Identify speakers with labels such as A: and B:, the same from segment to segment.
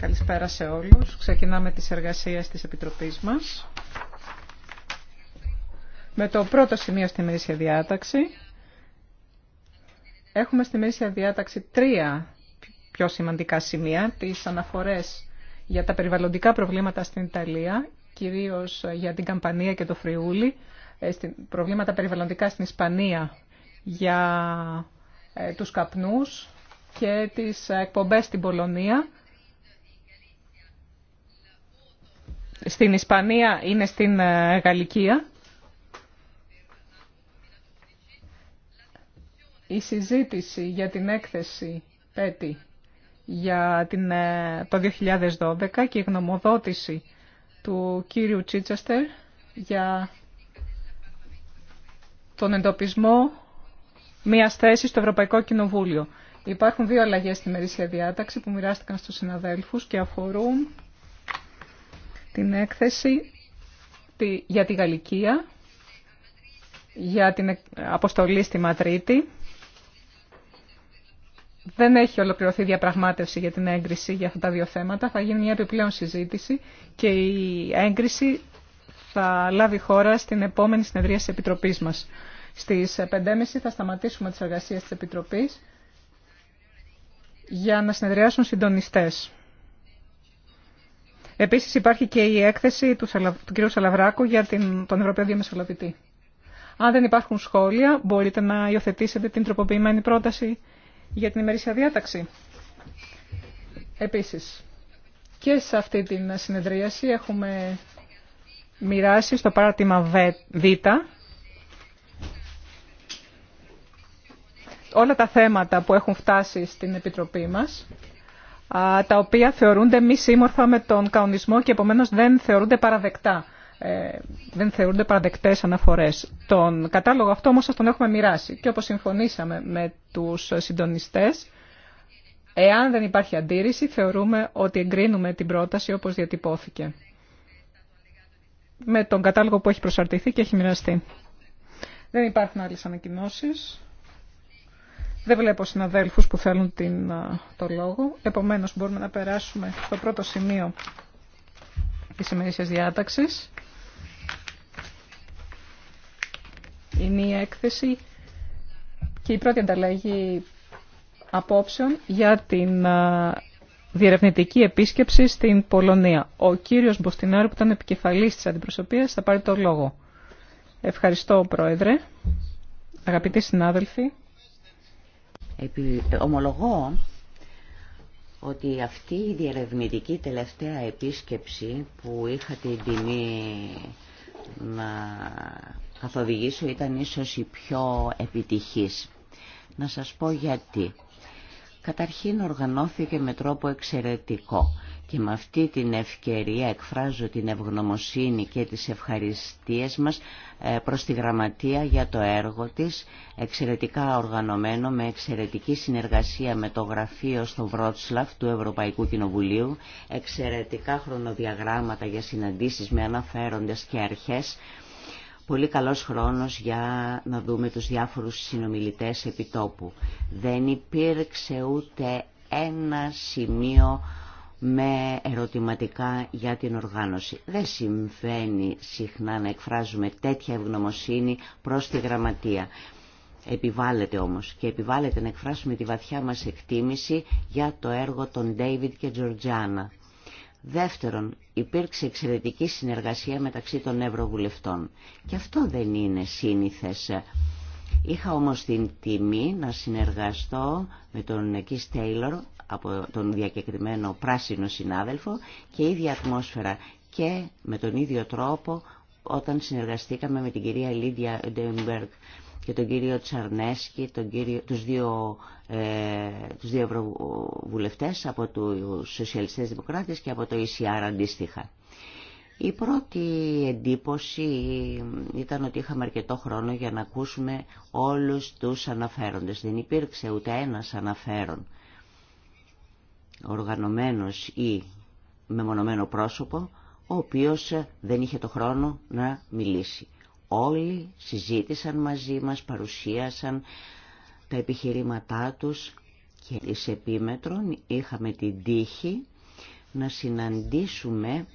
A: Καλησπέρα σε όλους. Ξεκινάμε τις εργασίες της Επιτροπής μας. Με το πρώτο σημείο στη μερίσια διάταξη, έχουμε στη μερήσια διάταξη τρία πιο σημαντικά σημεία, τις αναφορές για τα περιβαλλοντικά προβλήματα στην Ιταλία, κυρίως για την Καμπανία και το Φριούλι, ε, προβλήματα περιβαλλοντικά στην Ισπανία για ε, τους καπνούς και τις ε, εκπομπές στην Πολωνία. Στην Ισπανία είναι στην Γαλλικία. Η συζήτηση για την έκθεση πέτει για την, ε, το 2012 και η γνωμοδότηση του κύριου Τσίτσαστερ για τον εντοπισμό μιας θέσης στο Ευρωπαϊκό Κοινοβούλιο. Υπάρχουν δύο αλλαγές στη μερίσια διάταξη που μοιράστηκαν στους συναδέλφους και αφορούν την έκθεση για τη Γαλλικία, για την αποστολή στη Ματρίτη δεν έχει ολοκληρωθεί διαπραγμάτευση για την έγκριση για αυτά τα δύο θέματα. Θα γίνει μια επιπλέον συζήτηση και η έγκριση θα λάβει χώρα στην επόμενη συνεδρία της Επιτροπής μας. Στις 5.30 θα σταματήσουμε τις εργασίες της Επιτροπής για να συνεδριάσουν συντονιστές. Επίσης υπάρχει και η έκθεση του, του κ. Σαλαβράκου για την, τον Ευρωπαίο Διαμεσολαβητή. Αν δεν υπάρχουν σχόλια, μπορείτε να υιοθετήσετε την τροποποιημένη πρόταση για την ημερήσια διάταξη. Επίσης, και σε αυτή την συνεδρίαση έχουμε μοιράσει στο παράτημα Β όλα τα θέματα που έχουν φτάσει στην Επιτροπή μας, τα οποία θεωρούνται μη σύμμορφα με τον καονισμό και επομένως δεν θεωρούνται παραδεκτά ε, δεν θεωρούνται παραδεκτέ αναφορέ. Τον κατάλογο αυτό όμω σα τον έχουμε μοιράσει και όπω συμφωνήσαμε με του συντονιστέ. εάν δεν υπάρχει αντίρρηση θεωρούμε ότι εγκρίνουμε την πρόταση όπω διατυπώθηκε. Με τον κατάλογο που έχει προσαρτηθεί και έχει μοιραστεί. Δεν υπάρχουν άλλε ανακοινώσει. Δεν βλέπω συναδέλφους που θέλουν την, το λόγο. Επομένως μπορούμε να περάσουμε στο πρώτο σημείο της ημερήσια διάταξης. Η έκθεση και η πρώτη ανταλλαγή απόψεων για την διερευνητική επίσκεψη στην Πολωνία. Ο κύριος Μποστινάρου που ήταν επικεφαλής της αντιπροσωπείας θα πάρει το λόγο. Ευχαριστώ Πρόεδρε, αγαπητοί συνάδελφοι.
B: Επι... Ομολογώ ότι αυτή η διερευνητική τελευταία επίσκεψη που είχα την τιμή να οδηγήσω ήταν ίσως η πιο επιτυχής. Να σας πω γιατί. Καταρχήν οργανώθηκε με τρόπο εξαιρετικό και με αυτή την ευκαιρία εκφράζω την ευγνωμοσύνη και τις ευχαριστίες μας ε, προς τη Γραμματεία για το έργο της, εξαιρετικά οργανωμένο με εξαιρετική συνεργασία με το Γραφείο στο Βρότσλαφ του Ευρωπαϊκού Κοινοβουλίου, εξαιρετικά χρονοδιαγράμματα για συναντήσεις με αναφέροντες και αρχές, Πολύ καλός χρόνος για να δούμε τους διάφορους συνομιλητές επιτόπου. Δεν υπήρξε ούτε ένα σημείο με ερωτηματικά για την οργάνωση. Δεν συμβαίνει συχνά να εκφράζουμε τέτοια ευγνωμοσύνη προς τη γραμματεία. Επιβάλλεται όμως και επιβάλλεται να εκφράσουμε τη βαθιά μας εκτίμηση για το έργο των David και Georgiana. Δεύτερον, υπήρξε εξαιρετική συνεργασία μεταξύ των Ευρωβουλευτών. Και αυτό δεν είναι σύνηθες. Είχα όμως την τιμή να συνεργαστώ με τον Κις Τέιλορ, από τον διακεκριμένο πράσινο συνάδελφο, και η ίδια ατμόσφαιρα και με τον ίδιο τρόπο όταν συνεργαστήκαμε με την κυρία Λίδια Ντεμπεργκ και τον κύριο Τσαρνέσκι, τον κύριο, τους, δύο, ε, τους δύο βουλευτές από τους Σοσιαλιστές Δημοκράτες και από το ECR αντίστοιχα. Η πρώτη εντύπωση ήταν ότι είχαμε αρκετό χρόνο για να ακούσουμε όλους τους αναφέροντες. Δεν υπήρξε ούτε ένας αναφέρον οργανωμένος ή μεμονωμένο πρόσωπο, ο οποίος δεν είχε το χρόνο να μιλήσει. Όλοι συζήτησαν μαζί μας, παρουσίασαν τα επιχειρήματά τους και εις επίμετρον είχαμε την τύχη να συναντήσουμε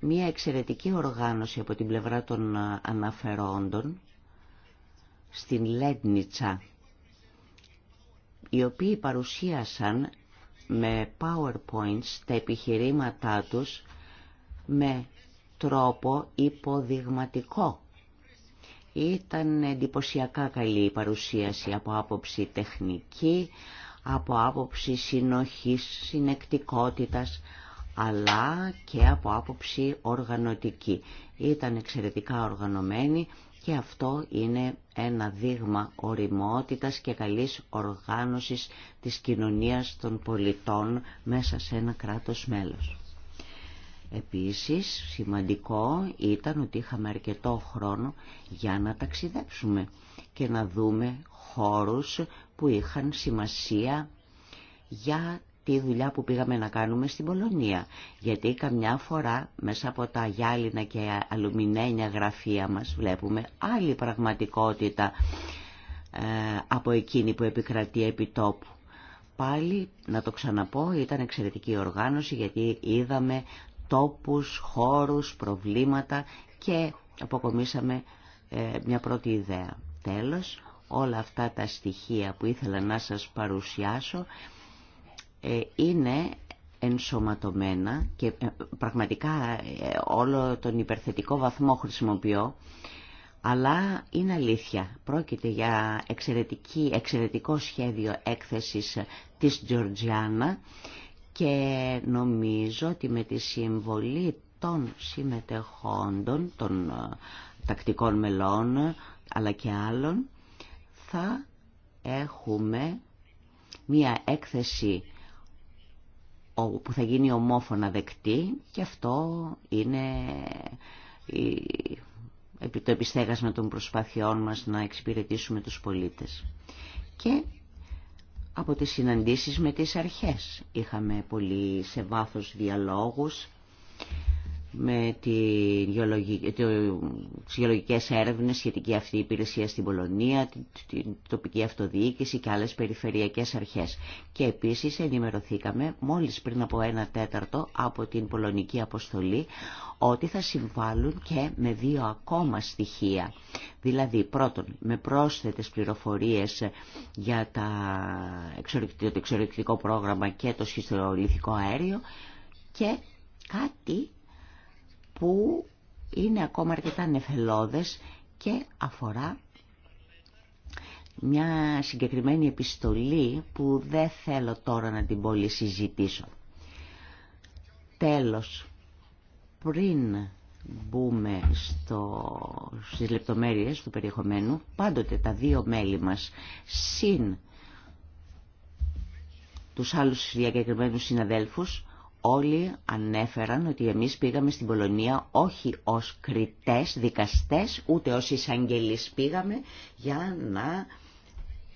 B: μια εξαιρετική οργάνωση από την πλευρά των αναφερόντων στην Λέντνιτσα οι οποίοι παρουσίασαν με powerpoints τα επιχειρήματά τους με τρόπο υποδειγματικό. Ήταν εντυπωσιακά καλή η παρουσίαση από άποψη τεχνική, από άποψη συνοχής, συνεκτικότητας, αλλά και από άποψη οργανωτική. Ήταν εξαιρετικά οργανωμένη και αυτό είναι ένα δείγμα οριμότητας και καλής οργάνωσης της κοινωνίας των πολιτών μέσα σε ένα κράτος μέλος. Επίσης σημαντικό ήταν ότι είχαμε αρκετό χρόνο για να ταξιδέψουμε και να δούμε χώρους που είχαν σημασία για τη δουλειά που πήγαμε να κάνουμε στην Πολωνία. Γιατί καμιά φορά μέσα από τα γυάλινα και αλουμινένια γραφεία μας βλέπουμε άλλη πραγματικότητα ε, από εκείνη που επικρατεί επί τόπου. Πάλι, να το ξαναπώ, ήταν εξαιρετική οργάνωση γιατί είδαμε τόπους, χώρους, προβλήματα και αποκομίσαμε ε, μια πρώτη ιδέα. Τέλος, όλα αυτά τα στοιχεία που ήθελα να σας παρουσιάσω ε, είναι ενσωματωμένα και ε, πραγματικά όλο τον υπερθετικό βαθμό χρησιμοποιώ αλλά είναι αλήθεια. Πρόκειται για εξαιρετικό σχέδιο έκθεσης της Τζορτζιάννα και νομίζω ότι με τη συμβολή των συμμετεχόντων, των ε, τακτικών μελών αλλά και άλλων θα έχουμε μία έκθεση που θα γίνει ομόφωνα δεκτή και αυτό είναι το επιστέγασμα των προσπαθειών μας να εξυπηρετήσουμε τους πολίτες. Και από τις συναντήσεις με τις αρχές. Είχαμε πολύ σε βάθος διαλόγους με τη τις γεωλογικές έρευνες σχετική αυτή η υπηρεσία στην Πολωνία, την τοπική αυτοδιοίκηση και άλλες περιφερειακές αρχές. Και επίσης ενημερωθήκαμε μόλις πριν από ένα τέταρτο από την Πολωνική Αποστολή ότι θα συμβάλλουν και με δύο ακόμα στοιχεία. Δηλαδή πρώτον με πρόσθετες πληροφορίες για τα, το εξορυκτικό πρόγραμμα και το σχιστολιθικό αέριο και κάτι που είναι ακόμα αρκετά νεφελώδες και αφορά μια συγκεκριμένη επιστολή που δεν θέλω τώρα να την πολύ συζητήσω. Τέλος, πριν μπούμε στο, στις λεπτομέρειες του περιεχομένου, πάντοτε τα δύο μέλη μας, συν τους άλλους διακεκριμένους συναδέλφους, όλοι ανέφεραν ότι εμείς πήγαμε στην Πολωνία όχι ως κριτές, δικαστές, ούτε ως εισαγγελείς πήγαμε για να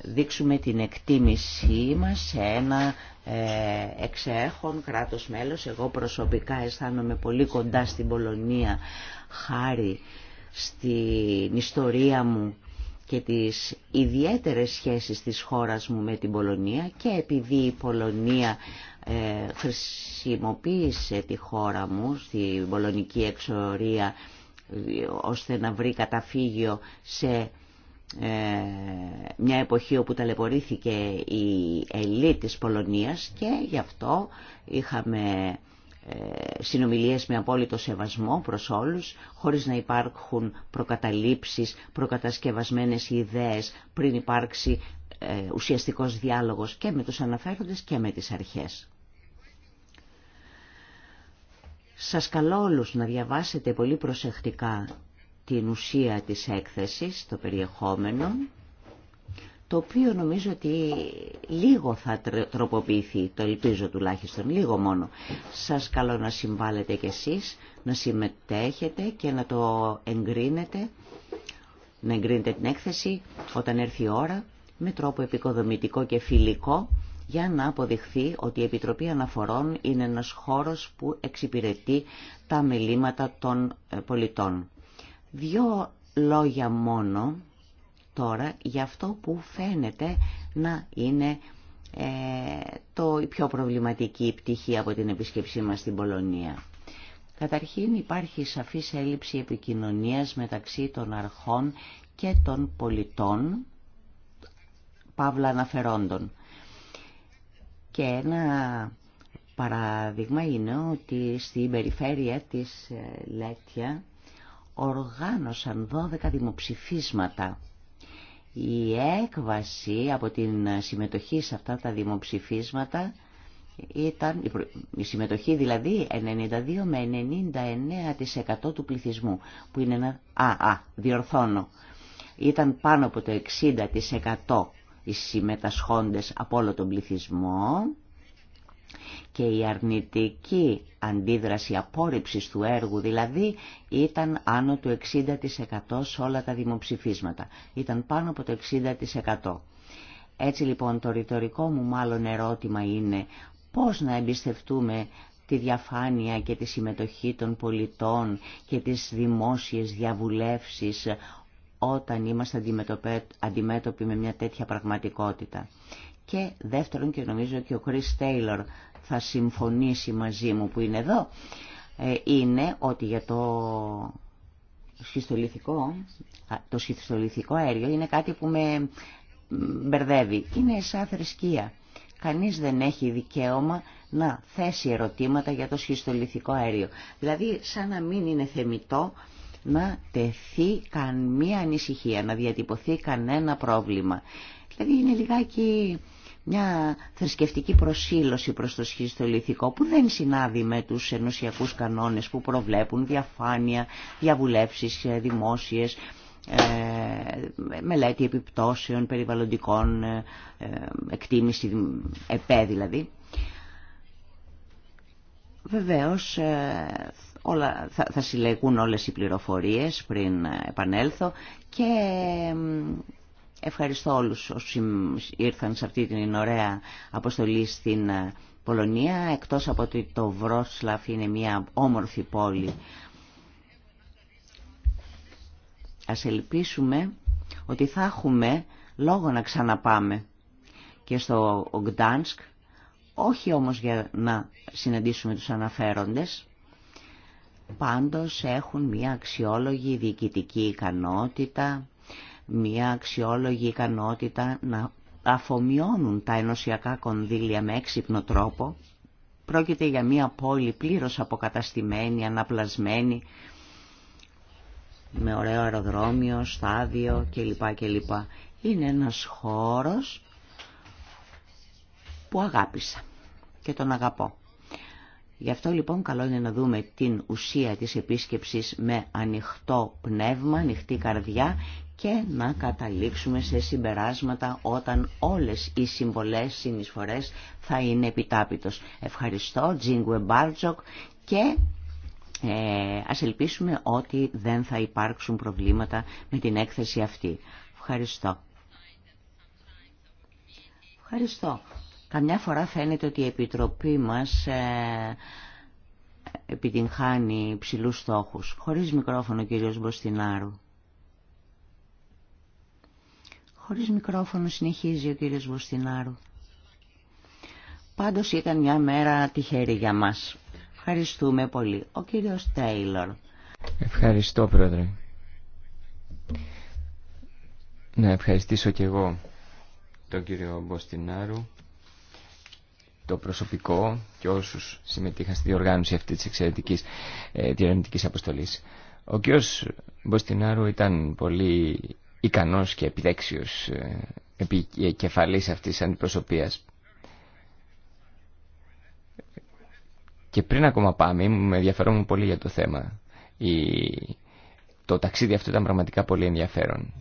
B: δείξουμε την εκτίμησή μας σε ένα ε, εξέχον κράτος μέλος. Εγώ προσωπικά αισθάνομαι πολύ κοντά στην Πολωνία χάρη στην ιστορία μου και τις ιδιαίτερες σχέσεις της χώρας μου με την Πολωνία και επειδή η Πολωνία ε, χρησιμοποίησε τη χώρα μου στη Πολωνική εξορία ώστε να βρει καταφύγιο σε ε, μια εποχή όπου ταλαιπωρήθηκε η ελίτ της Πολωνίας και γι' αυτό είχαμε ε, συνομιλίες με απόλυτο σεβασμό προς όλους, χωρίς να υπάρχουν προκαταλήψεις, προκατασκευασμένες ιδέες πριν υπάρξει ε, ουσιαστικός διάλογος και με τους αναφέροντες και με τις αρχές. Σας καλώ όλους να διαβάσετε πολύ προσεκτικά την ουσία της έκθεσης, το περιεχόμενο, το οποίο νομίζω ότι λίγο θα τροποποιηθεί, το ελπίζω τουλάχιστον, λίγο μόνο. Σας καλώ να συμβάλλετε κι εσείς, να συμμετέχετε και να το εγκρίνετε, να εγκρίνετε την έκθεση όταν έρθει η ώρα με τρόπο επικοδομητικό και φιλικό για να αποδειχθεί ότι η Επιτροπή Αναφορών είναι ένας χώρος που εξυπηρετεί τα μελήματα των ε, πολιτών. Δύο λόγια μόνο τώρα για αυτό που φαίνεται να είναι ε, το, η πιο προβληματική πτυχή από την επισκεψή μας στην Πολωνία. Καταρχήν υπάρχει σαφής έλλειψη επικοινωνίας μεταξύ των αρχών και των πολιτών παύλα αναφερόντων. Και ένα παράδειγμα είναι ότι στην περιφέρεια της ε, Λέτια οργάνωσαν 12 δημοψηφίσματα. Η έκβαση από την συμμετοχή σε αυτά τα δημοψηφίσματα ήταν, η συμμετοχή δηλαδή 92 με 99% του πληθυσμού, που είναι ένα, α, α, διορθώνω, ήταν πάνω από το 60% οι συμμετασχόντες από όλο τον πληθυσμό και η αρνητική αντίδραση απόρριψης του έργου δηλαδή ήταν άνω του 60% σε όλα τα δημοψηφίσματα. Ήταν πάνω από το 60%. Έτσι λοιπόν το ρητορικό μου μάλλον ερώτημα είναι πώς να εμπιστευτούμε τη διαφάνεια και τη συμμετοχή των πολιτών και τις δημόσιες διαβουλεύσεις όταν είμαστε αντιμέτωποι με μια τέτοια πραγματικότητα. Και δεύτερον, και νομίζω και ο Chris Τέιλορ θα συμφωνήσει μαζί μου που είναι εδώ, ε, είναι ότι για το σχιστολιθικό, το σχιστολιθικό αέριο είναι κάτι που με μπερδεύει. Είναι σαν θρησκεία. Κανείς δεν έχει δικαίωμα να θέσει ερωτήματα για το σχιστολιθικό αέριο. Δηλαδή σαν να μην είναι θεμητό να τεθεί καμία ανησυχία, να διατυπωθεί κανένα πρόβλημα. Δηλαδή είναι λιγάκι μια θρησκευτική προσήλωση προς το σχιστολιθικό που δεν συνάδει με τους ενωσιακούς κανόνες που προβλέπουν διαφάνεια, διαβουλεύσεις ε, δημόσιες, ε, μελέτη επιπτώσεων περιβαλλοντικών, ε, εκτίμηση ΕΠΕ δηλαδή. Βεβαίως όλα, θα, θα συλλεγούν όλες οι πληροφορίες πριν επανέλθω και ευχαριστώ όλους όσοι ήρθαν σε αυτή την ωραία αποστολή στην ε, Πολωνία εκτός από ότι το Βρόσλαφ είναι μια όμορφη πόλη ας ελπίσουμε ότι θα έχουμε λόγο να ξαναπάμε και στο Γκτάνσκ όχι όμως για να συναντήσουμε τους αναφέροντες πάντως έχουν μια αξιόλογη διοικητική ικανότητα, μια αξιόλογη ικανότητα να αφομοιώνουν τα ενωσιακά κονδύλια με έξυπνο τρόπο. Πρόκειται για μια πόλη πλήρως αποκαταστημένη, αναπλασμένη, με ωραίο αεροδρόμιο, στάδιο κλπ. κλπ. Είναι ένας χώρος που αγάπησα και τον αγαπώ. Γι' αυτό λοιπόν καλό είναι να δούμε την ουσία της επίσκεψης με ανοιχτό πνεύμα, ανοιχτή καρδιά και να καταλήξουμε σε συμπεράσματα όταν όλες οι συμβολές, συνεισφορές θα είναι επιτάπητος. Ευχαριστώ, Τζίνγκουε Μπάρτζοκ και ε, ας ελπίσουμε ότι δεν θα υπάρξουν προβλήματα με την έκθεση αυτή. Ευχαριστώ. Ευχαριστώ. Καμιά φορά φαίνεται ότι η Επιτροπή μας ε, επιτυγχάνει ψηλούς στόχους. Χωρίς μικρόφωνο, κύριος Μποστινάρου. Χωρίς μικρόφωνο συνεχίζει ο κύριος Μποστινάρου. Πάντως ήταν μια μέρα τυχερή για μας. Ευχαριστούμε πολύ. Ο κύριος Τέιλορ.
C: Ευχαριστώ, πρόεδρε. Να ευχαριστήσω και εγώ τον κύριο Μποστινάρου το προσωπικό και όσους συμμετείχαν στη διοργάνωση αυτής της εξαιρετικής ε, διερευνητικής αποστολής. Ο κ. Μποστινάρου ήταν πολύ ικανός και επιδέξιος ε, κεφαλής αυτής της αντιπροσωπείας. Και πριν ακόμα πάμε, με ενδιαφερόμουν πολύ για το θέμα. Το ταξίδι αυτό ήταν πραγματικά πολύ ενδιαφέρον.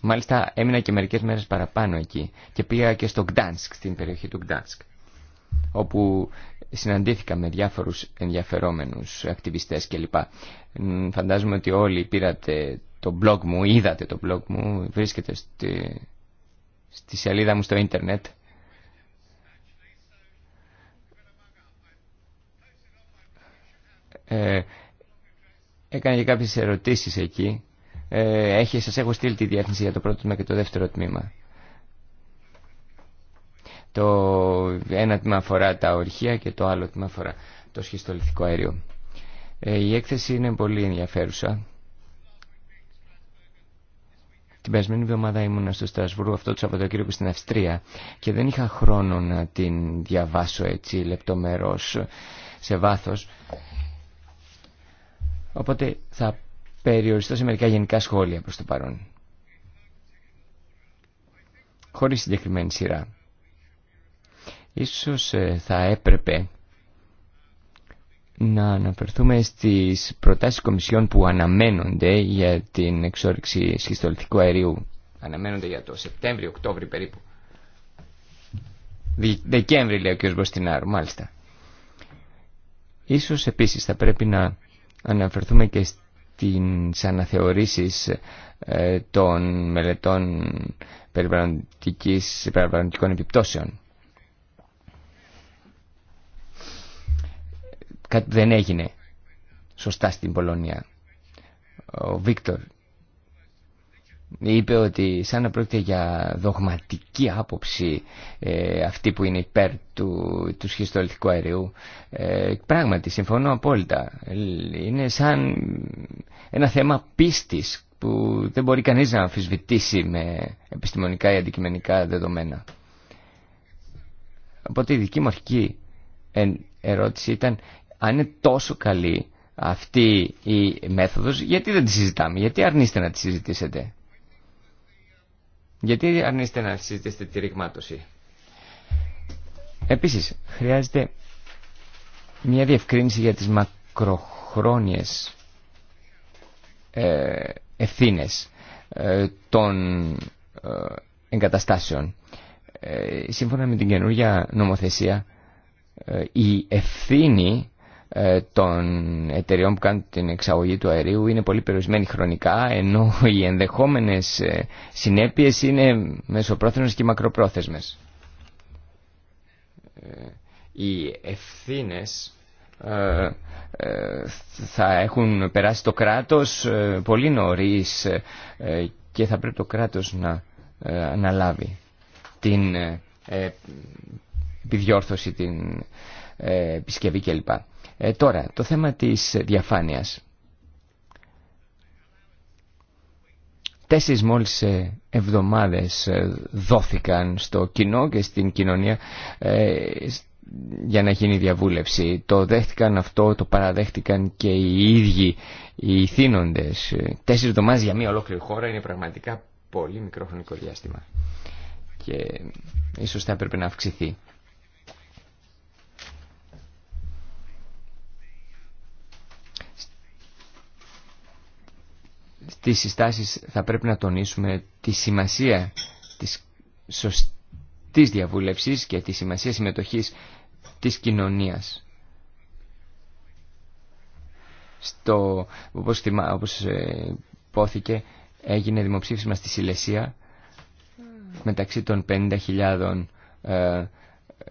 C: Μάλιστα έμεινα και μερικές μέρες παραπάνω εκεί και πήγα και στο Γκτάνσκ, στην περιοχή του Γκτάνσκ όπου συναντήθηκα με διάφορους ενδιαφερόμενους ακτιβιστές κλπ. Φαντάζομαι ότι όλοι πήρατε το blog μου, είδατε το blog μου, βρίσκεται στη, σελίδα μου στο ίντερνετ. Ε, έκανα και κάποιες ερωτήσεις εκεί. Ε, σας έχω στείλει τη διεύθυνση για το πρώτο τμήμα και το δεύτερο τμήμα. Το ένα τμήμα αφορά τα ορχεία και το άλλο τμήμα αφορά το σχιστολιθικό αέριο. Ε, η έκθεση είναι πολύ ενδιαφέρουσα. Την περασμένη εβδομάδα ήμουνα στο Στρασβούργο αυτό το Σαββατοκύριακο στην Αυστρία και δεν είχα χρόνο να την διαβάσω έτσι λεπτομερώς σε βάθος. Οπότε θα περιοριστώ σε μερικά γενικά σχόλια προς το παρόν. Χωρίς συγκεκριμένη σειρά. Ίσως ε, θα έπρεπε να αναφερθούμε στις προτάσεις κομισιών που αναμένονται για την εξόρυξη σχιστολιθικού αερίου. Αναμένονται για το Σεπτέμβριο-Οκτώβριο περίπου. Δεκέμβρη λέει ο κ. Μποστινάρου, μάλιστα. Ίσως επίσης θα πρέπει να αναφερθούμε και στις αναθεωρήσεις ε, των μελετών περιβαλλοντικών επιπτώσεων. κάτι δεν έγινε σωστά στην Πολωνία. Ο Βίκτορ είπε ότι σαν να πρόκειται για δογματική άποψη ε, αυτή που είναι υπέρ του, του σχιστολιθικού αερίου ε, πράγματι συμφωνώ απόλυτα είναι σαν ένα θέμα πίστης που δεν μπορεί κανείς να αμφισβητήσει με επιστημονικά ή αντικειμενικά δεδομένα οπότε η δική μου αρχική ερώτηση ήταν αν είναι τόσο καλή αυτή η μέθοδος, γιατί δεν τη συζητάμε, γιατί αρνείστε να τη συζητήσετε. Γιατί αρνείστε να συζητήσετε τη ρηγμάτωση. Επίσης, χρειάζεται μια διευκρίνηση για τις μακροχρόνιες ε, ευθύνες ε, των ε, εγκαταστάσεων. Σύμφωνα με την καινούργια νομοθεσία, η ευθύνη ε, των εταιριών που κάνουν την εξαγωγή του αερίου είναι πολύ περιορισμένη χρονικά ενώ οι ενδεχόμενες ε, συνέπειες είναι μεσοπρόθεσμες και μακροπρόθεσμες. Ε, οι ευθύνες θα έχουν περάσει το κράτος πολύ νωρίς και θα πρέπει το κράτος να αναλάβει την επιδιόρθωση, την ε, επισκευή κλπ. Ε, τώρα, το θέμα της διαφάνειας. Τέσσερις μόλις ε, εβδομάδες δόθηκαν στο κοινό και στην κοινωνία για να γίνει διαβούλευση. Το δέχτηκαν αυτό, το παραδέχτηκαν και οι ίδιοι οι θύνοντες. Τέσσερις εβδομάδες για μια ολόκληρη χώρα είναι πραγματικά πολύ μικρό χρονικό διάστημα. Και ίσως θα έπρεπε να αυξηθεί. στις συστάσεις θα πρέπει να τονίσουμε τη σημασία της σωστής διαβούλευσης και τη σημασία συμμετοχής της κοινωνίας. Στο, όπως, όπως ε, υπόθηκε, έγινε δημοψήφισμα στη Σιλεσία μεταξύ των 50.000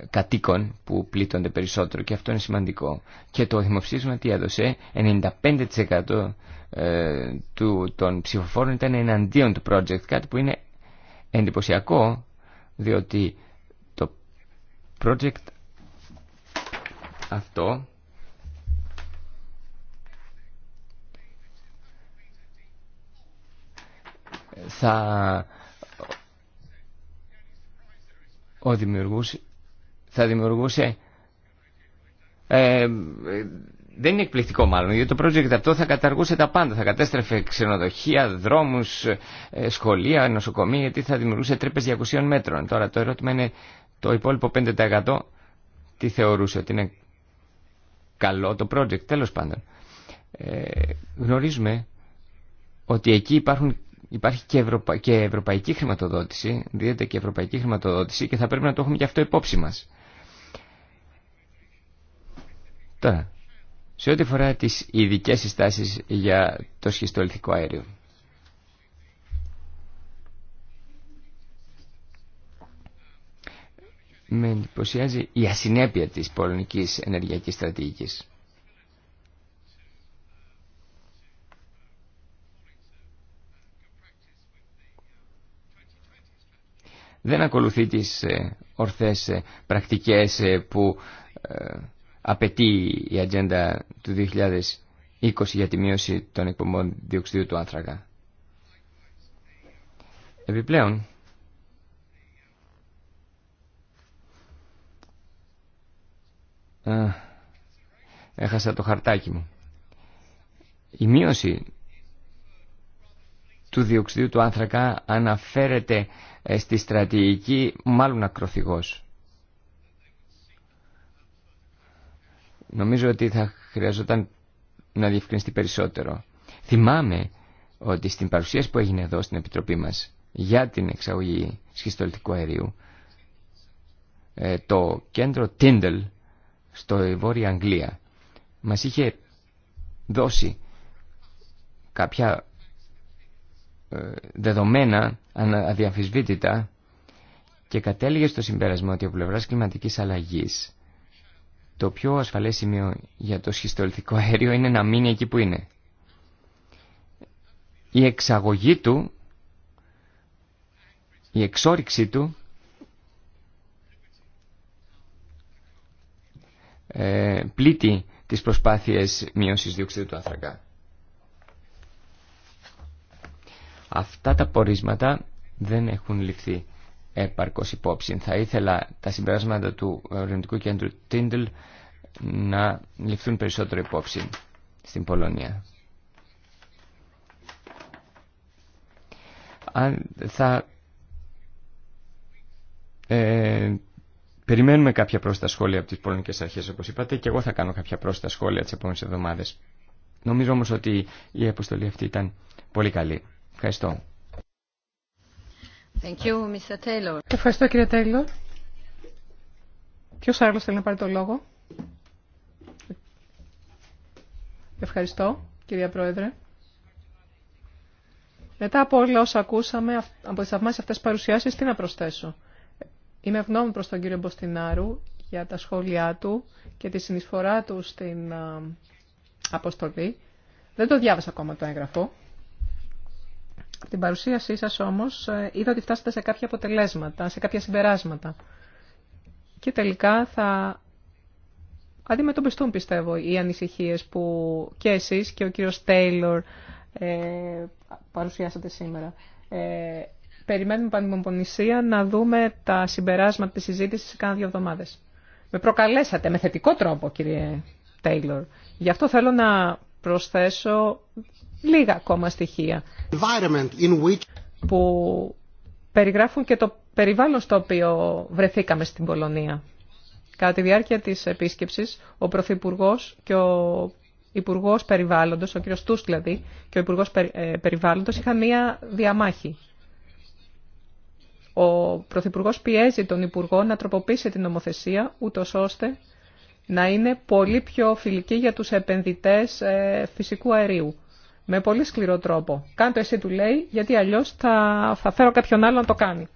C: κατοίκων που πλήττονται περισσότερο και αυτό είναι σημαντικό. Και το δημοψήφισμα τι έδωσε, 95% ε, του, των ψηφοφόρων ήταν εναντίον του project, κάτι που είναι εντυπωσιακό, διότι το project αυτό θα ο δημιουργούς θα δημιουργούσε... Ε, δεν είναι εκπληκτικό μάλλον, γιατί το project αυτό θα καταργούσε τα πάντα. Θα κατέστρεφε ξενοδοχεία, δρόμου, ε, σχολεία, νοσοκομεία, γιατί θα δημιουργούσε τρύπε 200 μέτρων. Τώρα το ερώτημα είναι το υπόλοιπο 5% τι θεωρούσε ότι είναι καλό το project. τέλο πάντων, ε, γνωρίζουμε ότι εκεί υπάρχουν, υπάρχει και, ευρωπα, και ευρωπαϊκή χρηματοδότηση, δίδεται και ευρωπαϊκή χρηματοδότηση και θα πρέπει να το έχουμε και αυτό υπόψη μας. Τώρα, σε ό,τι φορά τις ειδικέ συστάσεις για το σχιστολιθικό αέριο. Με εντυπωσιάζει η ασυνέπεια της πολωνικής ενεργειακής στρατηγικής. Δεν ακολουθεί τις ε, ορθές ε, πρακτικές ε, που απαιτεί η ατζέντα του 2020 για τη μείωση των εκπομπών διοξιδίου του άνθρακα. Επιπλέον, έχασα το χαρτάκι μου. Η μείωση του διοξιδίου του άνθρακα αναφέρεται ε, στη στρατηγική μάλλον ακροθυγός. Νομίζω ότι θα χρειαζόταν να διευκρινιστεί περισσότερο. Θυμάμαι ότι στην παρουσίαση που έγινε εδώ στην Επιτροπή μας για την εξαγωγή σχιστολιτικού αερίου, ε, το κέντρο Tyndall στο Βόρεια Αγγλία μας είχε δώσει κάποια ε, δεδομένα αδιαμφισβήτητα και κατέληγε στο συμπέρασμα ότι ο πλευράς κλιματικής αλλαγής το πιο ασφαλές σημείο για το σχιστολιθικό αέριο είναι να μείνει εκεί που είναι. Η εξαγωγή του, η εξόριξή του, ε, πλήττει τις προσπάθειες μείωσης διοξιδίου του άνθρακα. Αυτά τα πορίσματα δεν έχουν ληφθεί έπαρκος υπόψη. Θα ήθελα τα συμπεράσματα του Ερευνητικού Κέντρου Τίντλ να ληφθούν περισσότερο υπόψη στην Πολωνία. Αν θα ε, περιμένουμε κάποια πρόσθετα σχόλια από τις πολωνικές αρχές όπως είπατε και εγώ θα κάνω κάποια πρόσθετα σχόλια τις επόμενες εβδομάδες. Νομίζω όμως ότι η αποστολή αυτή ήταν πολύ καλή. Ευχαριστώ.
A: Ευχαριστώ κύριε Τέιλορ. Ποιος άλλος θέλει να πάρει το λόγο. Ευχαριστώ κυρία Πρόεδρε. Μετά από όλα όσα ακούσαμε από τις θαυμάσεις αυτές παρουσιάσεις, τι να προσθέσω. Είμαι ευγνώμη προς τον κύριο Μποστινάρου για τα σχόλιά του και τη συνεισφορά του στην αποστολή. Δεν το διάβασα ακόμα το έγγραφο. Από την παρουσίασή σας όμως ε, είδα ότι φτάσατε σε κάποια αποτελέσματα, σε κάποια συμπεράσματα. Και τελικά θα αντιμετωπιστούν πιστεύω οι ανησυχίες που και εσείς και ο κύριος Τέιλορ ε, παρουσιάσατε σήμερα. Ε, περιμένουμε πανημοπονησία να δούμε τα συμπεράσματα της συζήτησης σε κάνα δύο εβδομάδες. Με προκαλέσατε με θετικό τρόπο κύριε Τέιλορ. Γι' αυτό θέλω να προσθέσω λίγα ακόμα στοιχεία που περιγράφουν και το περιβάλλον στο οποίο βρεθήκαμε στην Πολωνία. Κατά τη διάρκεια της επίσκεψης, ο Πρωθυπουργό και ο Υπουργό Περιβάλλοντος, ο κ. Τούσκ δηλαδή, και ο Υπουργό ε, Περιβάλλοντος είχαν μία διαμάχη. Ο Πρωθυπουργό πιέζει τον Υπουργό να τροποποιήσει την νομοθεσία, ούτω ώστε να είναι πολύ πιο φιλική για τους επενδυτές ε, φυσικού αερίου με πολύ σκληρό τρόπο. το εσύ του λέει, γιατί αλλιώς θα, θα φέρω κάποιον άλλο να το κάνει.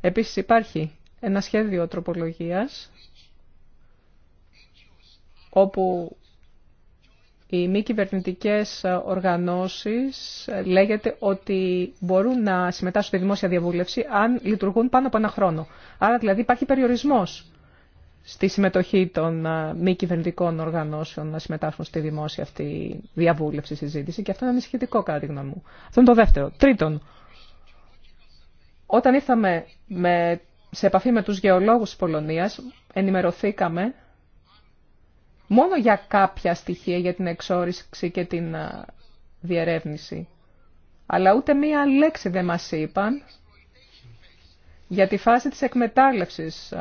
A: Επίσης υπάρχει ένα σχέδιο τροπολογίας όπου οι μη κυβερνητικέ οργανώσεις λέγεται ότι μπορούν να συμμετάσχουν στη δημόσια διαβούλευση αν λειτουργούν πάνω από ένα χρόνο. Άρα δηλαδή υπάρχει περιορισμός στη συμμετοχή των μη κυβερνητικών οργανώσεων να συμμετάσχουν στη δημόσια αυτή διαβούλευση, συζήτηση και αυτό είναι ανησυχητικό κατά τη γνώμη μου. Αυτό είναι το δεύτερο. Τρίτον, όταν ήρθαμε με, σε επαφή με τους γεωλόγους της Πολωνίας, ενημερωθήκαμε μόνο για κάποια στοιχεία για την εξόριξη και την διερεύνηση. Αλλά ούτε μία λέξη δεν μας είπαν για τη φάση της εκμετάλλευσης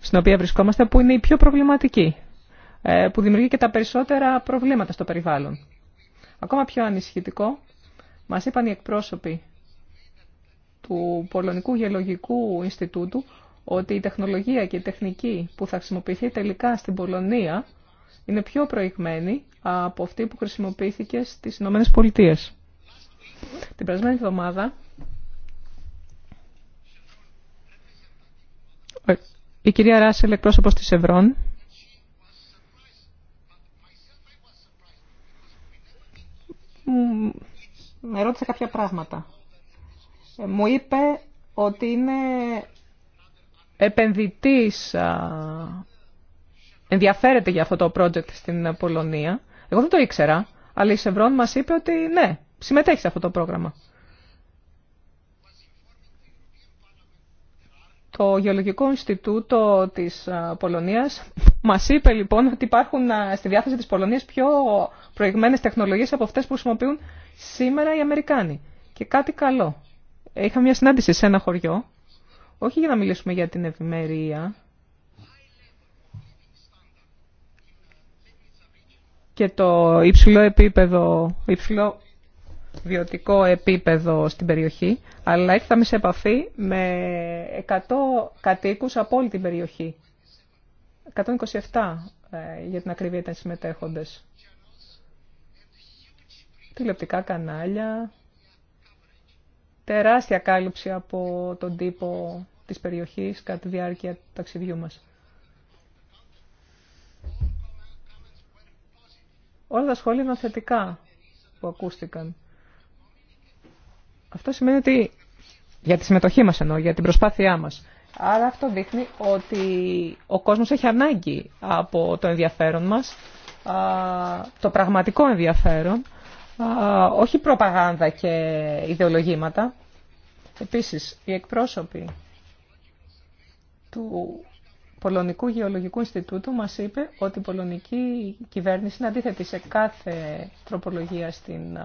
A: στην οποία βρισκόμαστε που είναι η πιο προβληματική, ε, που δημιουργεί και τα περισσότερα προβλήματα στο περιβάλλον. Ακόμα πιο ανησυχητικό, μας είπαν οι εκπρόσωποι του Πολωνικού Γεωλογικού Ινστιτούτου ότι η τεχνολογία και η τεχνική που θα χρησιμοποιηθεί τελικά στην Πολωνία είναι πιο προηγμένη από αυτή που χρησιμοποιήθηκε στις Ηνωμένες Πολιτείες. Την περασμένη εβδομάδα η κυρία Ράσελ, εκπρόσωπος της Ευρών, με ρώτησε κάποια πράγματα. Ε, μου είπε ότι είναι επενδυτής, ενδιαφέρεται για αυτό το project στην Πολωνία. Εγώ δεν το ήξερα, αλλά η Σεβρών μας είπε ότι ναι, συμμετέχει σε αυτό το πρόγραμμα. Το Γεωλογικό Ινστιτούτο της ε, Πολωνίας μας είπε λοιπόν ότι υπάρχουν ε, στη διάθεση της Πολωνίας πιο προηγμένες τεχνολογίες από αυτές που χρησιμοποιούν σήμερα οι Αμερικάνοι. Και κάτι καλό. Είχα μια συνάντηση σε ένα χωριό, όχι για να μιλήσουμε για την ευημερία, και το υψηλό επίπεδο, υψηλό βιωτικό επίπεδο στην περιοχή, αλλά ήρθαμε σε επαφή με 100 κατοίκους από όλη την περιοχή. 127 ε, για την ακρίβεια ήταν συμμετέχοντες. Τηλεοπτικά κανάλια, τεράστια κάλυψη από τον τύπο της περιοχής κατά τη διάρκεια του ταξιδιού μας. Όλα τα σχόλια ήταν θετικά που ακούστηκαν. Αυτό σημαίνει ότι για τη συμμετοχή μας εννοώ, για την προσπάθειά μας. Άρα αυτό δείχνει ότι ο κόσμος έχει ανάγκη από το ενδιαφέρον μας, το πραγματικό ενδιαφέρον, όχι προπαγάνδα και ιδεολογήματα. Επίσης, οι εκπρόσωποι του Πολωνικού Γεωλογικού Ινστιτούτου μας είπε ότι η πολωνική κυβέρνηση είναι αντίθετη σε κάθε τροπολογία στην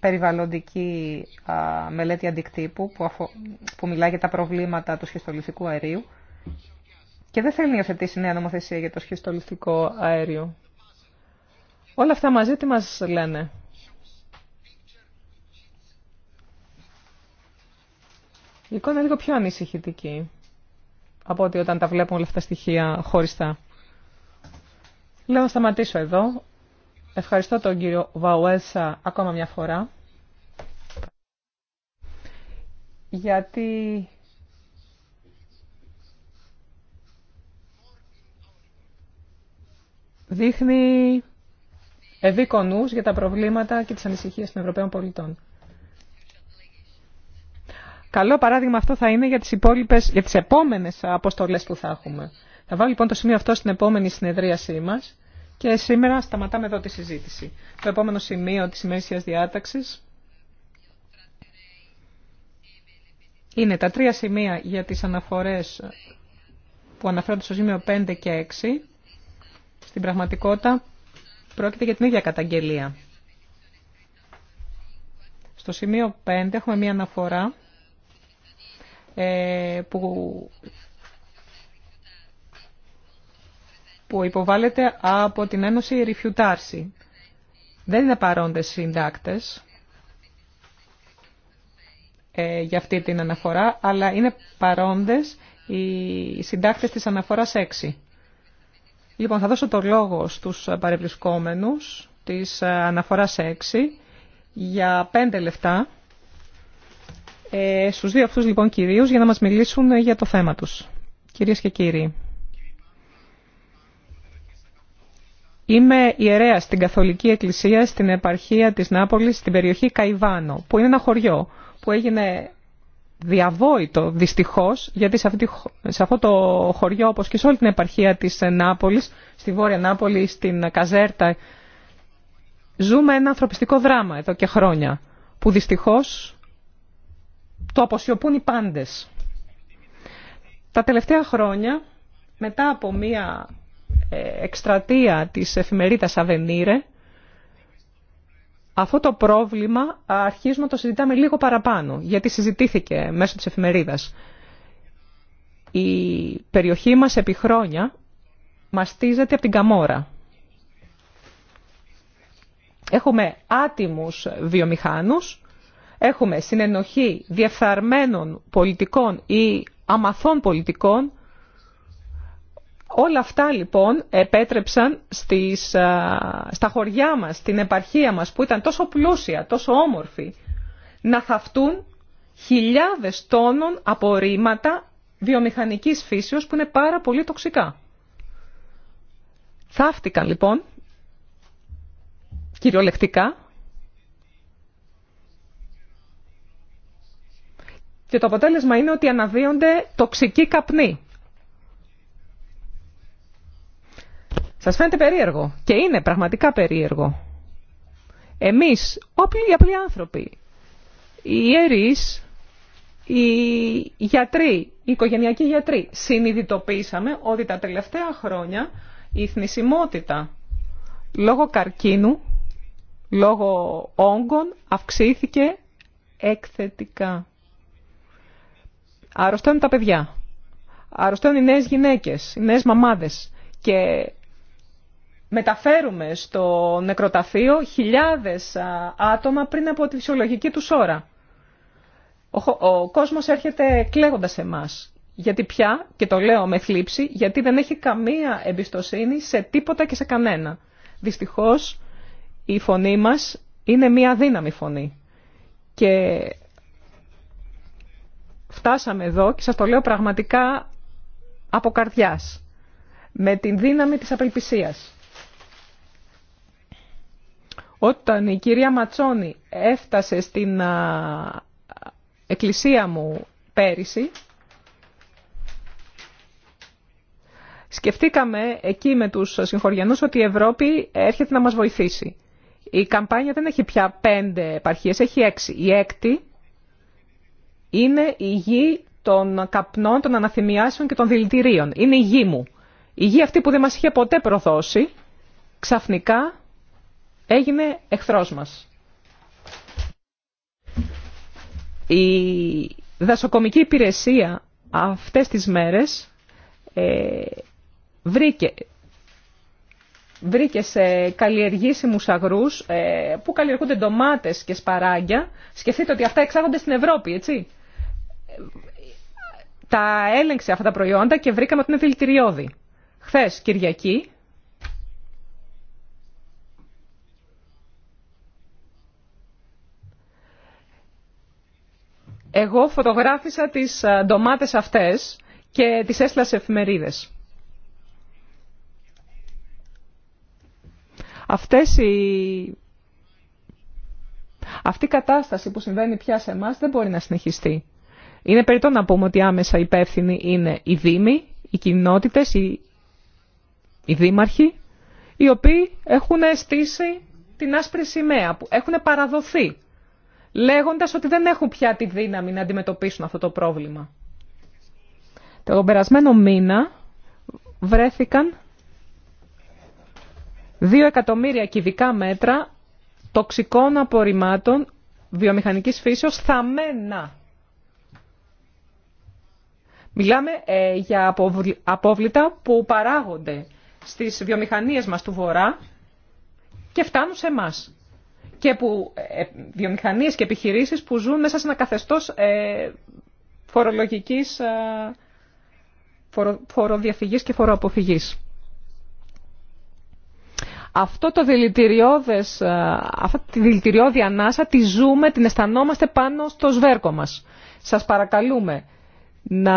A: περιβαλλοντική μελέτη αντικτύπου που, που μιλάει για τα προβλήματα του σχιστολιθικού αερίου και δεν θέλει να υιοθετήσει νέα νομοθεσία για το σχιστολιθικό αέριο. Όλα αυτά μαζί τι μας λένε. Η εικόνα είναι λίγο πιο ανησυχητική από ότι όταν τα βλέπουμε όλα αυτά τα στοιχεία χωριστά. Λέω να σταματήσω εδώ. Ευχαριστώ τον κύριο Βαουέσα ακόμα μια φορά. Γιατί δείχνει ευήκονους για τα προβλήματα και τις ανησυχίες των Ευρωπαίων πολιτών. Καλό παράδειγμα αυτό θα είναι για τις, υπόλοιπες, για τις επόμενες αποστολές που θα έχουμε. Θα βάλω λοιπόν το σημείο αυτό στην επόμενη συνεδρίασή μας και σήμερα σταματάμε εδώ τη συζήτηση. Το επόμενο σημείο της ημερήσιας διάταξης είναι τα τρία σημεία για τις αναφορές που αναφέρονται στο σημείο 5 και 6. Στην πραγματικότητα πρόκειται για την ίδια καταγγελία. Στο σημείο 5 έχουμε μία αναφορά ε, που που υποβάλλεται από την Ένωση Ριφιουτάρση. Δεν είναι παρόντες συντάκτες ε, για αυτή την αναφορά, αλλά είναι παρόντες οι συντάκτες της αναφοράς 6. Λοιπόν, θα δώσω το λόγο στους παρευρισκόμενους της ε, αναφοράς 6 για 5 λεπτά ε, στους δύο αυτούς λοιπόν κυρίους για να μας μιλήσουν για το θέμα τους. Κυρίες και κύριοι. Είμαι ιερέα στην Καθολική Εκκλησία στην επαρχία της Νάπολης, στην περιοχή Καϊβάνο, που είναι ένα χωριό που έγινε διαβόητο δυστυχώς, γιατί σε, αυτή, σε αυτό το χωριό, όπως και σε όλη την επαρχία της Νάπολης, στη Βόρεια Νάπολη, στην Καζέρτα, ζούμε ένα ανθρωπιστικό δράμα εδώ και χρόνια, που δυστυχώς το αποσιωπούν οι πάντες. Τα τελευταία χρόνια, μετά από μία εκστρατεία της εφημερίδας Αβενίρε, αυτό το πρόβλημα αρχίζουμε να το συζητάμε λίγο παραπάνω, γιατί συζητήθηκε μέσω της εφημερίδας. Η περιοχή μας επί χρόνια μαστίζεται από την Καμόρα. Έχουμε άτιμους βιομηχάνους, έχουμε συνενοχή διεφθαρμένων πολιτικών ή αμαθών πολιτικών Όλα αυτά λοιπόν επέτρεψαν στις, στα χωριά μας, στην επαρχία μας που ήταν τόσο πλούσια, τόσο όμορφη, να θαυτούν χιλιάδες τόνων απορρίμματα βιομηχανικής φύσεως που είναι πάρα πολύ τοξικά. Θαύτηκαν λοιπόν, κυριολεκτικά, και το αποτέλεσμα είναι ότι αναδύονται τοξικοί καπνοί Σας φαίνεται περίεργο και είναι πραγματικά περίεργο. Εμείς, όποιοι οι απλοί άνθρωποι, οι ιερείς, οι γιατροί, οι οικογενειακοί γιατροί, συνειδητοποίησαμε ότι τα τελευταία χρόνια η θνησιμότητα λόγω καρκίνου, λόγω όγκων αυξήθηκε εκθετικά. Αρρωσταίνουν τα παιδιά, αρρωσταίνουν οι νέες γυναίκες, οι νέες μαμάδες και μεταφέρουμε στο νεκροταφείο χιλιάδες άτομα πριν από τη φυσιολογική του ώρα. Ο, ο κόσμος έρχεται κλαίγοντας σε εμά. Γιατί πια, και το λέω με θλίψη, γιατί δεν έχει καμία εμπιστοσύνη σε τίποτα και σε κανένα. Δυστυχώς, η φωνή μας είναι μία δύναμη φωνή. Και φτάσαμε εδώ και σας το λέω πραγματικά από καρδιάς. Με την δύναμη της απελπισίας. Όταν η κυρία Ματσόνη έφτασε στην εκκλησία μου πέρυσι, σκεφτήκαμε εκεί με τους συγχωριανούς ότι η Ευρώπη έρχεται να μας βοηθήσει. Η καμπάνια δεν έχει πια πέντε επαρχίες, έχει έξι. Η έκτη είναι η γη των καπνών, των αναθυμιάσεων και των δηλητηρίων. Είναι η γη μου. Η γη αυτή που δεν μας είχε ποτέ προδώσει, ξαφνικά έγινε εχθρός μας. Η δασοκομική υπηρεσία αυτές τις μέρες ε, βρήκε, βρήκε σε καλλιεργήσιμους αγρούς ε, που καλλιεργούνται ντομάτες και σπαράγγια. Σκεφτείτε ότι αυτά εξάγονται στην Ευρώπη, έτσι. Τα έλεγξε αυτά τα προϊόντα και βρήκαμε ότι είναι δηλητηριώδη. Χθες, Κυριακή, Εγώ φωτογράφησα τις ε, ντομάτες αυτές και τις έστειλα σε εφημερίδες. Αυτές οι... Αυτή η κατάσταση που συμβαίνει πια σε εμά δεν μπορεί να συνεχιστεί. Είναι περίπτω να πούμε ότι άμεσα υπεύθυνοι είναι οι δήμοι, οι κοινότητε, οι, οι δήμαρχοι, οι οποίοι έχουν στήσει την άσπρη σημαία, που έχουν παραδοθεί λέγοντας ότι δεν έχουν πια τη δύναμη να αντιμετωπίσουν αυτό το πρόβλημα. Το περασμένο μήνα βρέθηκαν 2 εκατομμύρια κυβικά μέτρα τοξικών απορριμμάτων βιομηχανικής φύσεως θαμμένα. Μιλάμε ε, για απόβλητα που παράγονται στις βιομηχανίες μας του Βορρά και φτάνουν σε μας και που ε, βιομηχανίες και επιχειρήσεις που ζουν μέσα σε ένα καθεστώς ε, φορολογικής ε, φοροδιαφυγής και φοροαποφυγής. Αυτό το δηλητηριώδες, αυτή τη δηλητηριώδη ανάσα τη ζούμε, την αισθανόμαστε πάνω στο σβέρκο μας. Σας παρακαλούμε να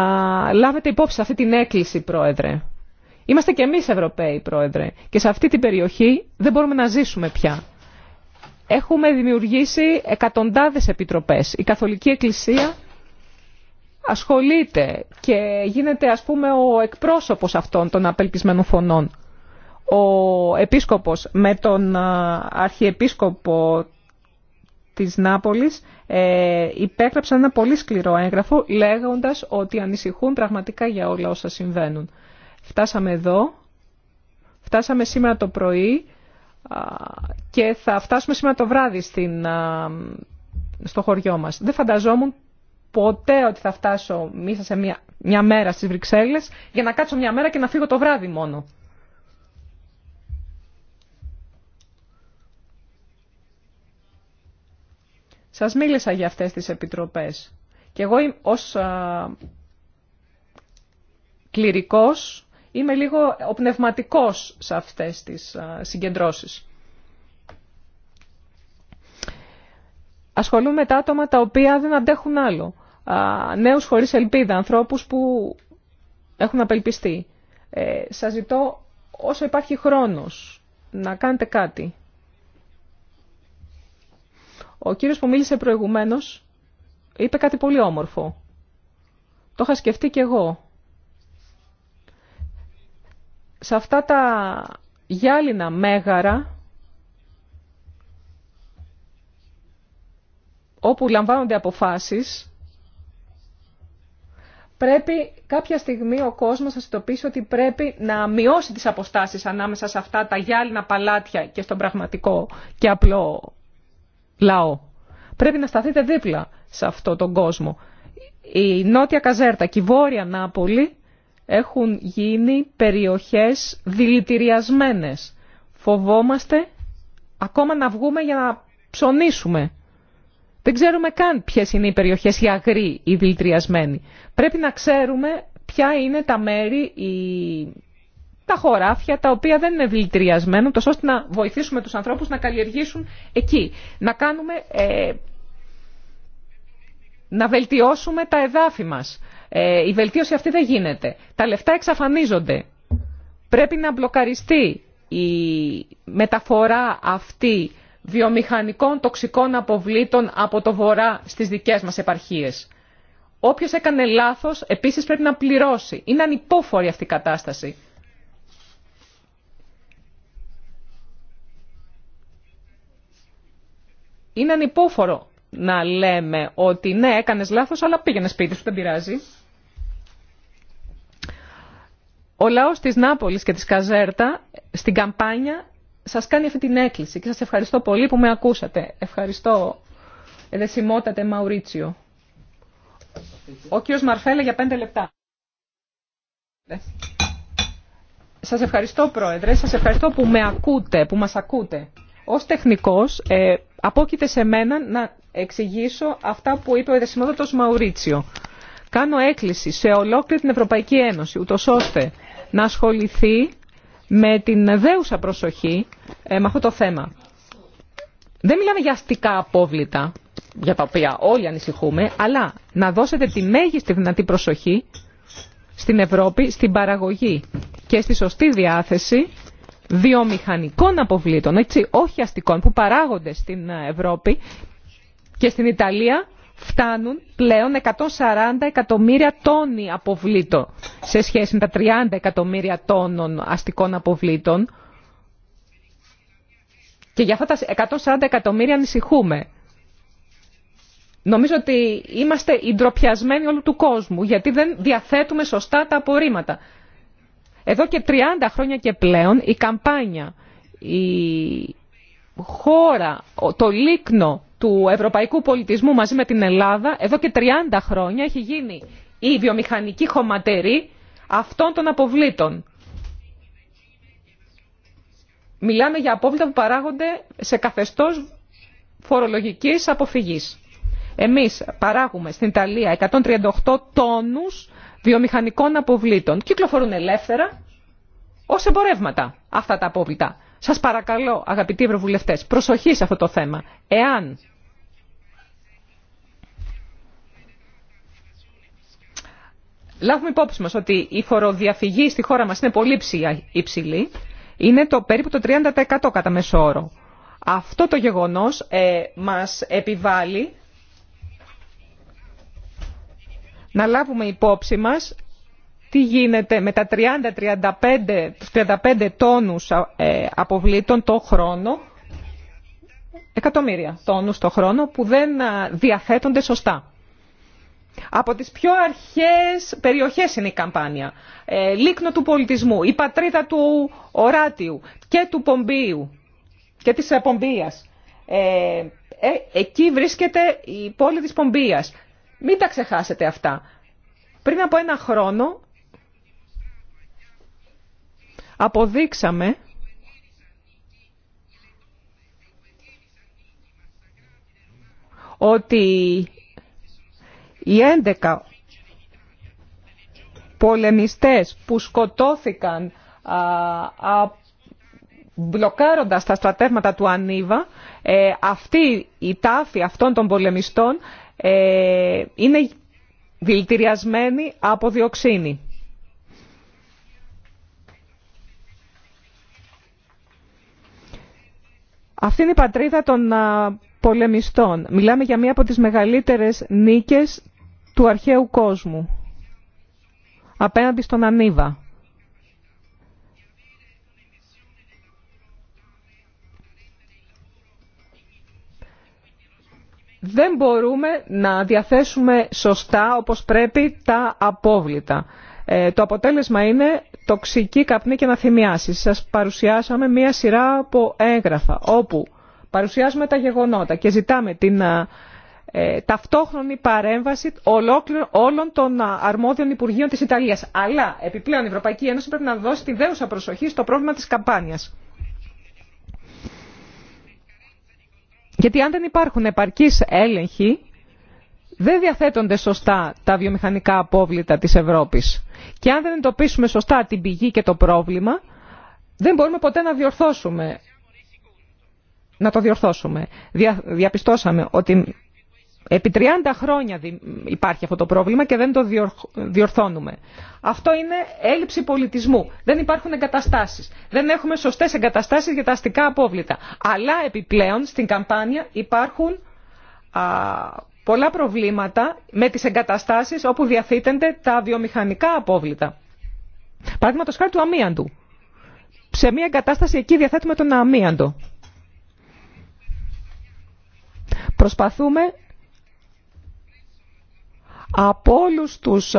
A: λάβετε υπόψη αυτή την έκκληση, Πρόεδρε. Είμαστε και εμείς Ευρωπαίοι, Πρόεδρε, και σε αυτή την περιοχή δεν μπορούμε να ζήσουμε πια. Έχουμε δημιουργήσει εκατοντάδες επιτροπές. Η Καθολική Εκκλησία ασχολείται και γίνεται ας πούμε ο εκπρόσωπος αυτών των απελπισμένων φωνών. Ο επίσκοπος με τον αρχιεπίσκοπο της Νάπολης ε, υπέγραψαν ένα πολύ σκληρό έγγραφο λέγοντας ότι ανησυχούν πραγματικά για όλα όσα συμβαίνουν. Φτάσαμε εδώ, φτάσαμε σήμερα το πρωί και θα φτάσουμε σήμερα το βράδυ στην, στο χωριό μας. Δεν φανταζόμουν ποτέ ότι θα φτάσω μέσα σε μια, μια μέρα στις Βρυξέλλες για να κάτσω μια μέρα και να φύγω το βράδυ μόνο. Σας μίλησα για αυτές τις επιτροπές. Και εγώ ως κληρικός Είμαι λίγο ο πνευματικός σε αυτές τις συγκεντρώσεις. Ασχολούμαι με τα άτομα τα οποία δεν αντέχουν άλλο. Νέους χωρίς ελπίδα, ανθρώπους που έχουν απελπιστεί. Ε, σας ζητώ όσο υπάρχει χρόνος να κάνετε κάτι. Ο κύριος που μίλησε προηγουμένως είπε κάτι πολύ όμορφο. Το είχα σκεφτεί κι εγώ σε αυτά τα γυάλινα μέγαρα όπου λαμβάνονται αποφάσεις πρέπει κάποια στιγμή ο κόσμος να συνειδητοποιήσει ότι πρέπει να μειώσει τις αποστάσεις ανάμεσα σε αυτά τα γυάλινα παλάτια και στον πραγματικό και απλό λαό. Πρέπει να σταθείτε δίπλα σε αυτό τον κόσμο. Η Νότια Καζέρτα και η Βόρεια Νάπολη έχουν γίνει περιοχές δηλητηριασμένες. Φοβόμαστε ακόμα να βγούμε για να ψωνίσουμε. Δεν ξέρουμε καν ποιες είναι οι περιοχές οι αγροί, οι δηλητηριασμένοι. Πρέπει να ξέρουμε ποια είναι τα μέρη, οι... τα χωράφια, τα οποία δεν είναι δηλητηριασμένα, τόσο ώστε να βοηθήσουμε τους ανθρώπους να καλλιεργήσουν εκεί. Να κάνουμε... Ε, να βελτιώσουμε τα εδάφη μας ε, η βελτίωση αυτή δεν γίνεται. Τα λεφτά εξαφανίζονται. Πρέπει να μπλοκαριστεί η μεταφορά αυτή βιομηχανικών τοξικών αποβλήτων από το βορρά στις δικές μας επαρχίες. Όποιος έκανε λάθος επίσης πρέπει να πληρώσει. Είναι ανυπόφορη αυτή η κατάσταση. Είναι ανυπόφορο να λέμε ότι ναι έκανες λάθος αλλά πήγαινε σπίτι σου, δεν πειράζει. Ο λαός της Νάπολης και της Καζέρτα στην καμπάνια σας κάνει αυτή την έκκληση και σας ευχαριστώ πολύ που με ακούσατε. Ευχαριστώ, εδεσιμότατε Μαουρίτσιο. Ο κύριος Μαρφέλα για πέντε λεπτά. Σας ευχαριστώ πρόεδρε, σας ευχαριστώ που με ακούτε, που μας ακούτε. Ως τεχνικός ε, απόκειται σε μένα να εξηγήσω αυτά που είπε ο εδεσιμότατος Μαουρίτσιο. Κάνω έκκληση σε ολόκληρη την Ευρωπαϊκή Ένωση, ούτως ώστε να ασχοληθεί με την δέουσα προσοχή ε, με αυτό το θέμα. Δεν μιλάμε για αστικά απόβλητα, για τα οποία όλοι ανησυχούμε, αλλά να δώσετε τη μέγιστη δυνατή προσοχή στην Ευρώπη, στην παραγωγή και στη σωστή διάθεση βιομηχανικών αποβλήτων, έτσι, όχι αστικών, που παράγονται στην Ευρώπη και στην Ιταλία φτάνουν πλέον 140 εκατομμύρια τόνοι αποβλήτων σε σχέση με τα 30 εκατομμύρια τόνων αστικών αποβλήτων. Και για αυτά τα 140 εκατομμύρια ανησυχούμε. Νομίζω ότι είμαστε οι ντροπιασμένοι όλου του κόσμου, γιατί δεν διαθέτουμε σωστά τα απορρίμματα. Εδώ και 30 χρόνια και πλέον η καμπάνια, η χώρα, το λίκνο του ευρωπαϊκού πολιτισμού μαζί με την Ελλάδα εδώ και 30 χρόνια έχει γίνει η βιομηχανική χωματερή αυτών των αποβλήτων. Μιλάμε για απόβλητα που παράγονται σε καθεστώς φορολογικής αποφυγής. Εμείς παράγουμε στην Ιταλία 138 τόνους βιομηχανικών αποβλήτων. Κυκλοφορούν ελεύθερα ως εμπορεύματα αυτά τα απόβλητα. Σας παρακαλώ, αγαπητοί ευρωβουλευτέ, προσοχή σε αυτό το θέμα. Εάν λάβουμε υπόψη μα ότι η φοροδιαφυγή στη χώρα μας είναι πολύ υψηλή, είναι το περίπου το 30% κατά μέσο όρο. Αυτό το γεγονός ε, μας επιβάλλει να λάβουμε υπόψη μας τι γίνεται με τα 30-35 35 τονους αποβλήτων το χρόνο, εκατομμύρια τόνους το χρόνο που δεν ε, διαθέτονται σωστά. Από τις πιο αρχές περιοχές είναι η καμπάνια. Ε, λίκνο του πολιτισμού, η πατρίδα του Οράτιου και του Πομπίου και της ε, Πομπίας. Ε, ε, εκεί βρίσκεται η πόλη της Πομπίας. Μην τα ξεχάσετε αυτά. Πριν από ένα χρόνο Αποδείξαμε ότι οι 11 πολεμιστές που σκοτώθηκαν μπλοκάροντας τα στρατεύματα του Ανίβα, ε, αυτή η τάφη αυτών των πολεμιστών ε, είναι δηλητηριασμένη από διοξίνη. Αυτή είναι η πατρίδα των πολεμιστών. Μιλάμε για μία από τις μεγαλύτερες νίκες του αρχαίου κόσμου απέναντι στον Ανίβα. Δεν μπορούμε να διαθέσουμε σωστά όπως πρέπει τα απόβλητα. Ε, το αποτέλεσμα είναι τοξική καπνή και θυμιάσει. Σας παρουσιάσαμε μία σειρά από έγγραφα όπου παρουσιάζουμε τα γεγονότα και ζητάμε την ε, ε ταυτόχρονη παρέμβαση όλων των ε, αρμόδιων Υπουργείων της Ιταλίας. Αλλά επιπλέον η Ευρωπαϊκή Ένωση πρέπει να δώσει τη δέουσα προσοχή στο πρόβλημα της καμπάνιας. Γιατί αν δεν υπάρχουν επαρκείς έλεγχοι δεν διαθέτονται σωστά τα βιομηχανικά απόβλητα της Ευρώπης. Και αν δεν εντοπίσουμε σωστά την πηγή και το πρόβλημα, δεν μπορούμε ποτέ να διορθώσουμε. Να το διορθώσουμε. διαπιστώσαμε ότι επί 30 χρόνια υπάρχει αυτό το πρόβλημα και δεν το διορθώνουμε. Αυτό είναι έλλειψη πολιτισμού. Δεν υπάρχουν εγκαταστάσεις. Δεν έχουμε σωστές εγκαταστάσεις για τα αστικά απόβλητα. Αλλά επιπλέον στην καμπάνια υπάρχουν α, πολλά προβλήματα με τις εγκαταστάσεις όπου διαθήκενται τα βιομηχανικά απόβλητα. Παραδείγματο χάρη του αμίαντου. Σε μια εγκατάσταση εκεί διαθέτουμε τον αμίαντο. Προσπαθούμε από, τους,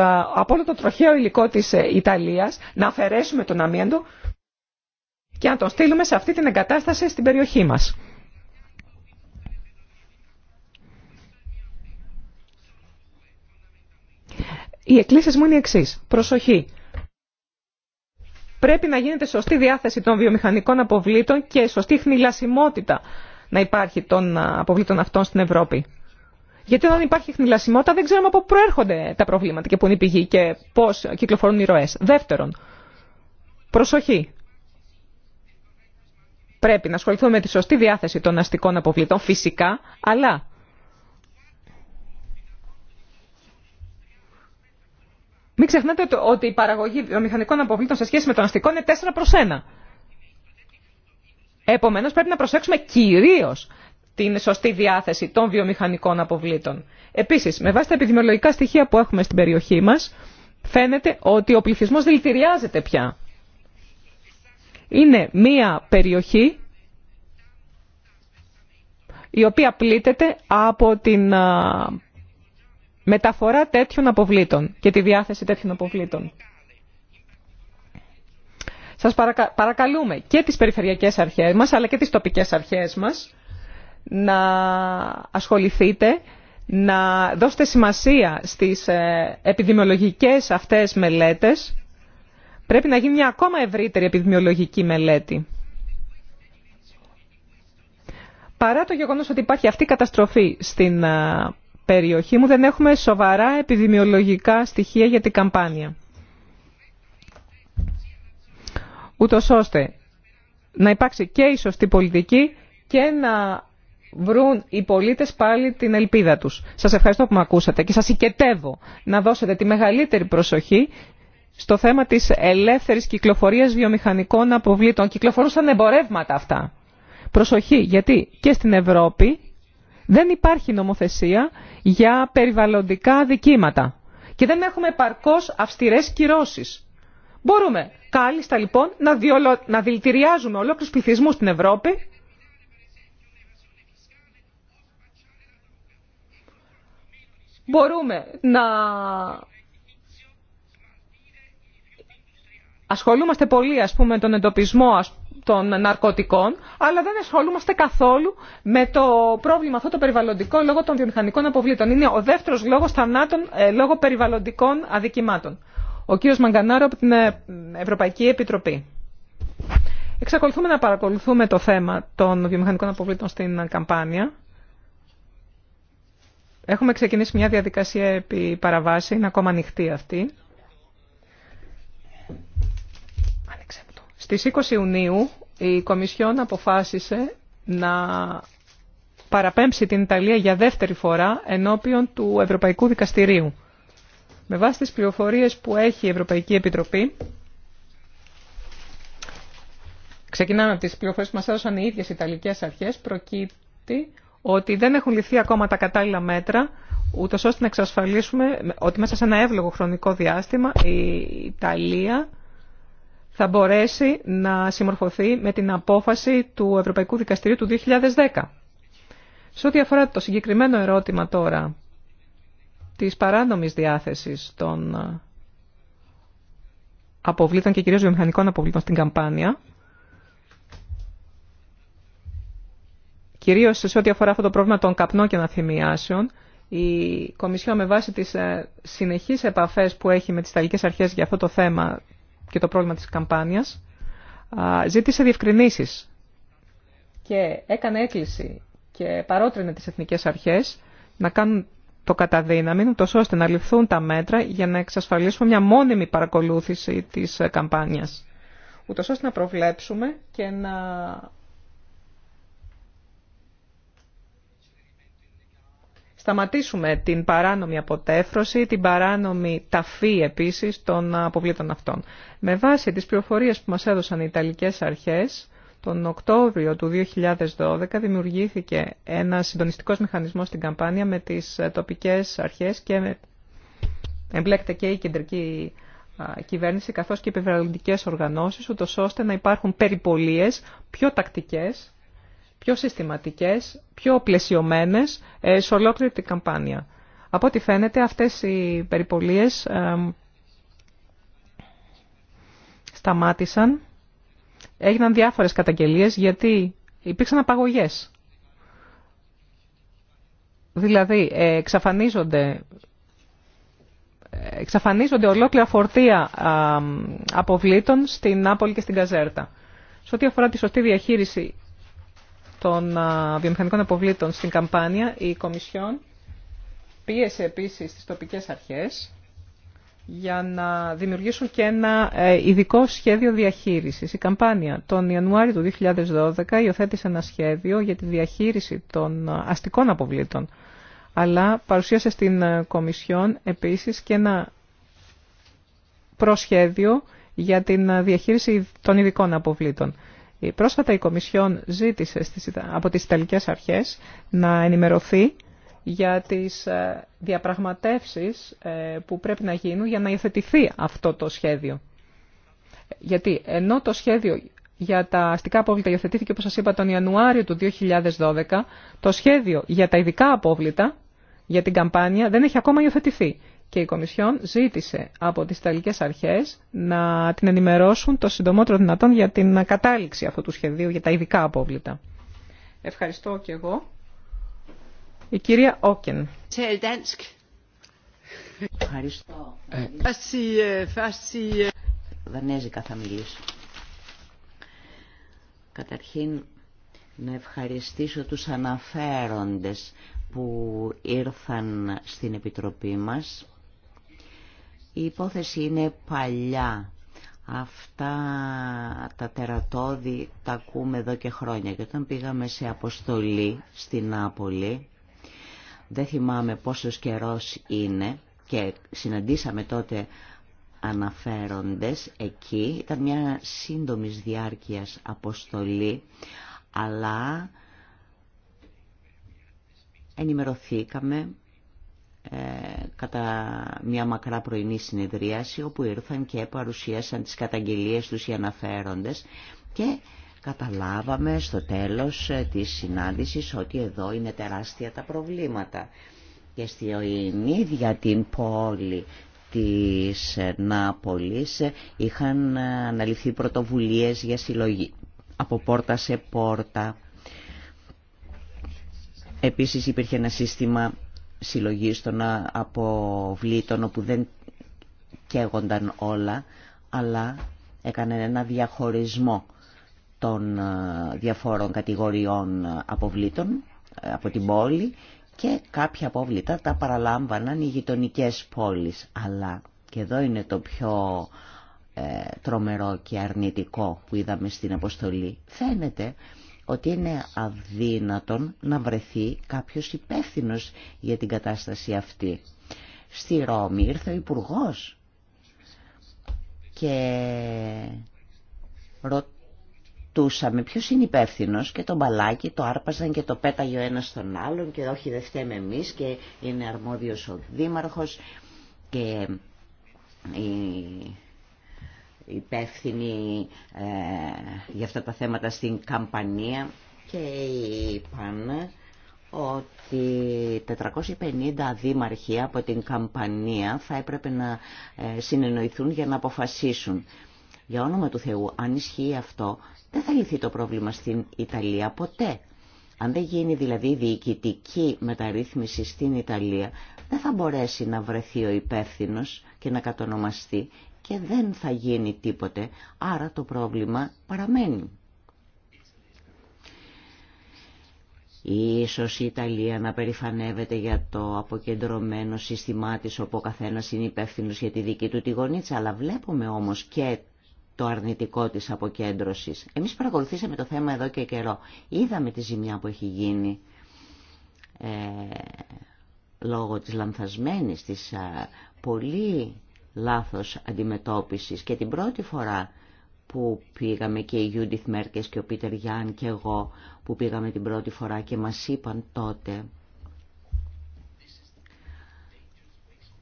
A: όλο το τροχαίο υλικό της ε, Ιταλίας να αφαιρέσουμε τον αμίαντο και να τον στείλουμε σε αυτή την εγκατάσταση στην περιοχή μας. Οι εκκλήσεις μου είναι οι εξής. Προσοχή. Πρέπει να γίνεται σωστή διάθεση των βιομηχανικών αποβλήτων και σωστή χνηλασιμότητα να υπάρχει των αποβλήτων αυτών στην Ευρώπη. Γιατί όταν υπάρχει χνηλασιμότητα δεν ξέρουμε από πού προέρχονται τα προβλήματα και πού είναι η πηγή και πώς κυκλοφορούν οι ροές. Δεύτερον, προσοχή. Πρέπει να ασχοληθούμε με τη σωστή διάθεση των αστικών αποβλήτων, φυσικά, αλλά Μην ξεχνάτε ότι η παραγωγή βιομηχανικών αποβλήτων σε σχέση με τον αστικό είναι 4 προς 1. Επομένως πρέπει να προσέξουμε κυρίως την σωστή διάθεση των βιομηχανικών αποβλήτων. Επίσης, με βάση τα επιδημιολογικά στοιχεία που έχουμε στην περιοχή μας, φαίνεται ότι ο πληθυσμός δηλητηριάζεται πια. Είναι μία περιοχή η οποία πλήττεται από την μεταφορά τέτοιων αποβλήτων και τη διάθεση τέτοιων αποβλήτων. Σας παρακαλούμε και τις περιφερειακές αρχές μας αλλά και τις τοπικές αρχές μας να ασχοληθείτε, να δώσετε σημασία στις ε, επιδημιολογικές αυτές μελέτες. Πρέπει να γίνει μια ακόμα ευρύτερη επιδημιολογική μελέτη. Παρά το γεγονός ότι υπάρχει αυτή η καταστροφή στην ε, περιοχή μου δεν έχουμε σοβαρά επιδημιολογικά στοιχεία για την καμπάνια. Ούτως ώστε να υπάρξει και η σωστή πολιτική και να βρουν οι πολίτες πάλι την ελπίδα τους. Σας ευχαριστώ που με ακούσατε και σας οικετεύω να δώσετε τη μεγαλύτερη προσοχή στο θέμα της ελεύθερης κυκλοφορίας βιομηχανικών αποβλήτων. Κυκλοφορούσαν εμπορεύματα αυτά. Προσοχή, γιατί και στην Ευρώπη δεν υπάρχει νομοθεσία για περιβαλλοντικά δικήματα. και δεν έχουμε παρκώς αυστηρές κυρώσεις. Μπορούμε κάλλιστα λοιπόν να, διολο... να δηλητηριάζουμε ολόκληρους πληθυσμούς στην Ευρώπη Μπορούμε να ασχολούμαστε πολύ ας πούμε τον εντοπισμό των ναρκωτικών, αλλά δεν ασχολούμαστε καθόλου με το πρόβλημα αυτό το περιβαλλοντικό λόγω των βιομηχανικών αποβλήτων. Είναι ο δεύτερος λόγο θανάτων ε, λόγω περιβαλλοντικών αδικημάτων. Ο κύριος Μαγκανάρο από την ε, Ευρωπαϊκή Επιτροπή. Εξακολουθούμε να παρακολουθούμε το θέμα των βιομηχανικών αποβλήτων στην καμπάνια. Έχουμε ξεκινήσει μια διαδικασία επί παραβάση, είναι ακόμα ανοιχτή αυτή. Στις 20 Ιουνίου η Κομισιόν αποφάσισε να παραπέμψει την Ιταλία για δεύτερη φορά ενώπιον του Ευρωπαϊκού Δικαστηρίου. Με βάση τις πληροφορίες που έχει η Ευρωπαϊκή Επιτροπή, ξεκινάμε από τις πληροφορίες που μας έδωσαν οι ίδιες Ιταλικές αρχές, προκύπτει ότι δεν έχουν λυθεί ακόμα τα κατάλληλα μέτρα, ούτως ώστε να εξασφαλίσουμε ότι μέσα σε ένα εύλογο χρονικό διάστημα η Ιταλία θα μπορέσει να συμμορφωθεί με την απόφαση του Ευρωπαϊκού Δικαστηρίου του 2010. Σε ό,τι αφορά το συγκεκριμένο ερώτημα τώρα της παράνομης διάθεσης των ε, αποβλήτων και κυρίως βιομηχανικών αποβλήτων στην καμπάνια, κυρίως σε ό,τι αφορά αυτό το πρόβλημα των καπνών και αναθυμιάσεων, η Κομισιόν με βάση τις ε, συνεχείς επαφές που έχει με τις ταγικές αρχές για αυτό το θέμα και το πρόβλημα της καμπάνιας, ζήτησε διευκρινήσεις και έκανε έκκληση και παρότρινε τις εθνικές αρχές να κάνουν το καταδύναμη, τόσο ώστε να ληφθούν τα μέτρα για να εξασφαλίσουμε μια μόνιμη παρακολούθηση της καμπάνιας, ούτως ώστε να προβλέψουμε και να σταματήσουμε την παράνομη αποτέφρωση, την παράνομη ταφή επίσης των αποβλήτων αυτών. Με βάση τις πληροφορίες που μας έδωσαν οι Ιταλικές αρχές, τον Οκτώβριο του 2012 δημιουργήθηκε ένα συντονιστικό μηχανισμός στην καμπάνια με τις ε, τοπικές αρχές και με... εμπλέκεται και η κεντρική κυβέρνηση καθώς και οι οργανώσεις, ούτως ώστε να υπάρχουν περιπολίες πιο τακτικές πιο συστηματικές, πιο πλαισιωμένες ε, σε ολόκληρη την καμπάνια. Από ό,τι φαίνεται αυτές οι περιπολίες σταμάτησαν, έγιναν διάφορες καταγγελίες γιατί υπήρξαν απαγωγές. Δηλαδή ε, εξαφανίζονται ε, εξαφανίζονται ολόκληρα φορτία αποβλήτων στην Νάπολη και στην Καζέρτα. Σε ό,τι αφορά τη σωστή διαχείριση των βιομηχανικών αποβλήτων στην καμπάνια, η Κομισιόν πίεσε επίσης τις τοπικές αρχές για να δημιουργήσουν και ένα ε, ειδικό σχέδιο διαχείρισης. Η καμπάνια τον Ιανουάριο του 2012 υιοθέτησε ένα σχέδιο για τη διαχείριση των αστικών αποβλήτων, αλλά παρουσίασε στην ε, Κομισιόν επίσης και ένα προσχέδιο για την ε, διαχείριση των ειδικών αποβλήτων. Πρόσφατα η Κομισιόν ζήτησε από τις Ιταλικές Αρχές να ενημερωθεί για τις ε, διαπραγματεύσεις ε, που πρέπει να γίνουν για να υιοθετηθεί αυτό το σχέδιο. Γιατί ενώ το σχέδιο για τα αστικά απόβλητα υιοθετήθηκε, όπως σας είπα, τον Ιανουάριο του 2012, το σχέδιο για τα ειδικά απόβλητα για την καμπάνια δεν έχει ακόμα υιοθετηθεί και η Κομισιόν ζήτησε από τις Ιταλικές Αρχές να την ενημερώσουν το συντομότερο δυνατόν για την κατάληξη αυτού του σχεδίου για τα ειδικά απόβλητα. Ευχαριστώ και εγώ. Η κυρία Όκεν.
B: Ευχαριστώ. Ε. Δανέζικα uh, uh, θα μιλήσω. Καταρχήν να ευχαριστήσω τους αναφέροντες που ήρθαν στην Επιτροπή μας η υπόθεση είναι παλιά. Αυτά τα τερατώδη τα ακούμε εδώ και χρόνια. Και όταν πήγαμε σε αποστολή στην Νάπολη, δεν θυμάμαι πόσος καιρός είναι και συναντήσαμε τότε αναφέροντες εκεί. Ήταν μια σύντομης διάρκειας αποστολή, αλλά ενημερωθήκαμε ε, κατά μια μακρά πρωινή συνεδρίαση όπου ήρθαν και παρουσίασαν τις καταγγελίες τους οι αναφέροντες και καταλάβαμε στο τέλος ε, της συνάντησης ότι εδώ είναι τεράστια τα προβλήματα. Και στην ίδια την πόλη της ε, Νάπολης είχαν αναλυθεί πρωτοβουλίες για συλλογή από πόρτα σε πόρτα. Επίσης υπήρχε ένα σύστημα συλλογίστων των αποβλήτων όπου δεν καίγονταν όλα, αλλά έκανε ένα διαχωρισμό των ε, διαφόρων κατηγοριών αποβλήτων ε, από την πόλη και κάποια απόβλητα τα παραλάμβαναν οι γειτονικέ πόλεις. Αλλά και εδώ είναι το πιο ε, τρομερό και αρνητικό που είδαμε στην αποστολή. Φαίνεται ότι είναι αδύνατον να βρεθεί κάποιος υπεύθυνο για την κατάσταση αυτή. Στη Ρώμη ήρθε ο υπουργό και ρωτούσαμε ποιος είναι υπεύθυνο και τον μπαλάκι το άρπαζαν και το πέταγε ο ένας τον άλλον και όχι δεν φταίμε εμείς και είναι αρμόδιος ο δήμαρχος και υπεύθυνη ε, για αυτά τα θέματα στην Καμπανία και είπαν ότι 450 δήμαρχοι από την Καμπανία θα έπρεπε να ε, συνεννοηθούν για να αποφασίσουν. Για όνομα του Θεού, αν ισχύει αυτό, δεν θα λυθεί το πρόβλημα στην Ιταλία ποτέ. Αν δεν γίνει δηλαδή διοικητική μεταρρύθμιση στην Ιταλία, δεν θα μπορέσει να βρεθεί ο υπεύθυνο και να κατονομαστεί και δεν θα γίνει τίποτε, άρα το πρόβλημα παραμένει. Ίσως η Ιταλία να περηφανεύεται για το αποκεντρωμένο σύστημά της όπου ο καθένας είναι υπεύθυνο για τη δική του τη γονίτσα, αλλά βλέπουμε όμως και το αρνητικό της αποκέντρωσης. Εμείς παρακολουθήσαμε το θέμα εδώ και καιρό. Είδαμε τη ζημιά που έχει γίνει ε, λόγω της λανθασμένης, της πολύ λάθος αντιμετώπισης και την πρώτη φορά που πήγαμε και η Γιούντιθ Μέρκες και ο Πίτερ Γιάν και εγώ που πήγαμε την πρώτη φορά και μας είπαν τότε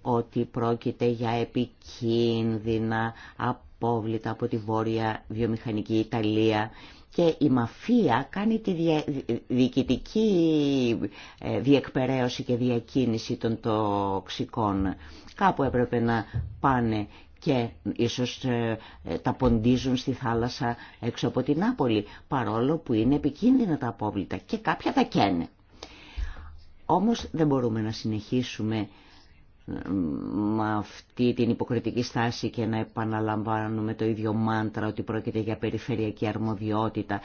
B: ότι πρόκειται για επικίνδυνα απόβλητα από τη Βόρεια Βιομηχανική Ιταλία και η μαφία κάνει τη διοικητική ε, διεκπαιρέωση και διακίνηση των τοξικών. Κάπου έπρεπε να πάνε και ίσως ε, τα ποντίζουν στη θάλασσα έξω από την Άπολη, παρόλο που είναι επικίνδυνα τα απόβλητα και κάποια τα καίνε. Όμως δεν μπορούμε να συνεχίσουμε με αυτή την υποκριτική στάση και να επαναλαμβάνουμε το ίδιο μάντρα ότι πρόκειται για περιφερειακή αρμοδιότητα,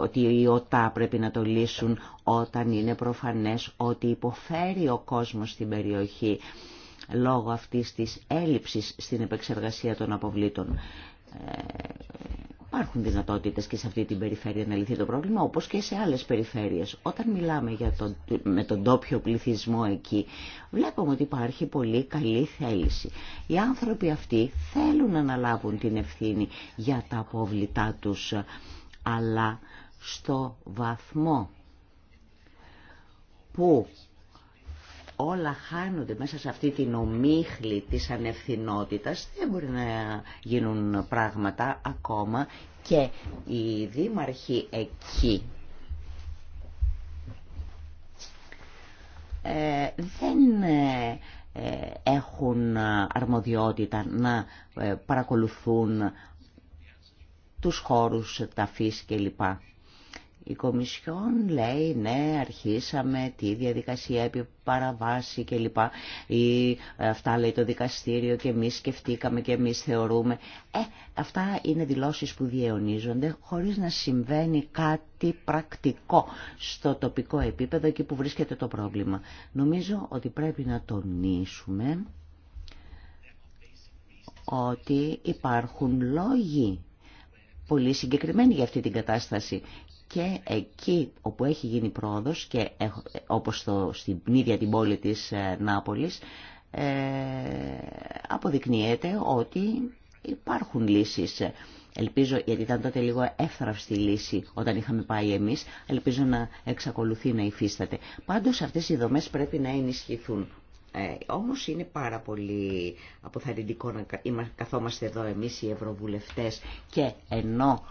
B: ότι οι ΟΤΑ πρέπει να το λύσουν όταν είναι προφανές ότι υποφέρει ο κόσμος στην περιοχή λόγω αυτής της έλλειψης στην επεξεργασία των αποβλήτων. Ε, Υπάρχουν δυνατότητες και σε αυτή την περιφέρεια να λυθεί το πρόβλημα, όπως και σε άλλες περιφέρειες. Όταν μιλάμε για τον, με τον τόπιο πληθυσμό εκεί, βλέπουμε ότι υπάρχει πολύ καλή θέληση. Οι άνθρωποι αυτοί θέλουν να αναλάβουν την ευθύνη για τα αποβλητά τους, αλλά στο βαθμό που όλα χάνονται μέσα σε αυτή την ομίχλη της ανευθυνότητας, δεν μπορεί να γίνουν πράγματα ακόμα και οι δήμαρχοι εκεί ε, δεν ε, έχουν αρμοδιότητα να ε, παρακολουθούν τους χώρους, τα φύση κλπ. Η Κομισιόν λέει ναι αρχίσαμε τη διαδικασία επί παραβάση λοιπά». Ή αυτά λέει το δικαστήριο και εμείς σκεφτήκαμε και εμείς θεωρούμε. Ε, αυτά είναι δηλώσεις που διαιωνίζονται χωρίς να συμβαίνει κάτι πρακτικό στο τοπικό επίπεδο εκεί που βρίσκεται το πρόβλημα. Νομίζω ότι πρέπει να τονίσουμε ότι υπάρχουν λόγοι πολύ συγκεκριμένοι για αυτή την κατάσταση και εκεί όπου έχει γίνει πρόοδος και όπως το, στην ίδια την πόλη της ε, Νάπολης ε, αποδεικνύεται ότι υπάρχουν λύσεις. Ελπίζω, γιατί ήταν τότε λίγο εύθραυστη λύση όταν είχαμε πάει εμείς, ελπίζω να εξακολουθεί να υφίσταται. Πάντως αυτές οι δομές πρέπει να ενισχυθούν. Ε, όμως είναι πάρα πολύ αποθαρρυντικό να καθόμαστε εδώ εμείς οι ευρωβουλευτές και ενώ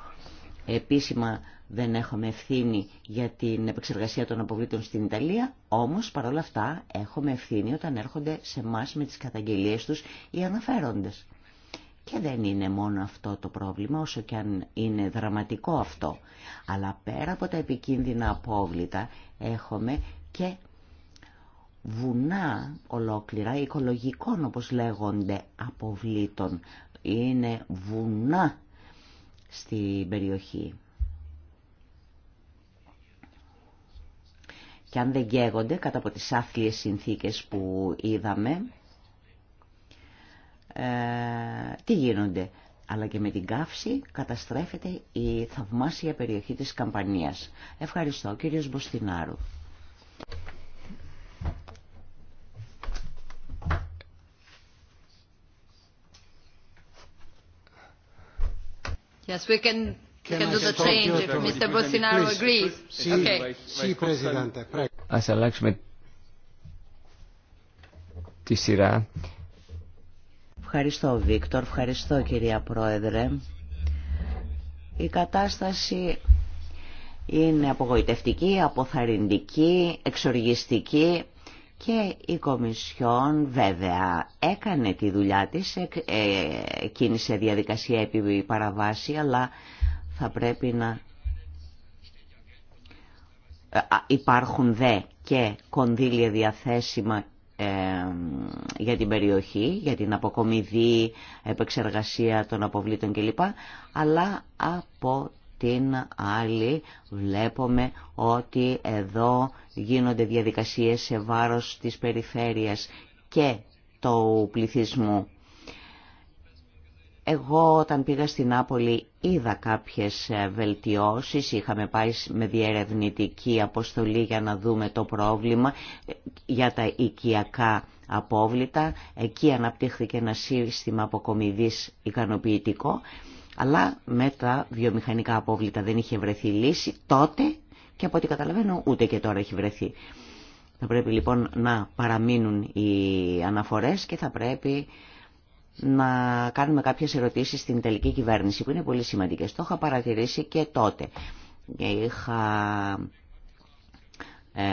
B: επίσημα δεν έχουμε ευθύνη για την επεξεργασία των αποβλήτων στην Ιταλία, όμως παρόλα αυτά έχουμε ευθύνη όταν έρχονται σε εμά με τις καταγγελίες τους οι αναφέροντες. Και δεν είναι μόνο αυτό το πρόβλημα, όσο και αν είναι δραματικό αυτό. Αλλά πέρα από τα επικίνδυνα απόβλητα έχουμε και βουνά ολόκληρα οικολογικών όπως λέγονται αποβλήτων. Είναι βουνά στην περιοχή. και αν δεν καίγονται κατά από τις άθλιες συνθήκες που είδαμε, ε, τι γίνονται. Αλλά και με την καύση καταστρέφεται η θαυμάσια περιοχή της Καμπανίας. Ευχαριστώ κύριος Μποστινάρου.
C: Yes, we can Ας αλλάξουμε τη σειρά.
B: Ευχαριστώ Βίκτορ, ευχαριστώ κυρία Πρόεδρε. Η κατάσταση είναι απογοητευτική, αποθαρρυντική, εξοργιστική και η Κομισιόν βέβαια έκανε τη δουλειά της, ε, κίνησε διαδικασία επί παραβάση, αλλά θα πρέπει να ε, υπάρχουν δε και κονδύλια διαθέσιμα ε, για την περιοχή, για την αποκομιδή, επεξεργασία των αποβλήτων κλπ. Αλλά από την άλλη βλέπουμε ότι εδώ γίνονται διαδικασίες σε βάρος της περιφέρειας και του πληθυσμού. Εγώ όταν πήγα στην Άπολη είδα κάποιες ε, βελτιώσεις, είχαμε πάει με διερευνητική αποστολή για να δούμε το πρόβλημα ε, για τα οικιακά απόβλητα. Εκεί αναπτύχθηκε ένα σύστημα αποκομιδής ικανοποιητικό, αλλά με τα βιομηχανικά απόβλητα δεν είχε βρεθεί λύση τότε και από ό,τι καταλαβαίνω ούτε και τώρα έχει βρεθεί. Θα πρέπει λοιπόν να παραμείνουν οι αναφορές και θα πρέπει να κάνουμε κάποιες ερωτήσεις στην τελική κυβέρνηση που είναι πολύ σημαντικές. Το είχα παρατηρήσει και τότε. Είχα ε,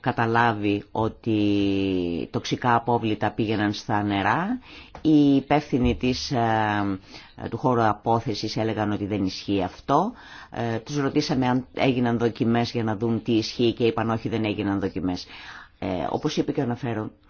B: καταλάβει ότι τοξικά απόβλητα πήγαιναν στα νερά. Οι υπεύθυνοι της, ε, του χώρου απόθεσης έλεγαν ότι δεν ισχύει αυτό. Ε, τους ρωτήσαμε αν έγιναν δοκιμές για να δουν τι ισχύει και είπαν όχι δεν έγιναν δοκιμές. Ε, όπως είπε και ο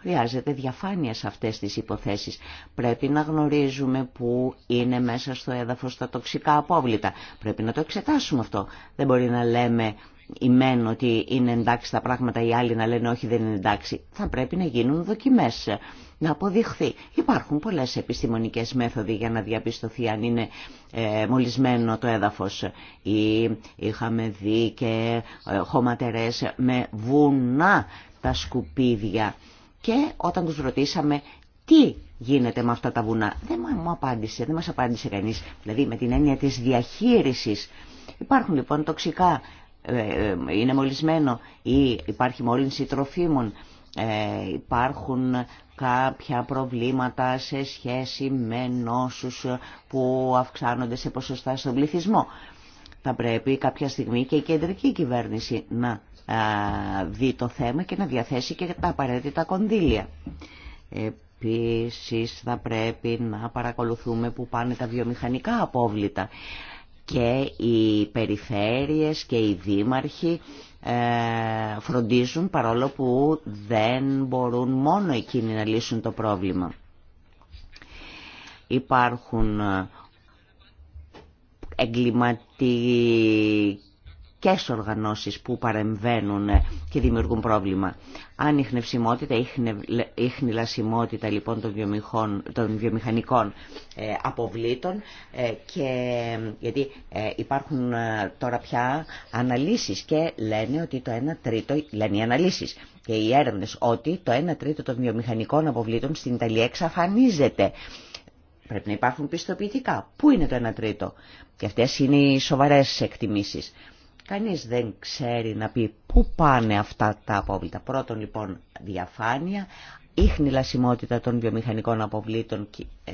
B: χρειάζεται διαφάνεια σε αυτές τις υποθέσεις. Πρέπει να γνωρίζουμε που είναι μέσα στο έδαφος τα τοξικά απόβλητα. Πρέπει να το εξετάσουμε αυτό. Δεν μπορεί να λέμε ημέν ότι είναι εντάξει τα πράγματα, οι άλλοι να λένε όχι δεν είναι εντάξει. Θα πρέπει να γίνουν δοκιμές, να αποδειχθεί. Υπάρχουν πολλές επιστημονικές μέθοδοι για να διαπιστωθεί αν είναι ε, μολυσμένο το έδαφος. Ή είχαμε δει και ε, χωματερές με βουνά τα σκουπίδια. Και όταν τους ρωτήσαμε τι γίνεται με αυτά τα βουνά, δεν μου απάντησε, δεν μας απάντησε κανείς. Δηλαδή με την έννοια της διαχείρισης. Υπάρχουν λοιπόν τοξικά, ε, ε, είναι μολυσμένο ή υπάρχει μόλυνση τροφίμων, ε, υπάρχουν κάποια προβλήματα σε σχέση με νόσους που αυξάνονται σε ποσοστά στον πληθυσμό. Θα πρέπει κάποια στιγμή και η κεντρική κυβέρνηση να δει το θέμα και να διαθέσει και τα απαραίτητα κονδύλια. Επίσης θα πρέπει να παρακολουθούμε που πάνε τα βιομηχανικά απόβλητα και οι περιφέρειες και οι δήμαρχοι ε, φροντίζουν παρόλο που δεν μπορούν μόνο εκείνοι να λύσουν το πρόβλημα. Υπάρχουν ε, εγκληματικοί τοπικές οργανώσεις που παρεμβαίνουν και δημιουργούν πρόβλημα. Αν η χνευσιμότητα, η χνηλασιμότητα λοιπόν των, βιομηχών, των βιομηχανικών ε, αποβλήτων ε, και γιατί ε, υπάρχουν τώρα πια αναλύσεις και λένε ότι το 1 τρίτο, λένε οι αναλύσεις και οι έρευνες ότι το 1 τρίτο των βιομηχανικών αποβλήτων στην Ιταλία εξαφανίζεται. Πρέπει να υπάρχουν πιστοποιητικά. Πού είναι το 1 τρίτο. Και αυτές είναι οι σοβαρές εκτιμήσεις. Κανείς δεν ξέρει να πει πού πάνε αυτά τα απόβλητα. Πρώτον λοιπόν διαφάνεια, ίχνη λασιμότητα των βιομηχανικών αποβλήτων ε,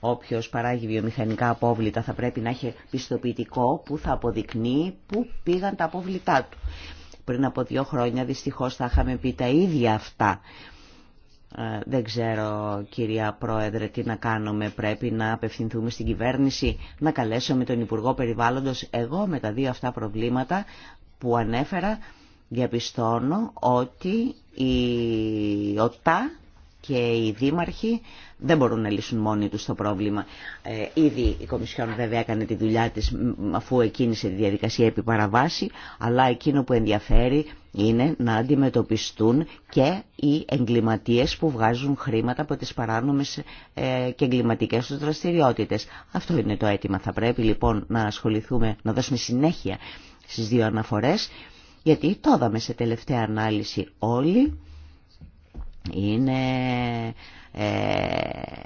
B: Όποιος παράγει βιομηχανικά απόβλητα θα πρέπει να έχει πιστοποιητικό που θα αποδεικνύει πού πήγαν τα απόβλητά του. Πριν από δύο χρόνια δυστυχώς θα είχαμε πει τα ίδια αυτά. Ε, δεν ξέρω κυρία Πρόεδρε τι να κάνουμε, πρέπει να απευθυνθούμε στην κυβέρνηση, να καλέσουμε τον Υπουργό Περιβάλλοντος. Εγώ με τα δύο αυτά προβλήματα που ανέφερα διαπιστώνω ότι η ΟΤΑ και οι δήμαρχοι δεν μπορούν να λύσουν μόνοι τους το πρόβλημα. Ε, ήδη η Κομισιόν βέβαια έκανε τη δουλειά της αφού εκείνησε τη διαδικασία επί παραβάση, αλλά εκείνο που ενδιαφέρει είναι να αντιμετωπιστούν και οι εγκληματίες που βγάζουν χρήματα από τις παράνομες ε, και εγκληματικές τους δραστηριότητες. Αυτό είναι το αίτημα. Θα πρέπει λοιπόν να ασχοληθούμε, να δώσουμε συνέχεια στις δύο αναφορές, γιατί το είδαμε σε τελευταία ανάλυση όλοι είναι ε,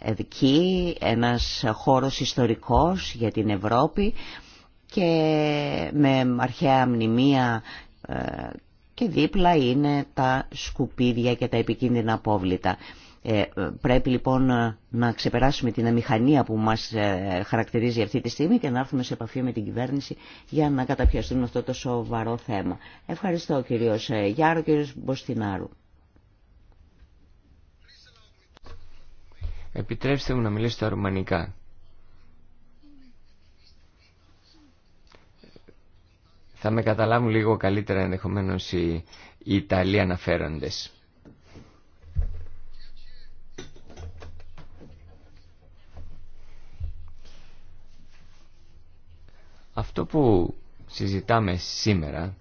B: εδική, ένας χώρος ιστορικός για την Ευρώπη και με αρχαία μνημεία ε, και δίπλα είναι τα σκουπίδια και τα επικίνδυνα απόβλητα. Ε, πρέπει λοιπόν να ξεπεράσουμε την αμηχανία που μας χαρακτηρίζει αυτή τη στιγμή και να έρθουμε σε επαφή με την κυβέρνηση για να καταπιαστούμε αυτό το σοβαρό θέμα. Ευχαριστώ κύριος Γιάρο, κύριος Μποστινάρου.
C: Επιτρέψτε μου να μιλήσω στα ρουμανικά. Θα με καταλάβουν λίγο καλύτερα ενδεχομένως οι, Ιταλοί αναφέροντες. Αυτό που συζητάμε σήμερα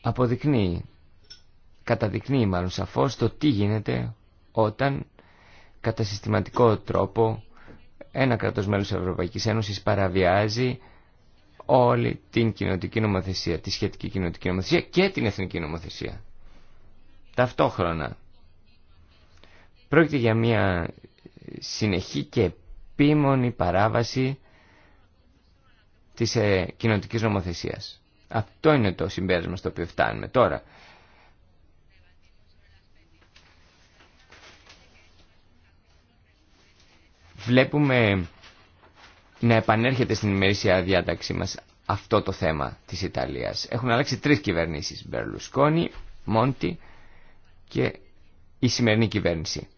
C: αποδεικνύει καταδεικνύει μάλλον σαφώς το τι γίνεται όταν κατά συστηματικό τρόπο ένα κρατός μέλος της Ευρωπαϊκής Ένωσης παραβιάζει όλη την κοινωτική νομοθεσία, τη σχετική κοινωτική νομοθεσία και την εθνική νομοθεσία. Ταυτόχρονα πρόκειται για μια συνεχή και επίμονη παράβαση της ε, κοινωτικής νομοθεσίας. Αυτό είναι το συμπέρασμα στο οποίο φτάνουμε τώρα. βλέπουμε να επανέρχεται στην ημερήσια διάταξή μας αυτό το θέμα της Ιταλίας. Έχουν αλλάξει τρεις κυβερνήσεις, Μπερλουσκόνη, Μόντι και η σημερινή κυβέρνηση.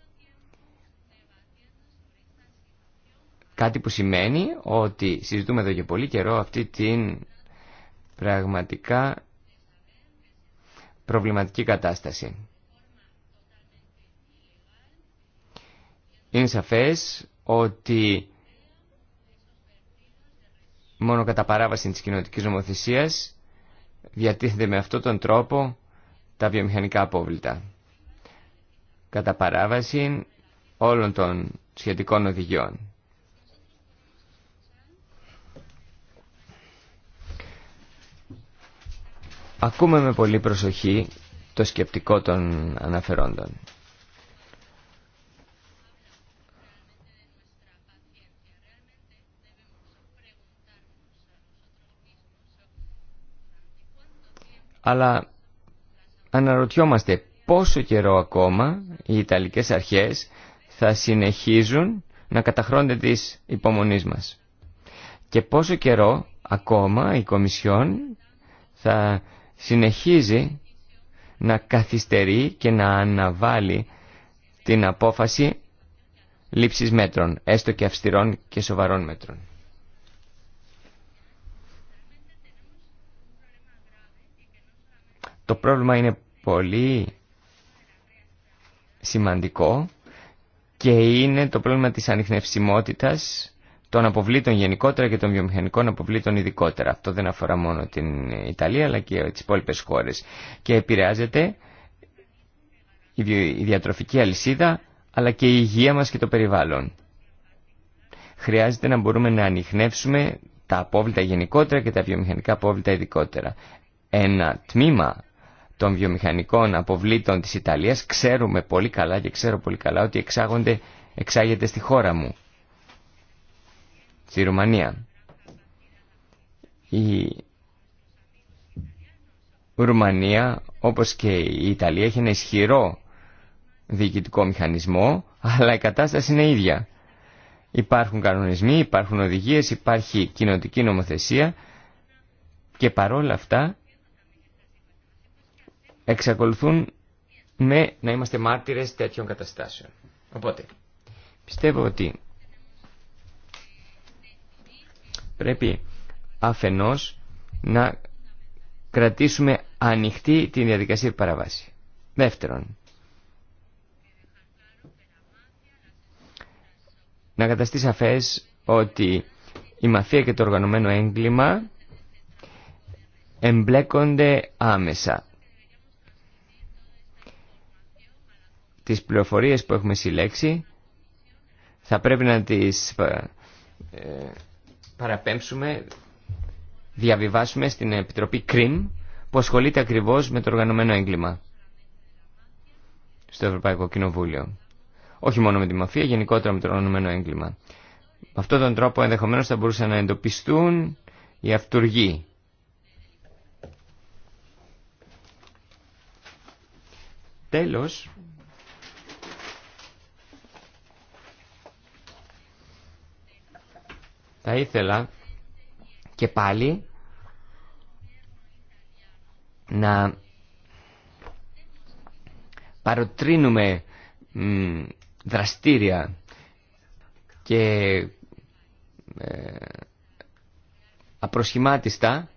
C: Κάτι που σημαίνει ότι συζητούμε εδώ και πολύ καιρό αυτή την πραγματικά προβληματική κατάσταση. Είναι σαφές ότι μόνο κατά παράβαση της κοινωτικής νομοθεσίας διατίθενται με αυτόν τον τρόπο τα βιομηχανικά απόβλητα. Κατά παράβαση όλων των σχετικών οδηγιών. Ακούμε με πολύ προσοχή το σκεπτικό των αναφερόντων. αλλά αναρωτιόμαστε πόσο καιρό ακόμα οι Ιταλικές αρχές θα συνεχίζουν να καταχρώνται της υπομονής μας. Και πόσο καιρό ακόμα η Κομισιόν θα συνεχίζει να καθυστερεί και να αναβάλει την απόφαση λήψης μέτρων, έστω και αυστηρών και σοβαρών μέτρων. Το πρόβλημα είναι πολύ σημαντικό και είναι το πρόβλημα της ανιχνευσιμότητας των αποβλήτων γενικότερα και των βιομηχανικών αποβλήτων ειδικότερα. Αυτό δεν αφορά μόνο την Ιταλία αλλά και τις υπόλοιπε χώρες. Και επηρεάζεται η διατροφική αλυσίδα αλλά και η υγεία μας και το περιβάλλον. Χρειάζεται να μπορούμε να ανιχνεύσουμε τα απόβλητα γενικότερα και τα βιομηχανικά απόβλητα ειδικότερα. Ένα τμήμα των βιομηχανικών αποβλήτων της Ιταλίας ξέρουμε πολύ καλά και ξέρω πολύ καλά ότι εξάγονται, εξάγεται στη χώρα μου, στη Ρουμανία. Η Ρουμανία όπως και η Ιταλία έχει ένα ισχυρό διοικητικό μηχανισμό αλλά η κατάσταση είναι ίδια. Υπάρχουν κανονισμοί, υπάρχουν οδηγίες, υπάρχει κοινοτική νομοθεσία και παρόλα αυτά εξακολουθούν με να είμαστε μάρτυρες τέτοιων καταστάσεων. Οπότε, πιστεύω ότι πρέπει αφενός να κρατήσουμε ανοιχτή την διαδικασία παραβάση. Δεύτερον, να καταστεί σαφές ότι η μαφία και το οργανωμένο έγκλημα εμπλέκονται άμεσα τις πληροφορίες που έχουμε συλλέξει θα πρέπει να τις ε, παραπέμψουμε, διαβιβάσουμε στην Επιτροπή ΚΡΙΜ που ασχολείται ακριβώς με το οργανωμένο έγκλημα στο Ευρωπαϊκό Κοινοβούλιο. Όχι μόνο με τη μαφία, γενικότερα με το οργανωμένο έγκλημα. Με αυτόν τον τρόπο ενδεχομένως θα μπορούσαν να εντοπιστούν οι αυτούργοι. Τέλος, Θα ήθελα και πάλι να παροτρύνουμε δραστήρια και ε, απροσχημάτιστα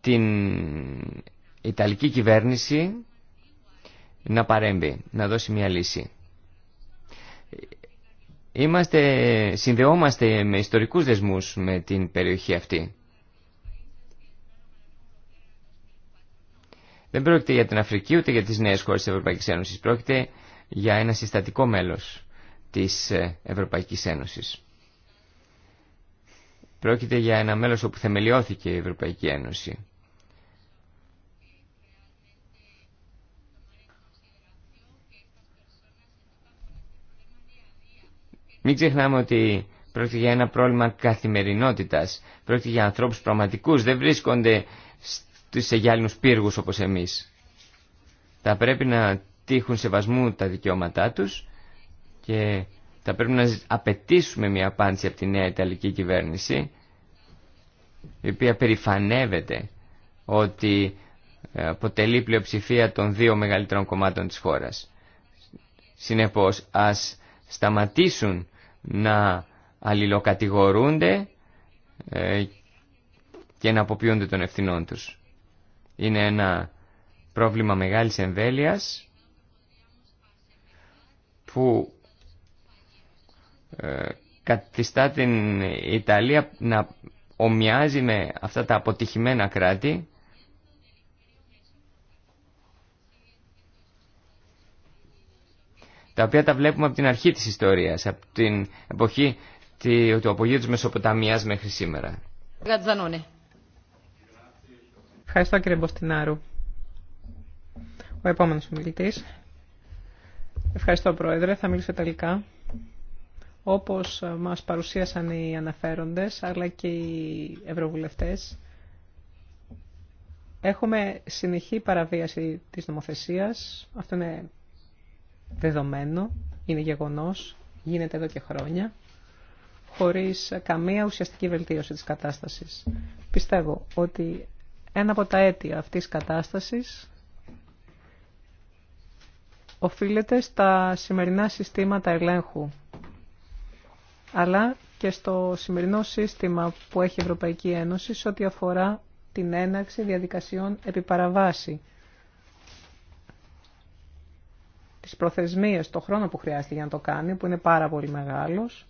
C: την Ιταλική κυβέρνηση να παρέμβει, να δώσει μια λύση. Είμαστε, συνδεόμαστε με ιστορικούς δεσμούς με την περιοχή αυτή. Δεν πρόκειται για την Αφρική ούτε για τις νέες χώρες της Ευρωπαϊκής Ένωσης. Πρόκειται για ένα συστατικό μέλος της ε, Ευρωπαϊκής Ένωσης. Πρόκειται για ένα μέλος όπου θεμελιώθηκε η Ευρωπαϊκή Ένωση. Μην ξεχνάμε ότι πρόκειται για ένα πρόβλημα καθημερινότητας. Πρόκειται για ανθρώπους πραγματικούς, δεν βρίσκονται σε γυάλινους πύργους όπως εμείς. Θα πρέπει να τύχουν σεβασμού τα δικαιώματά τους και θα πρέπει να απαιτήσουμε μια απάντηση από τη νέα Ιταλική κυβέρνηση η οποία περηφανεύεται ότι αποτελεί πλειοψηφία των δύο μεγαλύτερων κομμάτων της χώρας. Συνεπώς, ας σταματήσουν να αλληλοκατηγορούνται ε, και να αποποιούνται των ευθυνών τους. Είναι ένα πρόβλημα μεγάλης εμβέλειας που ε, καθιστά την Ιταλία να ομοιάζει με αυτά τα αποτυχημένα κράτη τα οποία τα βλέπουμε από την αρχή της ιστορίας, από την εποχή του απογείου της Μεσοποταμίας μέχρι σήμερα.
A: Ευχαριστώ κύριε Μποστινάρου. Ο επόμενος ομιλητής. Ευχαριστώ πρόεδρε, θα μιλήσω τελικά. Όπως μας παρουσίασαν οι αναφέροντες, αλλά και οι ευρωβουλευτές, έχουμε συνεχή παραβίαση της νομοθεσίας. Αυτό είναι δεδομένο, είναι γεγονός, γίνεται εδώ και χρόνια, χωρίς καμία ουσιαστική βελτίωση της κατάστασης. Πιστεύω ότι ένα από τα αίτια αυτής της κατάστασης οφείλεται στα σημερινά συστήματα ελέγχου, αλλά και στο σημερινό σύστημα που έχει η Ευρωπαϊκή Ένωση σε ό,τι αφορά την έναρξη διαδικασιών επιπαραβάση τις προθεσμίες, το χρόνο που χρειάζεται για να το κάνει, που είναι πάρα πολύ μεγάλος.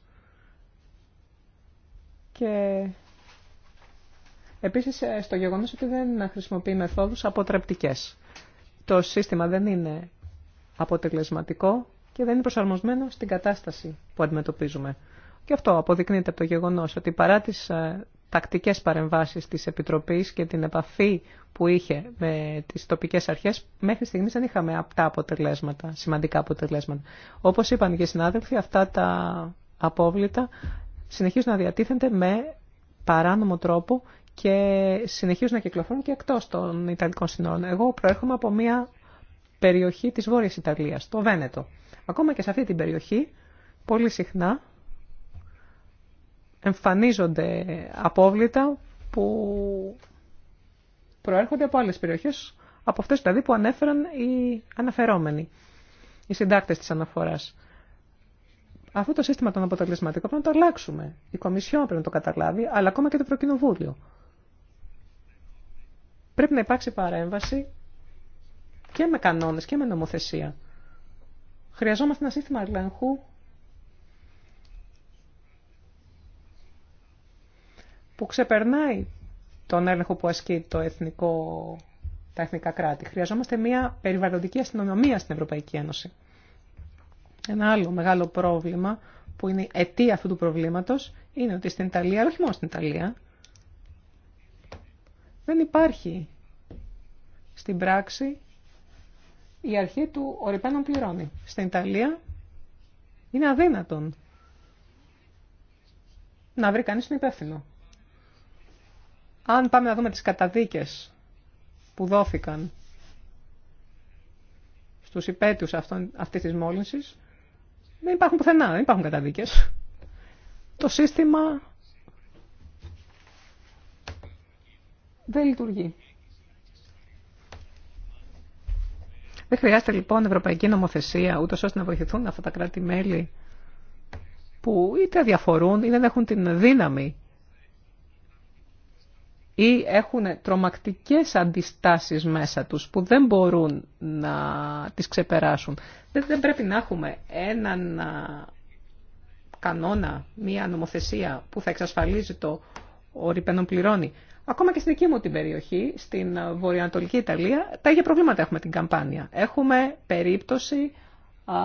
A: Και επίσης ε, στο γεγονός ότι δεν χρησιμοποιεί μεθόδους αποτρεπτικές. Το σύστημα δεν είναι αποτελεσματικό και δεν είναι προσαρμοσμένο στην κατάσταση που αντιμετωπίζουμε. Και αυτό αποδεικνύεται από το γεγονός ότι παρά τις ε, τακτικές παρεμβάσεις της Επιτροπής και την επαφή που είχε με τις τοπικές αρχές, μέχρι στιγμής δεν είχαμε αυτά αποτελέσματα, σημαντικά αποτελέσματα. Όπως είπαν και οι συνάδελφοι, αυτά τα απόβλητα συνεχίζουν να διατίθενται με παράνομο τρόπο και συνεχίζουν να κυκλοφορούν και εκτός των Ιταλικών συνόρων. Εγώ προέρχομαι από μια περιοχή της Βόρειας Ιταλίας, το Βένετο. Ακόμα και σε αυτή την περιοχή, πολύ συχνά εμφανίζονται απόβλητα που προέρχονται από άλλες περιοχές, από αυτές δηλαδή που ανέφεραν οι αναφερόμενοι, οι συντάκτες της αναφοράς. Αυτό το σύστημα των αποτελεσματικών πρέπει να το αλλάξουμε. Η Κομισιόν πρέπει να το καταλάβει, αλλά ακόμα και το Προκοινοβούλιο. Πρέπει να υπάρξει παρέμβαση και με κανόνες και με νομοθεσία. Χρειαζόμαστε ένα σύστημα ελέγχου που ξεπερνάει τον έλεγχο που ασκεί το εθνικό, τα εθνικά κράτη. Χρειαζόμαστε μια περιβαλλοντική αστυνομία στην Ευρωπαϊκή Ένωση. Ένα άλλο μεγάλο πρόβλημα που είναι η αιτία αυτού του προβλήματος είναι ότι στην Ιταλία, αλλά όχι μόνο στην Ιταλία, δεν υπάρχει στην πράξη η αρχή του ορυπαίνων πληρώνει. Στην Ιταλία είναι αδύνατον να βρει κανείς τον υπεύθυνο. Αν πάμε να δούμε τις καταδίκες που δόθηκαν στους υπέτειους αυτών, αυτής της μόλυνσης, δεν υπάρχουν πουθενά, δεν υπάρχουν καταδίκες. Το σύστημα δεν λειτουργεί. Δεν χρειάζεται λοιπόν ευρωπαϊκή νομοθεσία, ούτως ώστε να βοηθηθούν αυτά τα κράτη-μέλη που είτε διαφορούν ή δεν έχουν την δύναμη ή έχουν τρομακτικές αντιστάσεις μέσα τους που δεν μπορούν να τις ξεπεράσουν. Δεν, δεν πρέπει να έχουμε έναν κανόνα, μία νομοθεσία που θα εξασφαλίζει το ορυπενον πληρώνει. Ακόμα και στην δική μου την περιοχή, στην βορειοανατολική Ιταλία, τα ίδια προβλήματα έχουμε την καμπάνια. Έχουμε περίπτωση α,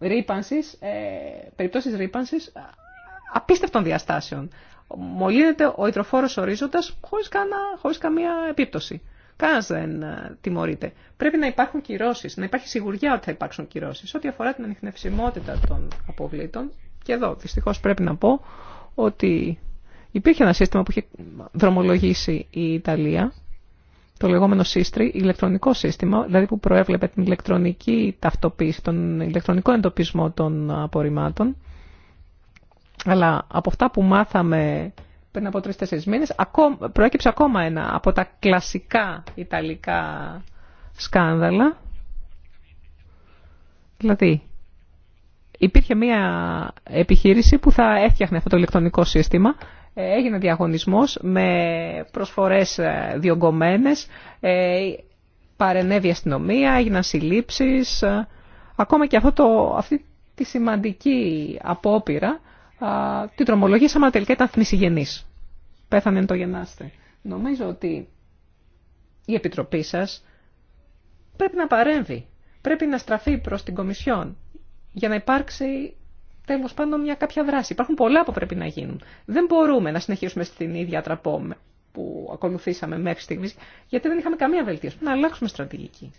A: ρήπανσης, ε, περίπτωσης ρήπανσης απίστευτων διαστάσεων μολύνεται ο υδροφόρος ορίζοντας χωρίς, κανά, χωρίς καμία επίπτωση. Κανένα δεν ε, τιμωρείται. Πρέπει να υπάρχουν κυρώσει, να υπάρχει σιγουριά ότι θα υπάρξουν κυρώσει. Ό,τι αφορά την ανιχνευσιμότητα των αποβλήτων, και εδώ δυστυχώ πρέπει να πω ότι υπήρχε ένα σύστημα που είχε δρομολογήσει η Ιταλία, το λεγόμενο σύστρι, ηλεκτρονικό σύστημα, δηλαδή που προέβλεπε την ηλεκτρονική ταυτοποίηση, τον ηλεκτρονικό εντοπισμό των απορριμμάτων αλλά από αυτά που μάθαμε πριν από τρει-τέσσερι μήνε, προέκυψε ακόμα ένα από τα κλασικά ιταλικά σκάνδαλα. Δηλαδή, υπήρχε μια επιχείρηση που θα έφτιαχνε αυτό το ηλεκτρονικό σύστημα. Ε, έγινε διαγωνισμός με προσφορές ε, διογκωμένες, ε, παρενέβη αστυνομία, έγιναν συλλήψεις. Ακόμα και αυτό το, αυτή τη σημαντική απόπειρα την τρομολογήσαμε, αλλά τελικά ήταν θνησιγενή. Πέθανε το γεννάστε. Νομίζω ότι η Επιτροπή σα πρέπει να παρέμβει. Πρέπει να στραφεί προ την Κομισιόν για να υπάρξει τέλο πάντων μια κάποια δράση. Υπάρχουν πολλά που πρέπει να γίνουν. Δεν μπορούμε να συνεχίσουμε στην ίδια τραπό που ακολουθήσαμε μέχρι στιγμή, γιατί δεν είχαμε καμία βελτίωση. Να αλλάξουμε στρατηγική.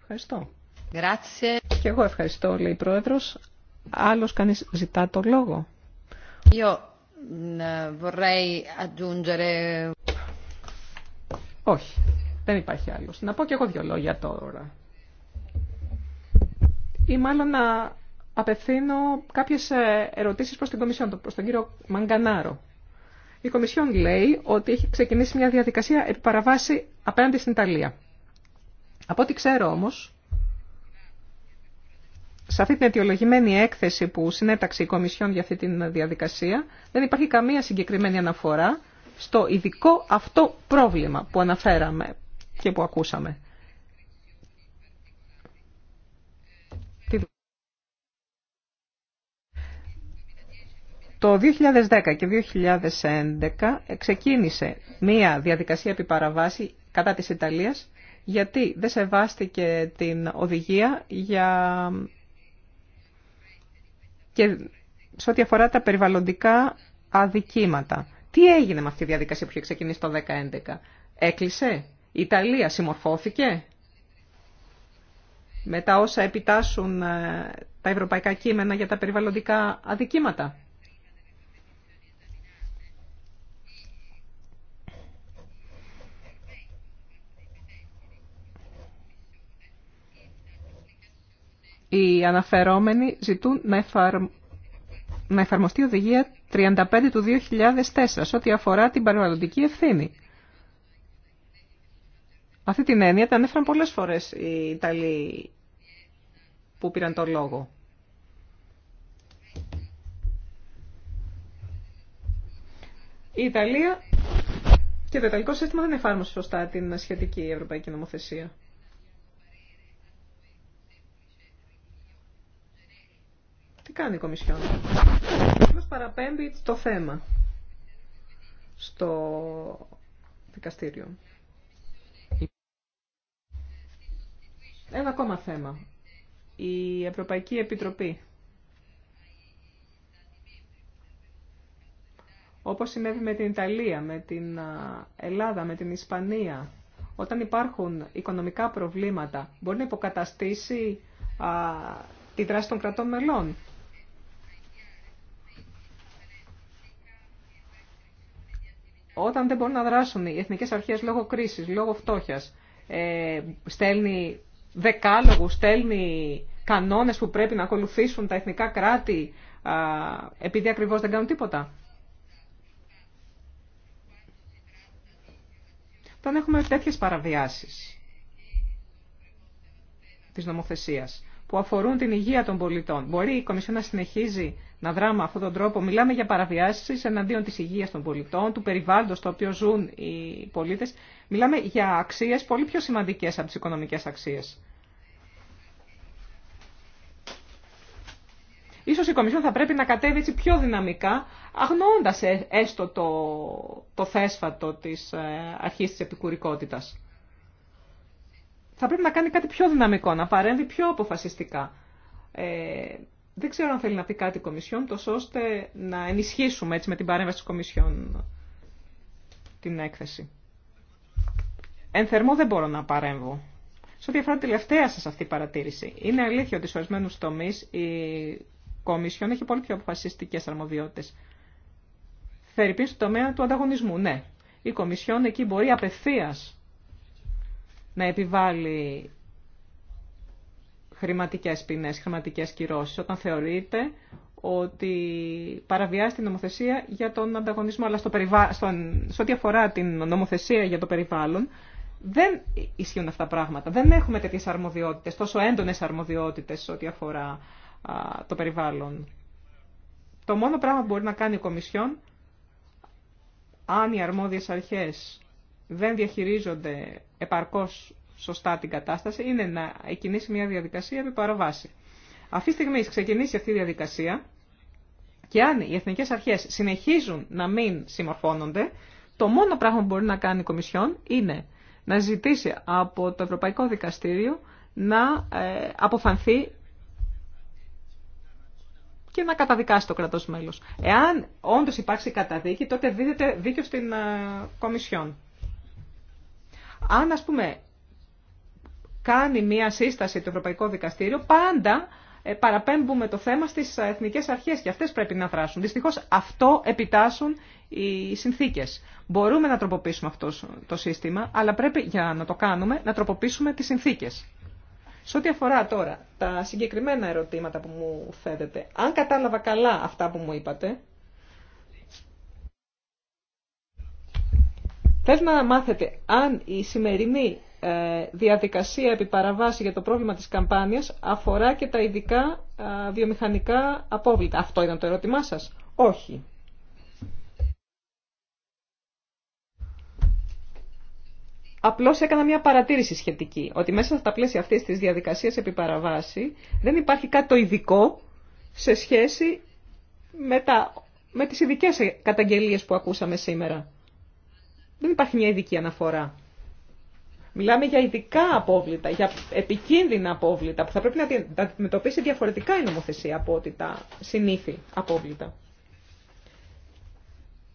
A: Ευχαριστώ. Grazie. Και εγώ ευχαριστώ, λέει η Πρόεδρος. Άλλος κανείς ζητά το λόγο.
B: Mm,
A: Όχι, δεν υπάρχει άλλο. Να πω και εγώ δύο λόγια τώρα. Ή μάλλον να απευθύνω κάποιε ερωτήσει προ την Κομισιόν, προ τον κύριο Μαγκανάρο. Η Κομισιόν λέει ότι έχει ξεκινήσει μια διαδικασία επί απέναντι στην Ιταλία. Από ό,τι ξέρω όμως, σε αυτή την αιτιολογημένη έκθεση που συνέταξε η Κομισιόν για αυτή τη διαδικασία, δεν υπάρχει καμία συγκεκριμένη αναφορά στο ειδικό αυτό πρόβλημα που αναφέραμε και που ακούσαμε. Το 2010 και 2011 ξεκίνησε μία διαδικασία επιπαραβάση κατά της Ιταλίας γιατί δεν σεβάστηκε την οδηγία για και σε ό,τι αφορά τα περιβαλλοντικά αδικήματα. Τι έγινε με αυτή τη διαδικασία που είχε ξεκινήσει το 2011. Έκλεισε. Η Ιταλία συμμορφώθηκε. Με τα όσα επιτάσσουν ε, τα ευρωπαϊκά κείμενα για τα περιβαλλοντικά αδικήματα. οι αναφερόμενοι ζητούν να, εφαρμοστεί η οδηγία 35 του 2004 σε ό,τι αφορά την περιβαλλοντική ευθύνη. Αυτή την έννοια τα ανέφεραν πολλές φορές οι Ιταλοί που πήραν το λόγο. Η Ιταλία και το Ιταλικό σύστημα δεν εφάρμοσε σωστά την σχετική ευρωπαϊκή νομοθεσία. Τι κάνει η Κομισιόν. μας παραπέμπει το θέμα στο δικαστήριο. Ένα ακόμα θέμα. Η Ευρωπαϊκή Επιτροπή. Όπως συνέβη με την Ιταλία, με την Ελλάδα, με την Ισπανία, όταν υπάρχουν οικονομικά προβλήματα, μπορεί να υποκαταστήσει α, τη δράση των κρατών μελών. Όταν δεν μπορούν να δράσουν οι εθνικές αρχές λόγω κρίσης, λόγω φτώχειας, ε, στέλνει δεκάλογους, στέλνει κανόνες που πρέπει να ακολουθήσουν τα εθνικά κράτη α, επειδή ακριβώς δεν κάνουν τίποτα. Όταν έχουμε τέτοιες παραβιάσεις της νομοθεσίας, που αφορούν την υγεία των πολιτών. Μπορεί η Κομισιόν να συνεχίζει να δράμα αυτόν τον τρόπο. Μιλάμε για παραβιάσεις εναντίον της υγείας των πολιτών, του περιβάλλοντος στο οποίο ζουν οι πολίτες. Μιλάμε για αξίες πολύ πιο σημαντικές από τις οικονομικές αξίες. Ίσως η Κομισιόν θα πρέπει να κατέβει πιο δυναμικά, αγνοώντας ε, έστω το, το θέσφατο της ε, αρχής της επικουρικότητας θα πρέπει να κάνει κάτι πιο δυναμικό, να παρέμβει πιο αποφασιστικά. Ε, δεν ξέρω αν θέλει να πει κάτι η Κομισιόν, τόσο ώστε να ενισχύσουμε έτσι, με την παρέμβαση της Κομισιόν την έκθεση. Εν θερμό δεν μπορώ να παρέμβω. Σε ό,τι αφορά τελευταία σας αυτή παρατήρηση, είναι αλήθεια ότι σε ορισμένου τομεί η Κομισιόν έχει πολύ πιο αποφασιστικές αρμοδιότητες. Θερυπή στο τομέα του ανταγωνισμού, ναι. Η Κομισιόν εκεί μπορεί απευθείας να επιβάλλει χρηματικές ποινές, χρηματικές κυρώσεις, όταν θεωρείται ότι παραβιάζει την νομοθεσία για τον ανταγωνισμό, αλλά στο περιβα... σε ό,τι αφορά την νομοθεσία για το περιβάλλον, δεν ισχύουν αυτά τα πράγματα. Δεν έχουμε τέτοιε αρμοδιότητε, τόσο έντονε αρμοδιότητε σε ό,τι αφορά το περιβάλλον. Το μόνο πράγμα που μπορεί να κάνει η Κομισιόν, αν οι αρμόδιε αρχέ δεν διαχειρίζονται επαρκώς σωστά την κατάσταση είναι να εκινήσει μια διαδικασία επί παραβάση. Αυτή τη στιγμή ξεκινήσει αυτή η διαδικασία και αν οι εθνικές αρχές συνεχίζουν να μην συμμορφώνονται, το μόνο πράγμα που μπορεί να κάνει η Κομισιόν είναι να ζητήσει από το Ευρωπαϊκό Δικαστήριο να ε, αποφανθεί και να καταδικάσει το κρατός μέλος. Εάν όντως υπάρξει καταδίκη, τότε δίδεται δίκιο στην ε, Κομισιόν αν ας πούμε κάνει μία σύσταση το Ευρωπαϊκό Δικαστήριο, πάντα ε, παραπέμπουμε το θέμα στις ε, εθνικές αρχές και αυτές πρέπει να δράσουν. Δυστυχώς αυτό επιτάσσουν οι συνθήκες. Μπορούμε να τροποποιήσουμε αυτό το σύστημα, αλλά πρέπει για να το κάνουμε να τροποποιήσουμε τις συνθήκες. Σε ό,τι αφορά τώρα τα συγκεκριμένα ερωτήματα που μου θέτετε, αν κατάλαβα καλά αυτά που μου είπατε, Θες να μάθετε αν η σημερινή ε, διαδικασία επί για το πρόβλημα της καμπάνιας αφορά και τα ειδικά βιομηχανικά απόβλητα. Αυτό ήταν το ερώτημά σας. Όχι. Απλώς έκανα μια παρατήρηση σχετική, ότι μέσα στα πλαίσια αυτής της διαδικασίας επί δεν υπάρχει κάτι το ειδικό σε σχέση με, τα, με τις ειδικές καταγγελίες που ακούσαμε σήμερα. Δεν υπάρχει μια ειδική αναφορά. Μιλάμε για ειδικά απόβλητα, για επικίνδυνα απόβλητα που θα πρέπει να τα αντιμετωπίσει διαφορετικά η νομοθεσία από ό,τι τα συνήθη απόβλητα.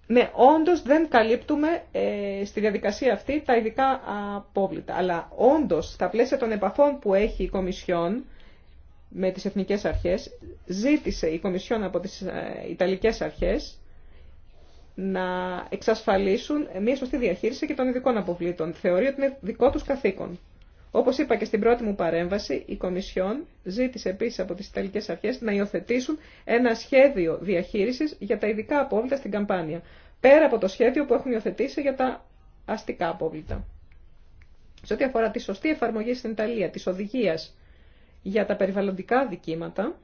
A: Ναι, όντως δεν καλύπτουμε ε, στη διαδικασία αυτή τα ειδικά απόβλητα. Αλλά όντως, στα πλαίσια των επαφών που έχει η Κομισιόν με τις Εθνικές Αρχές, ζήτησε η Κομισιόν από τις ε, Ιταλικές Αρχές να εξασφαλίσουν μια σωστή διαχείριση και των ειδικών αποβλήτων. Θεωρεί ότι είναι δικό τους καθήκον. Όπως είπα και στην πρώτη μου παρέμβαση, η Κομισιόν ζήτησε επίσης από τις Ιταλικές Αρχές να υιοθετήσουν ένα σχέδιο διαχείρισης για τα ειδικά απόβλητα στην καμπάνια, πέρα από το σχέδιο που έχουν υιοθετήσει για τα αστικά απόβλητα. Σε ό,τι αφορά τη σωστή εφαρμογή στην Ιταλία τη οδηγία για τα περιβαλλοντικά δικήματα,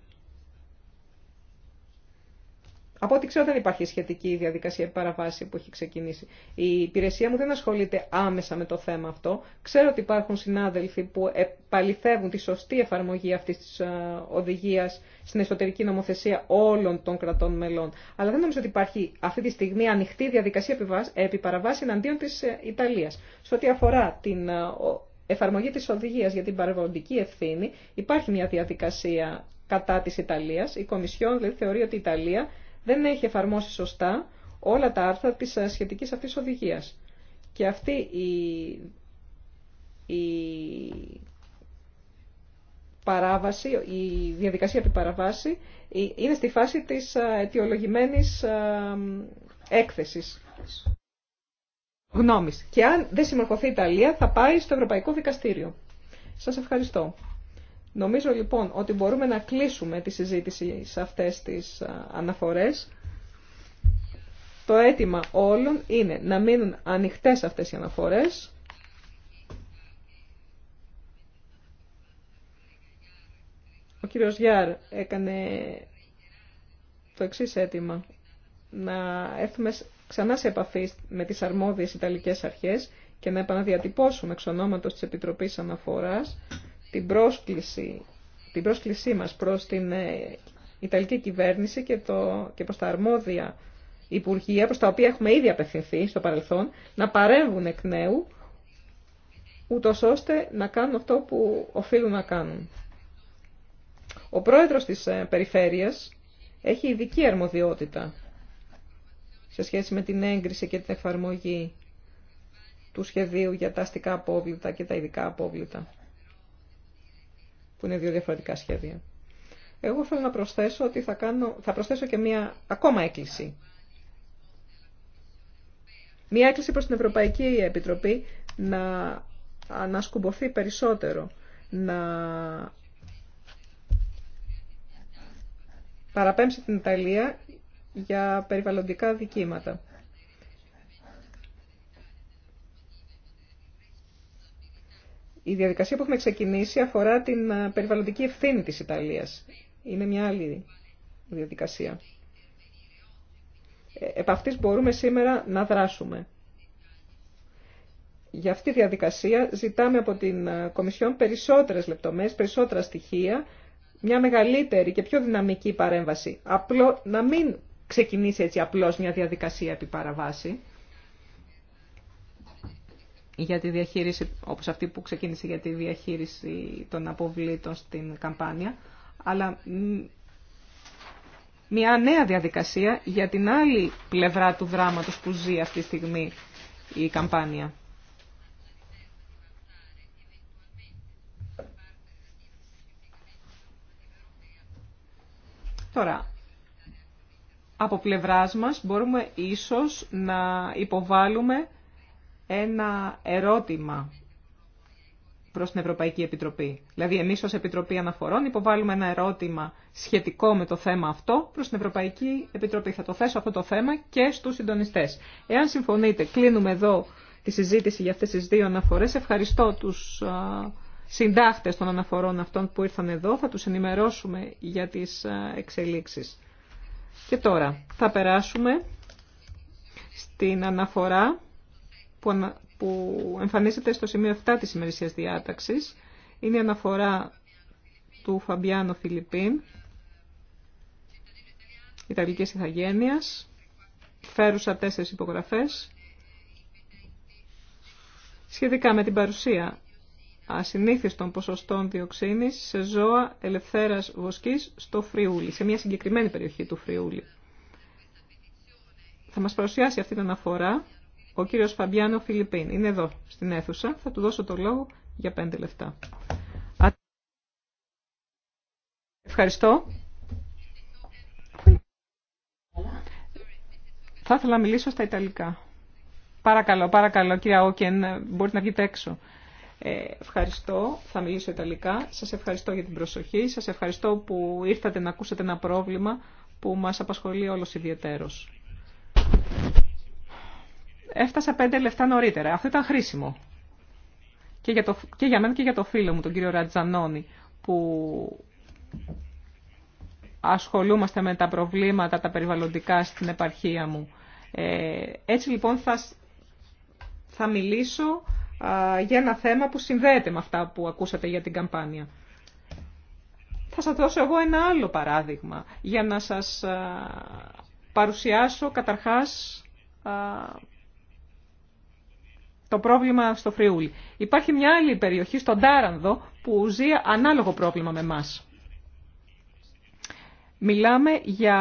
A: από ό,τι ξέρω δεν υπάρχει σχετική διαδικασία παραβάση που έχει ξεκινήσει. Η υπηρεσία μου δεν ασχολείται άμεσα με το θέμα αυτό. Ξέρω ότι υπάρχουν συνάδελφοι που επαληθεύουν τη σωστή εφαρμογή αυτής της ε, οδηγίας στην εσωτερική νομοθεσία όλων των κρατών μελών. Αλλά δεν νομίζω ότι υπάρχει αυτή τη στιγμή ανοιχτή διαδικασία επί παραβάση εναντίον της ε, Ιταλίας. Σε ό,τι αφορά την ε, εφαρμογή της οδηγίας για την παραγωγική ευθύνη υπάρχει μια διαδικασία κατά της Ιταλίας. Η Κομισιόν δηλαδή θεωρεί ότι η Ιταλία δεν έχει εφαρμόσει σωστά όλα τα άρθρα της ε, σχετικής αυτής οδηγίας. Και αυτή η, παράβαση, η διαδικασία επιπαραβάση είναι στη φάση της ε, αιτιολογημένης ε, έκθεσης. Γνώμης. Και αν δεν συμμορφωθεί η Ιταλία θα πάει στο Ευρωπαϊκό Δικαστήριο. Σας ευχαριστώ. Νομίζω λοιπόν ότι μπορούμε να κλείσουμε τη συζήτηση σε αυτές τις αναφορές. Το αίτημα όλων είναι να μείνουν ανοιχτές αυτές οι αναφορές. Ο κύριος Γιάρ έκανε το εξής αίτημα, να έρθουμε ξανά σε επαφή με τις αρμόδιες Ιταλικές αρχές και να επαναδιατυπώσουμε εξ ονόματος της Επιτροπής Αναφοράς την πρόσκληση, την πρόσκλησή μας προς την ε, Ιταλική κυβέρνηση και, το, και προς τα αρμόδια Υπουργεία, προς τα οποία έχουμε ήδη απευθυνθεί στο παρελθόν, να παρέμβουν εκ νέου, ούτω ώστε να κάνουν αυτό που οφείλουν να κάνουν. Ο πρόεδρος της ε, περιφέρειας έχει ειδική αρμοδιότητα σε σχέση με την έγκριση και την εφαρμογή του σχεδίου για τα αστικά απόβλητα και τα ειδικά απόβλητα που είναι δύο διαφορετικά σχέδια. Εγώ θέλω να προσθέσω ότι θα, κάνω, θα προσθέσω και μία ακόμα έκκληση. Μία έκκληση προς την Ευρωπαϊκή Επιτροπή να ανασκουμποθεί περισσότερο, να παραπέμψει την Ιταλία για περιβαλλοντικά δικήματα. Η διαδικασία που έχουμε ξεκινήσει αφορά την ε, περιβαλλοντική ευθύνη της Ιταλίας. Είναι μια άλλη διαδικασία. Ε, επ' αυτής μπορούμε σήμερα να δράσουμε. Για αυτή τη διαδικασία ζητάμε από την ε, Κομισιόν περισσότερες λεπτομέρειες, περισσότερα στοιχεία, μια μεγαλύτερη και πιο δυναμική παρέμβαση. Απλό, να μην ξεκινήσει έτσι απλώς μια διαδικασία επί παραβάση για τη διαχείριση, όπως αυτή που ξεκίνησε για τη διαχείριση των αποβλήτων στην καμπάνια, αλλά μια νέα διαδικασία για την άλλη πλευρά του δράματος που ζει αυτή τη στιγμή η καμπάνια. Τώρα, από πλευράς μας μπορούμε ίσως να υποβάλουμε ένα ερώτημα προς την Ευρωπαϊκή Επιτροπή. Δηλαδή εμείς ως Επιτροπή Αναφορών υποβάλλουμε ένα ερώτημα σχετικό με το θέμα αυτό προς την Ευρωπαϊκή Επιτροπή. Θα το θέσω αυτό το θέμα και στους συντονιστές. Εάν συμφωνείτε, κλείνουμε εδώ τη συζήτηση για αυτές τις δύο αναφορές. Ευχαριστώ τους συντάχτες των αναφορών αυτών που ήρθαν εδώ. Θα τους ενημερώσουμε για τις εξελίξεις. Και τώρα θα περάσουμε στην αναφορά που εμφανίζεται στο σημείο 7 της ημερησίας διάταξης. Είναι η αναφορά του Φαμπιάνο Φιλιππίν, Ιταλικής Ιθαγένειας, φέρουσα τέσσερις υπογραφές, σχετικά με την παρουσία ασυνήθιστων ποσοστών διοξίνης σε ζώα ελευθέρας βοσκής στο Φριούλι, σε μια συγκεκριμένη περιοχή του Φριούλι. Θα μας παρουσιάσει αυτή την αναφορά ο κύριος Φαμπιάνο Φιλιππίν είναι εδώ στην αίθουσα. Θα του δώσω το λόγο για πέντε λεφτά. Ευχαριστώ. Θα ήθελα να μιλήσω στα Ιταλικά. Παρακαλώ, παρακαλώ, κυρία Όκεν, μπορείτε να βγείτε έξω. Ε, ευχαριστώ, θα μιλήσω Ιταλικά. Σας ευχαριστώ για την προσοχή. Σας ευχαριστώ που ήρθατε να ακούσετε ένα πρόβλημα που μας απασχολεί όλος ιδιαίτερος. Έφτασα πέντε λεφτά νωρίτερα. Αυτό ήταν χρήσιμο. Και για, το, και για μένα και για το φίλο μου, τον κύριο Ρατζανόνη, που ασχολούμαστε με τα προβλήματα, τα περιβαλλοντικά στην επαρχία μου. Ε, έτσι λοιπόν θα, θα μιλήσω για ένα θέμα που συνδέεται με αυτά που ακούσατε για την καμπάνια. Θα σας δώσω εγώ ένα άλλο παράδειγμα για να σας παρουσιάσω καταρχάς το πρόβλημα στο Φριούλι. Υπάρχει μια άλλη περιοχή, στον Τάρανδο, που ζει ανάλογο πρόβλημα με εμά. Μιλάμε για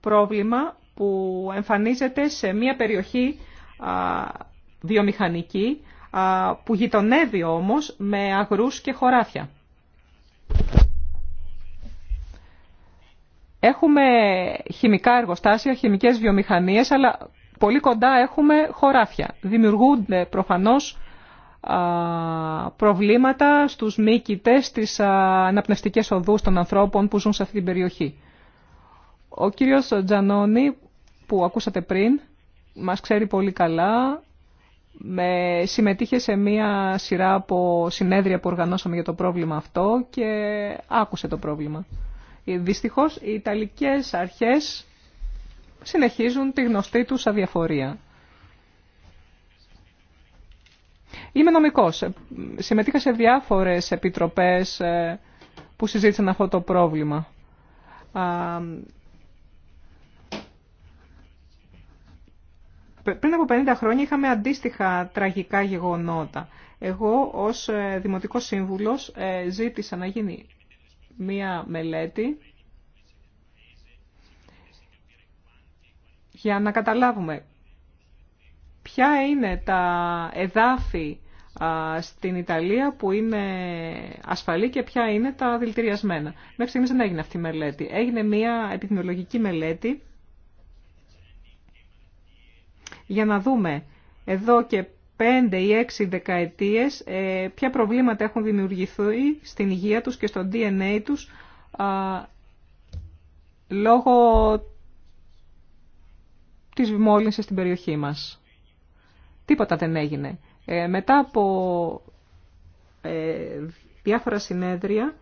A: πρόβλημα που εμφανίζεται σε μια περιοχή βιομηχανική, που γειτονεύει όμως με αγρούς και χωράφια. Έχουμε χημικά εργοστάσια, χημικές βιομηχανίες, αλλά πολύ κοντά έχουμε χωράφια. Δημιουργούνται προφανώς προβλήματα στους μήκητες στις αναπνευστικές οδούς των ανθρώπων που ζουν σε αυτή την περιοχή. Ο κύριος Τζανόνι που ακούσατε πριν μας ξέρει πολύ καλά με συμμετείχε σε μία σειρά από συνέδρια που οργανώσαμε για το πρόβλημα αυτό και άκουσε το πρόβλημα. Ε, δυστυχώς οι Ιταλικές αρχές συνεχίζουν τη γνωστή τους αδιαφορία. Είμαι νομικός. Συμμετείχα σε διάφορες επιτροπές ε, που συζήτησαν αυτό το πρόβλημα. Πριν από 50 χρόνια είχαμε αντίστοιχα τραγικά γεγονότα. Εγώ ως ε, Δημοτικός Σύμβουλος ε, ζήτησα να γίνει μία μελέτη για να καταλάβουμε ποια είναι τα εδάφη στην Ιταλία που είναι ασφαλή και ποια είναι τα δηλητηριασμένα. Μέχρι στιγμής δεν έγινε αυτή η μελέτη. Έγινε μια επιδημιολογική μελέτη για να δούμε εδώ και 5 ή 6 δεκαετίες ε, ποια προβλήματα έχουν δημιουργηθεί στην υγεία τους και στο DNA τους λόγω της μόλυνσης στην περιοχή μας. Τίποτα δεν έγινε. Ε, μετά από ε, διάφορα συνέδρια,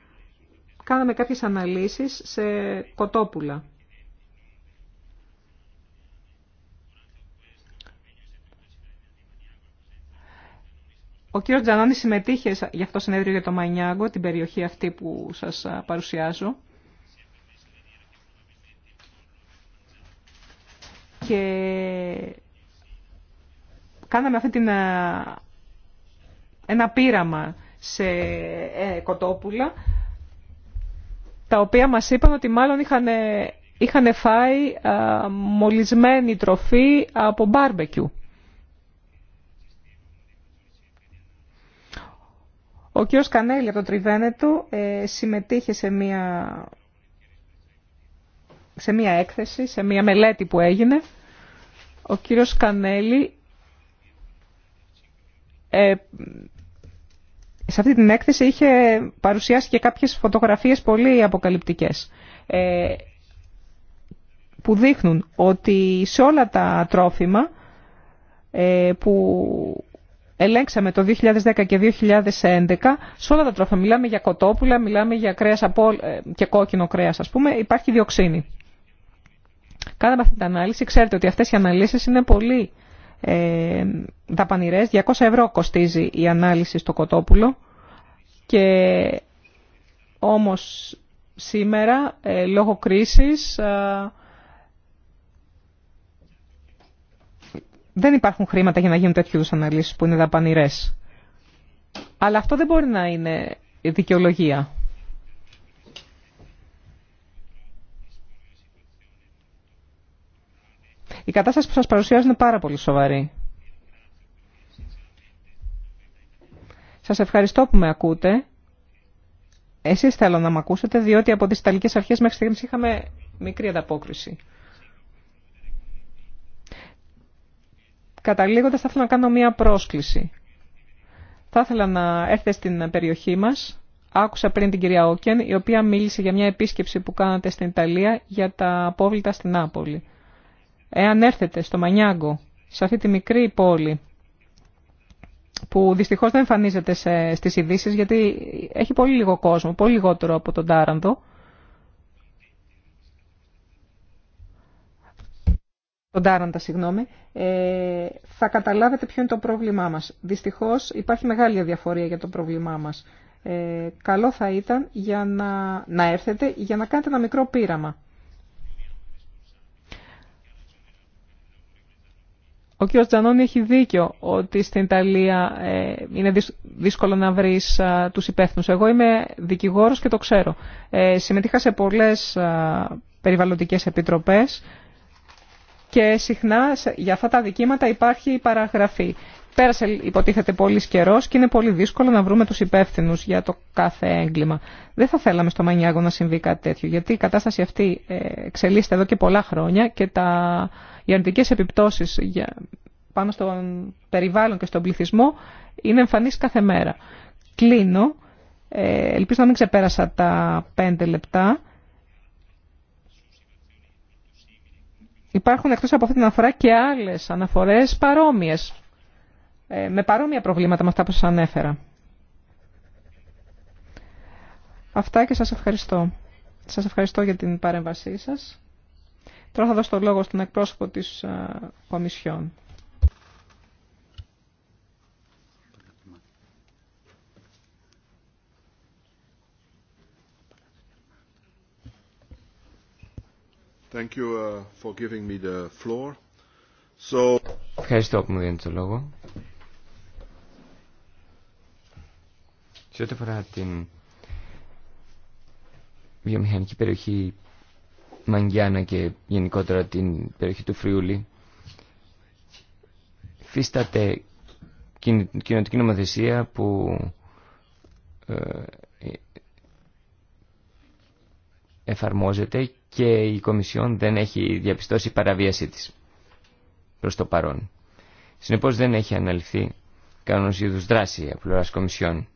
A: κάναμε κάποιες αναλύσεις σε κοτόπουλα. Ο κύριος Τζανάνη συμμετείχε για αυτό το συνέδριο για το Μανιάγκο, την περιοχή αυτή που σας παρουσιάζω. και κάναμε αυτή την, ε, ένα πείραμα σε ε, κοτόπουλα, τα οποία μας είπαν ότι μάλλον είχαν, φάει ε, μολυσμένη τροφή από μπάρμπεκιου. Ο κ. Κανέλη από το Τριβένετο ε, συμμετείχε σε μία, σε μία έκθεση, σε μία μελέτη που έγινε ο κύριος Κανέλη ε, σε αυτή την έκθεση είχε παρουσιάσει και κάποιες φωτογραφίες πολύ αποκαλυπτικές ε, που δείχνουν ότι σε όλα τα τρόφιμα ε, που ελέγξαμε το 2010 και 2011, σε όλα τα τρόφιμα, μιλάμε για κοτόπουλα, μιλάμε για κρέας από, ε, και κόκκινο κρέας ας πούμε, υπάρχει διοξίνη κάναμε αυτή την ανάλυση. Ξέρετε ότι αυτές οι αναλύσεις είναι πολύ ε, δαπανηρές. 200 ευρώ κοστίζει η ανάλυση στο κοτόπουλο και όμως σήμερα ε, λόγω κρίσης ε, δεν υπάρχουν χρήματα για να γίνουν τέτοιου είδους αναλύσεις που είναι δαπανηρές. Αλλά αυτό δεν μπορεί να είναι δικαιολογία. Η κατάσταση που σας παρουσιάζουν είναι πάρα πολύ σοβαρή. Σας ευχαριστώ που με ακούτε. Εσείς θέλω να με ακούσετε, διότι από τις Ιταλικές Αρχές μέχρι στιγμής είχαμε μικρή ανταπόκριση. Καταλήγοντας, θα ήθελα να κάνω μία πρόσκληση. Θα ήθελα να έρθετε στην περιοχή μας. Άκουσα πριν την κυρία Όκεν, η οποία μίλησε για μια επίσκεψη που κάνατε στην Ιταλία για τα απόβλητα στην Νάπολη. Εάν έρθετε στο Μανιάγκο, σε αυτή τη μικρή πόλη, που δυστυχώς δεν εμφανίζεται σε, στις ειδήσει γιατί έχει πολύ λίγο κόσμο, πολύ λιγότερο από τον Τάραντο. Τον Τάραντα, συγγνώμη. Ε, θα καταλάβετε ποιο είναι το πρόβλημά μας. Δυστυχώς υπάρχει μεγάλη διαφορία για το πρόβλημά μας. Ε, καλό θα ήταν για να, να έρθετε για να κάνετε ένα μικρό πείραμα. Ο κ. Τζανόνι έχει δίκιο ότι στην Ιταλία ε, είναι δύσκολο να βρεις τους υπεύθυνου. Εγώ είμαι δικηγόρος και το ξέρω. Ε, συμμετείχα σε πολλές περιβαλλοντικές επιτροπές και συχνά για αυτά τα δικήματα υπάρχει παραγραφή. Πέρασε υποτίθεται πολύ καιρό και είναι πολύ δύσκολο να βρούμε του υπεύθυνου για το κάθε έγκλημα. Δεν θα θέλαμε στο Μανιάγο να συμβεί κάτι τέτοιο, γιατί η κατάσταση αυτή ε, εξελίσσεται εδώ και πολλά χρόνια και τα οι αρνητικέ επιπτώσεις πάνω στον περιβάλλον και στον πληθυσμό είναι εμφανεί κάθε μέρα. Κλείνω. Ε, ελπίζω να μην ξεπέρασα τα πέντε λεπτά. Υπάρχουν εκτός από αυτή την αναφορά και άλλες αναφορές παρόμοιες, ε, με παρόμοια προβλήματα με αυτά που σας ανέφερα. Αυτά και σας ευχαριστώ. Σας ευχαριστώ για την παρέμβασή σας. Τώρα θα δώσω το λόγο στον εκπρόσωπο της ε, Κομισιόν. Thank you uh, for giving me the floor. So...
C: Ευχαριστώ που μου δίνετε το λόγο. Σε ό,τι αφορά την βιομηχανική περιοχή Μαγκιάνα και γενικότερα την περιοχή του Φριούλη φύσταται κοινωτική νομοθεσία που ε, εφαρμόζεται και η Κομισιόν δεν έχει διαπιστώσει παραβίασή της προς το παρόν. Συνεπώς δεν έχει αναλυθεί κανόνας είδους δράση από πλευράς Κομισιόν.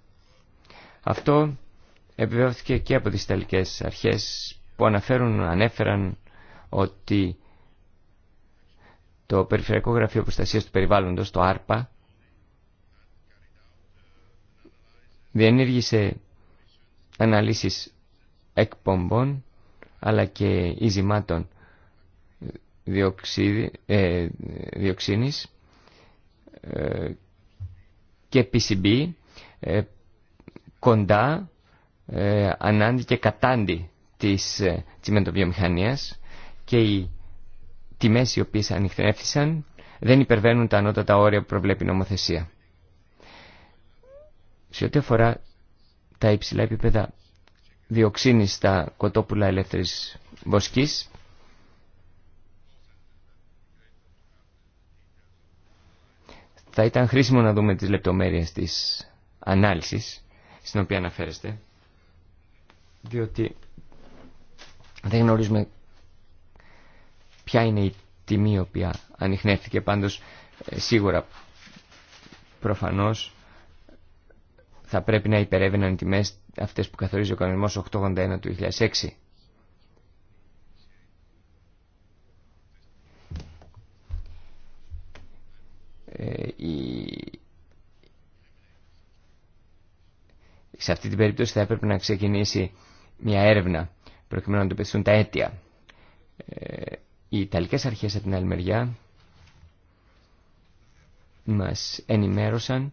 C: Αυτό επιβεβαιώθηκε και από τις Ιταλικές Αρχές που αναφέρουν, ανέφεραν ότι το Περιφερειακό Γραφείο Προστασίας του Περιβάλλοντος, το ΆΡΠΑ, διενήργησε αναλύσεις εκπομπών αλλά και ειζημάτων διοξίδι, ε, διοξίνης ε, και PCB ε, κοντά, ε, ανάντι και κατάντι της ε, τσιμεντοβιομηχανίας και οι τιμές οι οποίες ανοιχνεύθησαν δεν υπερβαίνουν τα ανώτατα όρια που προβλέπει η νομοθεσία. Σε ό,τι αφορά τα υψηλά επίπεδα διοξίνης στα κοτόπουλα ελεύθερης βοσκής, θα ήταν χρήσιμο να δούμε τις λεπτομέρειες της ανάλυσης στην οποία αναφέρεστε, διότι δεν γνωρίζουμε ποια είναι η τιμή η οποία ανοιχνεύτηκε πάντως ε, σίγουρα προφανώς θα πρέπει να υπερεύαιναν οι τιμές αυτές που καθορίζει ο κανονισμός 81 του 2006. Ε, σε αυτή την περίπτωση θα έπρεπε να ξεκινήσει μια έρευνα προκειμένου να αντιμετωπιστούν τα αίτια. Ε, οι Ιταλικές αρχές από την άλλη μεριά μας ενημέρωσαν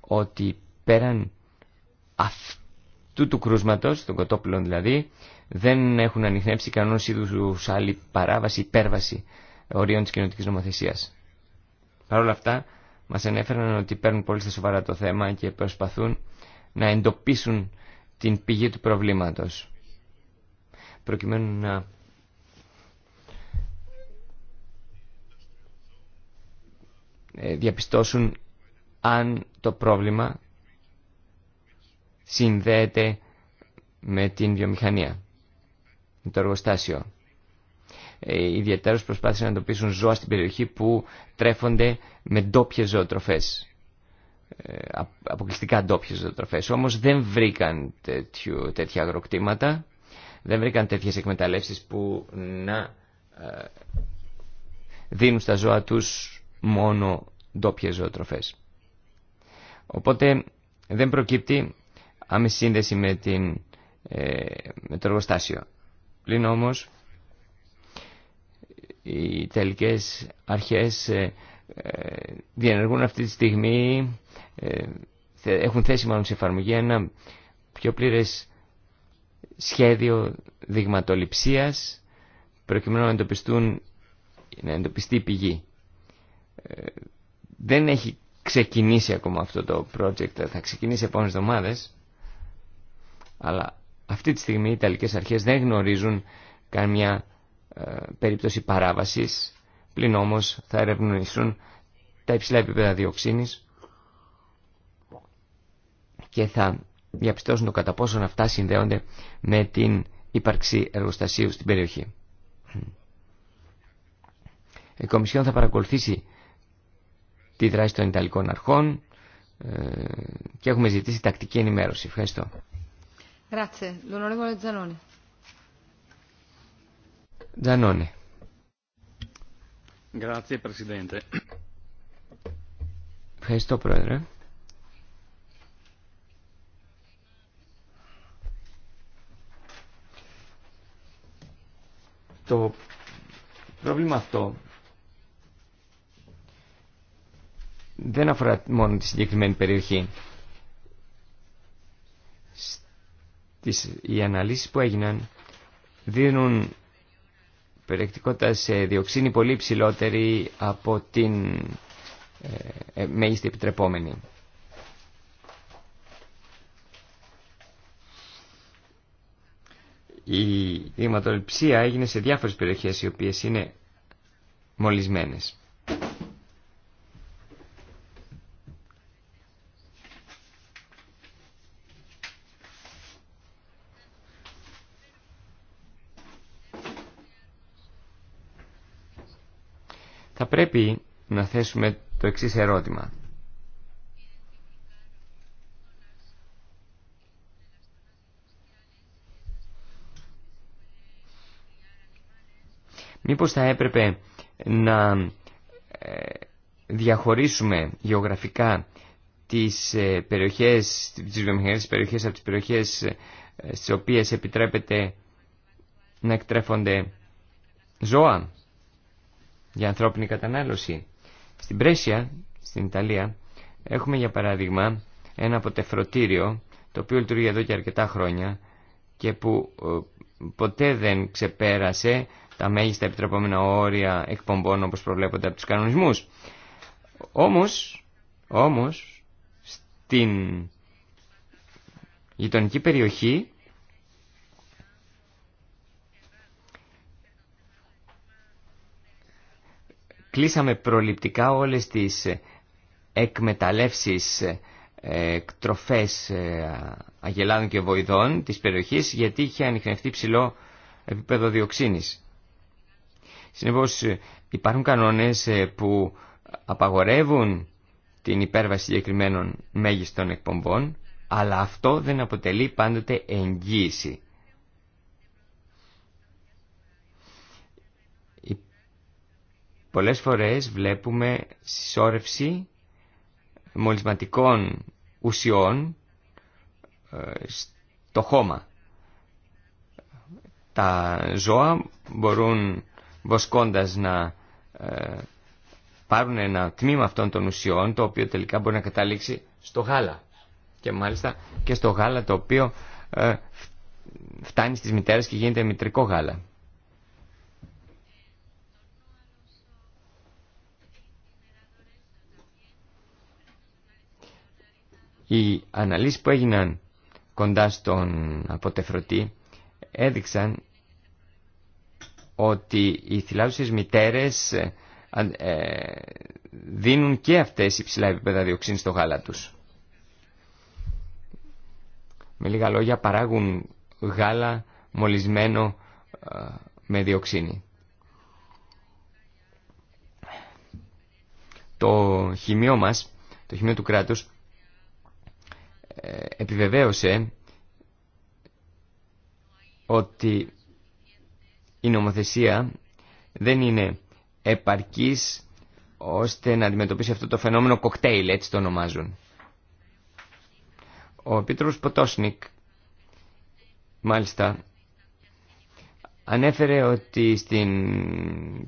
C: ότι πέραν αυτού του κρούσματος, των κοτόπουλων δηλαδή, δεν έχουν ανοιχνεύσει κανένα είδου άλλη παράβαση, υπέρβαση ορίων της κοινωτικής νομοθεσίας. Παρ' όλα αυτά, μας ενέφεραν ότι παίρνουν πολύ στα σοβαρά το θέμα και προσπαθούν να εντοπίσουν την πηγή του προβλήματος προκειμένου να ε, διαπιστώσουν αν το πρόβλημα συνδέεται με την βιομηχανία, με το εργοστάσιο. Ε, Ιδιαίτερως προσπάθησαν να εντοπίσουν ζώα στην περιοχή που τρέφονται με ντόπιε ζωοτροφές ε, αποκλειστικά ντόπιε ζωοτροφές. Όμως δεν βρήκαν τέτοια αγροκτήματα δεν βρήκαν τέτοιες εκμεταλλεύσεις που να ε, δίνουν στα ζώα τους μόνο ντόπιε ζωοτροφές. Οπότε δεν προκύπτει άμεση σύνδεση με, την, ε, το εργοστάσιο. Πλην όμως οι τελικές αρχές ε, διενεργούν αυτή τη στιγμή, έχουν θέση μάλλον σε εφαρμογή ένα πιο πλήρες σχέδιο δειγματοληψίας προκειμένου να εντοπιστούν να εντοπιστεί η πηγή. Ε, δεν έχει ξεκινήσει ακόμα αυτό το project, θα ξεκινήσει επόμενε εβδομάδε. αλλά αυτή τη στιγμή οι Ιταλικές αρχές δεν γνωρίζουν καμιά ε, περίπτωση παράβασης, πλην όμως θα ερευνήσουν τα υψηλά επίπεδα διοξίνης και θα διαπιστώσουν το κατά πόσον αυτά συνδέονται με την ύπαρξη εργοστασίου στην περιοχή. Η Κομισιόν θα παρακολουθήσει τη δράση των Ιταλικών αρχών ε, και έχουμε ζητήσει τακτική ενημέρωση. Ευχαριστώ. Ευχαριστώ, Πρόεδρε. Το πρόβλημα αυτό δεν αφορά μόνο τη συγκεκριμένη περιοχή. οι αναλύσεις που έγιναν δίνουν περιεκτικότητα σε διοξίνη πολύ ψηλότερη από την ε, ε μέγιστη επιτρεπόμενη. η αιματοληψία έγινε σε διάφορες περιοχές οι οποίες είναι μολυσμένες. Θα πρέπει να θέσουμε το εξής ερώτημα. Μήπως θα έπρεπε να ε, διαχωρίσουμε γεωγραφικά τις ε, περιοχές, τις βιομηχανικές περιοχές από τις περιοχές ε, στις οποίες επιτρέπεται να εκτρέφονται ζώα για ανθρώπινη κατανάλωση. Στην Πρέσια, στην Ιταλία, έχουμε για παράδειγμα ένα αποτεφρωτήριο το οποίο λειτουργεί εδώ και αρκετά χρόνια και που ποτέ δεν ξεπέρασε τα μέγιστα επιτρεπόμενα όρια εκπομπών όπως προβλέπονται από τους κανονισμούς. Όμως, όμως στην γειτονική περιοχή κλείσαμε προληπτικά όλες τις εκμεταλλεύσεις ε, τροφές ε, αγελάδων και βοηδών της περιοχής γιατί είχε ανοιχνευτεί ψηλό επίπεδο διοξίνης. Συνεπώς ε, υπάρχουν κανόνες ε, που απαγορεύουν την υπέρβαση συγκεκριμένων μέγιστων εκπομπών, αλλά αυτό δεν αποτελεί πάντοτε εγγύηση. Πολλές φορές βλέπουμε συσσόρευση μολυσματικών ουσιών ε, στο χώμα. Τα ζώα μπορούν βοσκώντας να ε, πάρουν ένα τμήμα αυτών των ουσιών το οποίο τελικά μπορεί να καταλήξει στο γάλα και μάλιστα και στο γάλα το οποίο ε, φτάνει στις μητέρες και γίνεται μητρικό γάλα. Οι αναλύσεις που έγιναν κοντά στον αποτεφρωτή έδειξαν ότι οι θυλάζουσες μητέρες ε, ε, δίνουν και αυτές υψηλά επίπεδα διοξίνη στο γάλα τους. Με λίγα λόγια παράγουν γάλα μολυσμένο ε, με διοξίνη. Το χημείο μας, το χημείο του κράτους, επιβεβαίωσε ότι η νομοθεσία δεν είναι επαρκής ώστε να αντιμετωπίσει αυτό το φαινόμενο κοκτέιλ, έτσι το ονομάζουν. Ο Επίτροπος Ποτόσνικ, μάλιστα, ανέφερε ότι στην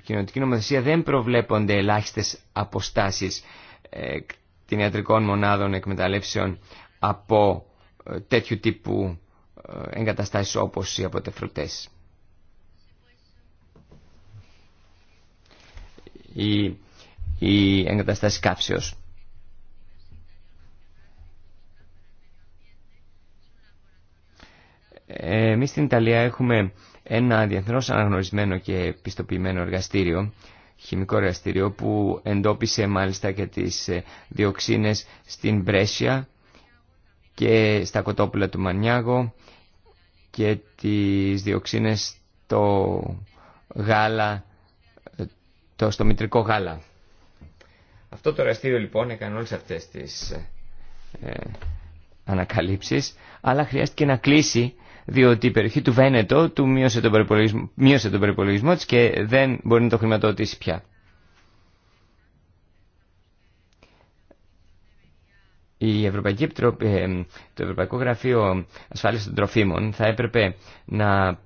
C: κοινωνική νομοθεσία δεν προβλέπονται ελάχιστες αποστάσεις ε, ιατρικών μονάδων εκμεταλλεύσεων από ε, τέτοιου τύπου ε, εγκαταστάσεις όπως οι αποτεφρωτές. ή, οι εγκαταστάσεις κάψεως. Εμείς στην Ιταλία έχουμε ένα διεθνώς αναγνωρισμένο και πιστοποιημένο εργαστήριο, χημικό εργαστήριο, που εντόπισε μάλιστα και τις ε, διοξίνες στην Μπρέσια και στα κοτόπουλα του Μανιάγο και τις διοξίνες στο γάλα το, στο μητρικό γάλα. Αυτό το εργαστήριο λοιπόν έκανε όλες αυτές τις ε, ανακαλύψεις, αλλά χρειάστηκε να κλείσει διότι η περιοχή του Βένετο του μείωσε τον περιπολογισμό, μείωσε και δεν μπορεί να το χρηματοδοτήσει πια. Η Ευρωπαϊκή ε, το Ευρωπαϊκό Γραφείο Ασφάλειας των Τροφίμων θα έπρεπε να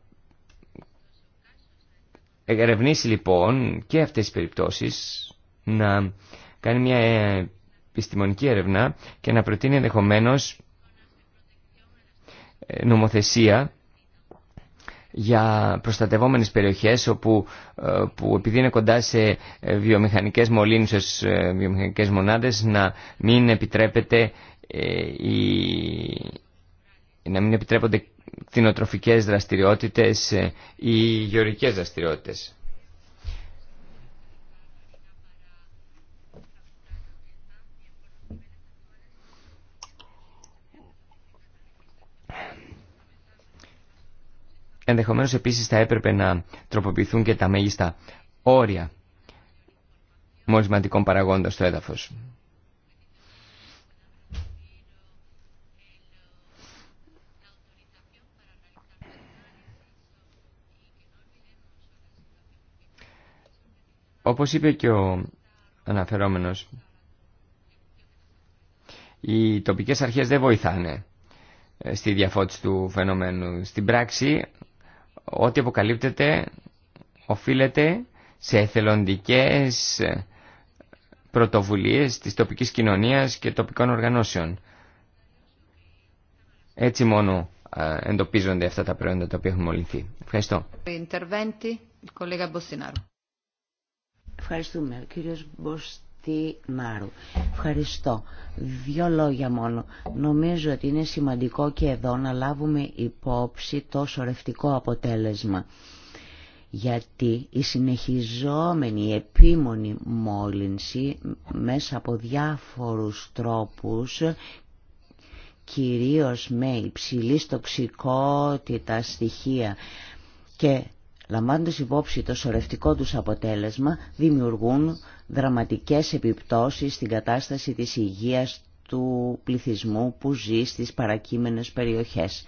C: ερευνήσει λοιπόν και αυτές τις περιπτώσεις, να κάνει μια ε, επιστημονική έρευνα και να προτείνει ενδεχομένω ε, νομοθεσία για προστατευόμενες περιοχές όπου, ε, που επειδή είναι κοντά σε βιομηχανικές μολύνσεις, βιομηχανικές μονάδες να μην επιτρέπεται να μην επιτρέπονται κτηνοτροφικές δραστηριότητες ε, ή γεωρικές δραστηριότητες. Ενδεχομένως επίσης θα έπρεπε να τροποποιηθούν και τα μέγιστα όρια μολυσματικών παραγόντων στο έδαφος. Όπως είπε και ο αναφερόμενος, οι τοπικές αρχές δεν βοηθάνε ε, στη διαφώτιση του φαινομένου. Στην πράξη, ό,τι αποκαλύπτεται οφείλεται σε εθελοντικές ε, πρωτοβουλίες της τοπικής κοινωνίας και τοπικών οργανώσεων. Έτσι μόνο ε, εντοπίζονται αυτά τα προϊόντα τα οποία έχουν μολυνθεί. Ευχαριστώ.
B: Ευχαριστούμε. Ο κύριος Μποστινάρου. Ευχαριστώ. Δυο λόγια μόνο. Νομίζω ότι είναι σημαντικό και εδώ να λάβουμε υπόψη το σορευτικό αποτέλεσμα. Γιατί η συνεχιζόμενη επίμονη μόλυνση μέσα από διάφορους τρόπους κυρίως με υψηλή τοξικότητα στοιχεία και λαμβάνοντας υπόψη το σωρευτικό τους αποτέλεσμα, δημιουργούν δραματικές επιπτώσεις στην κατάσταση της υγείας του πληθυσμού που ζει στις παρακείμενες περιοχές.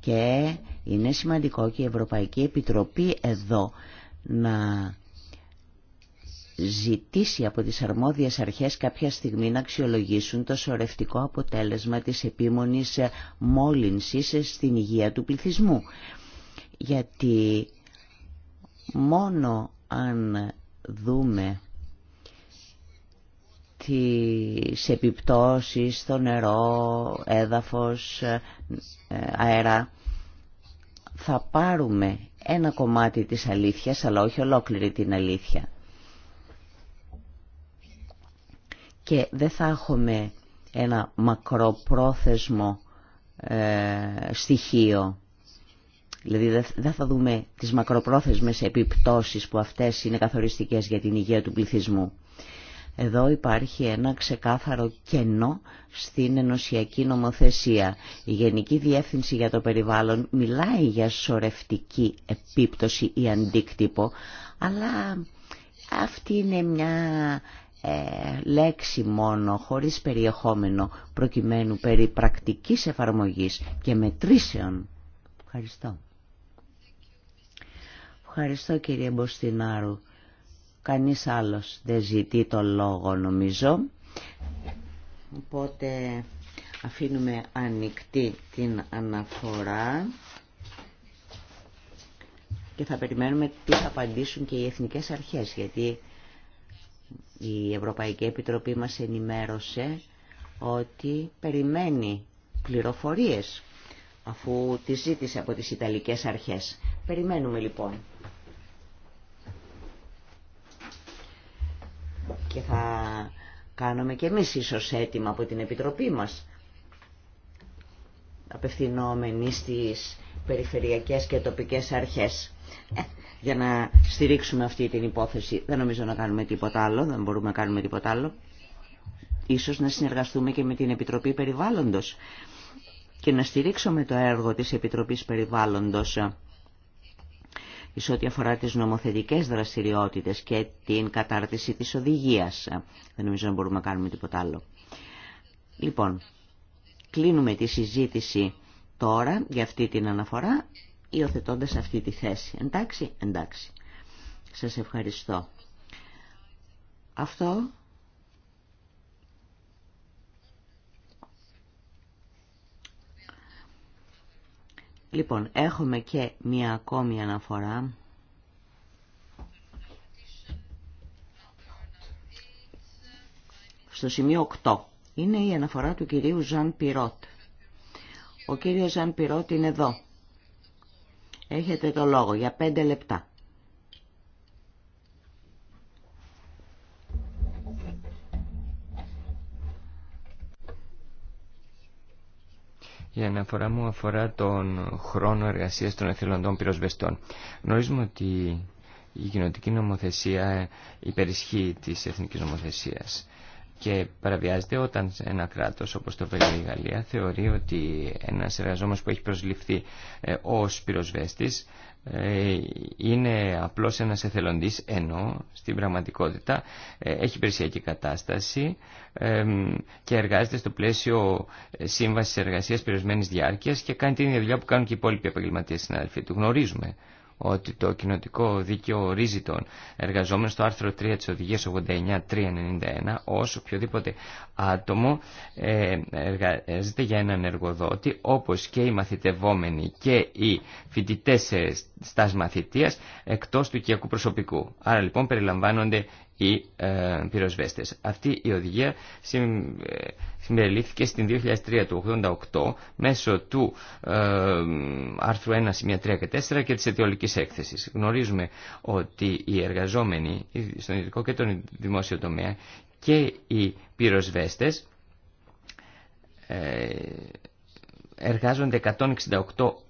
B: Και είναι σημαντικό και η Ευρωπαϊκή Επιτροπή εδώ να ζητήσει από τις αρμόδιες αρχές κάποια στιγμή να αξιολογήσουν το σωρευτικό αποτέλεσμα της επίμονης μόλυνσης στην υγεία του πληθυσμού. Γιατί μόνο αν δούμε τις επιπτώσεις στο νερό, έδαφος, αέρα, θα πάρουμε ένα κομμάτι της αλήθειας, αλλά όχι ολόκληρη την αλήθεια. Και δεν θα έχουμε ένα μακροπρόθεσμο ε, στοιχείο Δηλαδή δεν θα δούμε τις μακροπρόθεσμες επιπτώσεις που αυτές είναι καθοριστικές για την υγεία του πληθυσμού. Εδώ υπάρχει ένα ξεκάθαρο κενό στην ενωσιακή νομοθεσία. Η Γενική Διεύθυνση για το Περιβάλλον μιλάει για σωρευτική επίπτωση ή αντίκτυπο, αλλά αυτή είναι μια ε, λέξη μόνο, χωρίς περιεχόμενο, προκειμένου περί πρακτικής εφαρμογής και μετρήσεων. Ευχαριστώ. Ευχαριστώ κύριε Μποστινάρου. Κανείς άλλος δεν ζητεί το λόγο νομίζω. Οπότε αφήνουμε ανοιχτή την αναφορά και θα περιμένουμε τι θα απαντήσουν και οι εθνικές αρχές γιατί η Ευρωπαϊκή Επιτροπή μας ενημέρωσε ότι περιμένει πληροφορίες αφού τη ζήτησε από τις Ιταλικές αρχές. Περιμένουμε λοιπόν. και θα κάνουμε και εμείς ίσως έτοιμα από την Επιτροπή μας απευθυνόμενοι στις περιφερειακές και τοπικές αρχές ε, για να στηρίξουμε αυτή την υπόθεση. Δεν νομίζω να κάνουμε τίποτα άλλο, δεν μπορούμε να κάνουμε τίποτα άλλο. Ίσως να συνεργαστούμε και με την Επιτροπή Περιβάλλοντος και να στηρίξουμε το έργο της Επιτροπής Περιβάλλοντος σε ό,τι αφορά τις νομοθετικές δραστηριότητες και την κατάρτιση της οδηγίας. Δεν νομίζω να μπορούμε να κάνουμε τίποτα άλλο. Λοιπόν, κλείνουμε τη συζήτηση τώρα για αυτή την αναφορά, υιοθετώντα αυτή τη θέση. Εντάξει, εντάξει. Σας ευχαριστώ. Αυτό Λοιπόν, έχουμε και μία ακόμη αναφορά. Στο σημείο 8. Είναι η αναφορά του κυρίου Ζαν Πυρότ. Ο κύριος Ζαν Πυρότ είναι εδώ. Έχετε το λόγο για πέντε λεπτά.
C: Η αναφορά μου αφορά τον χρόνο εργασίας των εθελοντών πυροσβεστών. Γνωρίζουμε ότι η κοινωτική νομοθεσία υπερισχύει της εθνικής νομοθεσίας και παραβιάζεται όταν ένα κράτος όπως το Βέλγιο ή Γαλλία θεωρεί ότι ένας εργαζόμενος που έχει προσληφθεί ε, ως πυροσβέστης ε, είναι απλώς ένας εθελοντής ενώ στην πραγματικότητα ε, έχει υπηρεσιακή κατάσταση και εργάζεται στο πλαίσιο ε, σύμβασης εργασίας περιορισμένης διάρκειας και κάνει την ίδια δουλειά που κάνουν και οι υπόλοιποι επαγγελματίες συνάδελφοι του. Γνωρίζουμε ότι το κοινοτικό δίκαιο ορίζει τον εργαζόμενο στο άρθρο 3 της Οδηγίας 89-391 ως οποιοδήποτε άτομο ε, εργαζεται για έναν εργοδότη όπως και οι μαθητευόμενοι και οι φοιτητές στα μαθητείας εκτός του οικιακού προσωπικού. Άρα λοιπόν περιλαμβάνονται οι ε, πυροσβέστες. Αυτή η οδηγία ε, συμπεριλήφθηκε στην 2003 του 88 μέσω του ε, άρθρου 1, σημεία 3 και 4 και της αιτιολικής έκθεσης. Γνωρίζουμε ότι οι εργαζόμενοι στον ειδικό και τον δημόσιο τομέα και οι πυροσβέστες ε, εργάζονται 168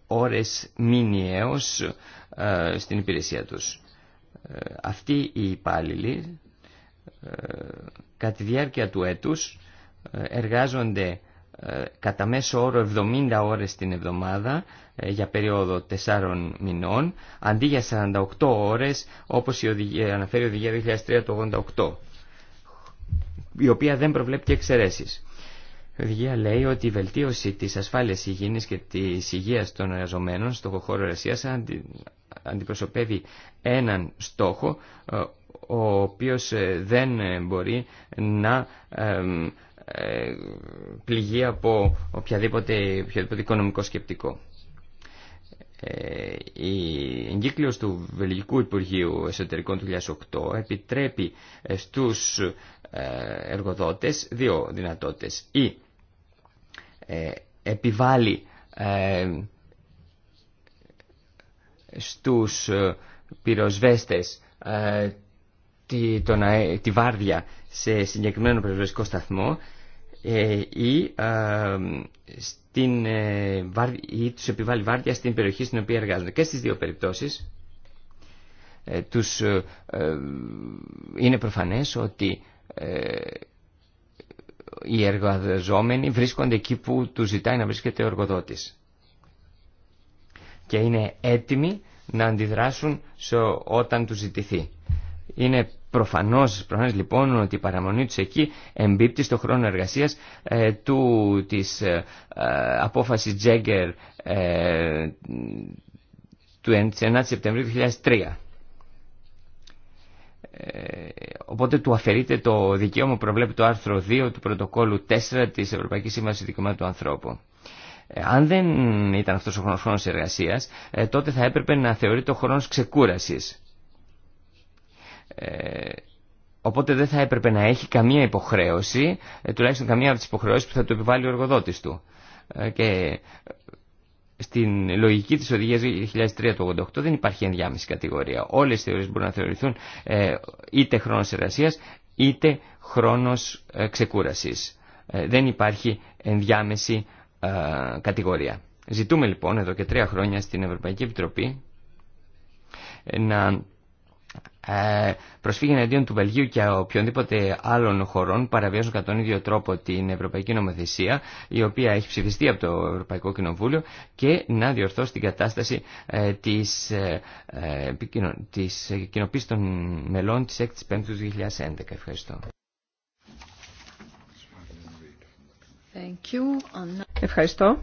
C: ώρες μηνιαίως στην υπηρεσία τους αυτοί οι υπάλληλοι ε, κατά τη διάρκεια του έτους ε, εργάζονται ε, κατά μέσο όρο 70 ώρες την εβδομάδα για περίοδο 4 μηνών αντί για 48 ώρες όπως η αναφέρει η Οδηγία 2003 το 88 η οποία δεν προβλέπει και εξαιρέσεις. Η λέει ότι η βελτίωση της ασφάλειας υγιεινής και της υγείας των εργαζομένων στο χώρο εργασίας αντιπροσωπεύει έναν στόχο ε, ο οποίος ε, δεν μπορεί να ε, πληγεί από οποιαδήποτε, οποιαδήποτε οικονομικό σκεπτικό. Η εγκύκλειος του Βελγικού Υπουργείου Εσωτερικών του 2008 επιτρέπει στους εργοδότες δύο δυνατότητες. Ή ε, επιβάλλει ε, στους ε, πυροσβέστες τη, τον, τη βάρδια σε συγκεκριμένο πυροσβεστικό σταθμό ή, στην, ή τους επιβάλλει βάρδια στην περιοχή στην οποία εργάζονται. Και στις δύο περιπτώσεις τους, είναι προφανές ότι οι εργαζόμενοι βρίσκονται εκεί που του ζητάει να βρίσκεται ο εργοδότης. Και είναι έτοιμοι να αντιδράσουν σε όταν του ζητηθεί. Είναι προφανώς, προφανώς λοιπόν ότι η παραμονή τους εκεί εμπίπτει στο χρόνο εργασίας ε, του, της ε, ε, απόφασης Τζέγκερ του 9 Σεπτεμβρίου 2003 οπότε του αφαιρείται το δικαίωμα που προβλέπει το άρθρο 2 του πρωτοκόλου 4 της Ευρωπαϊκής Σύμβασης Δικαιωμάτων του Ανθρώπου. Ε, αν δεν ήταν αυτός ο χρόνος εργασίας, ε, τότε θα έπρεπε να θεωρείται ο χρόνος ξεκούρασης. Ε, οπότε δεν θα έπρεπε να έχει καμία υποχρέωση, τουλάχιστον καμία από τις υποχρεώσεις που θα του επιβάλλει ο εργοδότης του. Και στην λογική της οδηγίας 2003 του 88 δεν υπάρχει ενδιάμεση κατηγορία. Όλες οι θεωρίες μπορούν να θεωρηθούν ε, είτε χρόνος εργασίας είτε χρόνος ε, ξεκούρασης. Ε, δεν υπάρχει ενδιάμεση ε, κατηγορία. Ζητούμε λοιπόν εδώ και τρία χρόνια στην Ευρωπαϊκή Επιτροπή να ε, προσφύγει εναντίον του Βελγίου και οποιονδήποτε άλλων χωρών παραβιάζουν κατά τον ίδιο τρόπο την Ευρωπαϊκή Νομοθεσία η οποία έχει ψηφιστεί από το Ευρωπαϊκό Κοινοβούλιο και να διορθώσει την κατάσταση ε, της, ε, ε κοινοποίησης των μελών της 6ης 5ης 2011. Ευχαριστώ. Thank
A: Ευχαριστώ.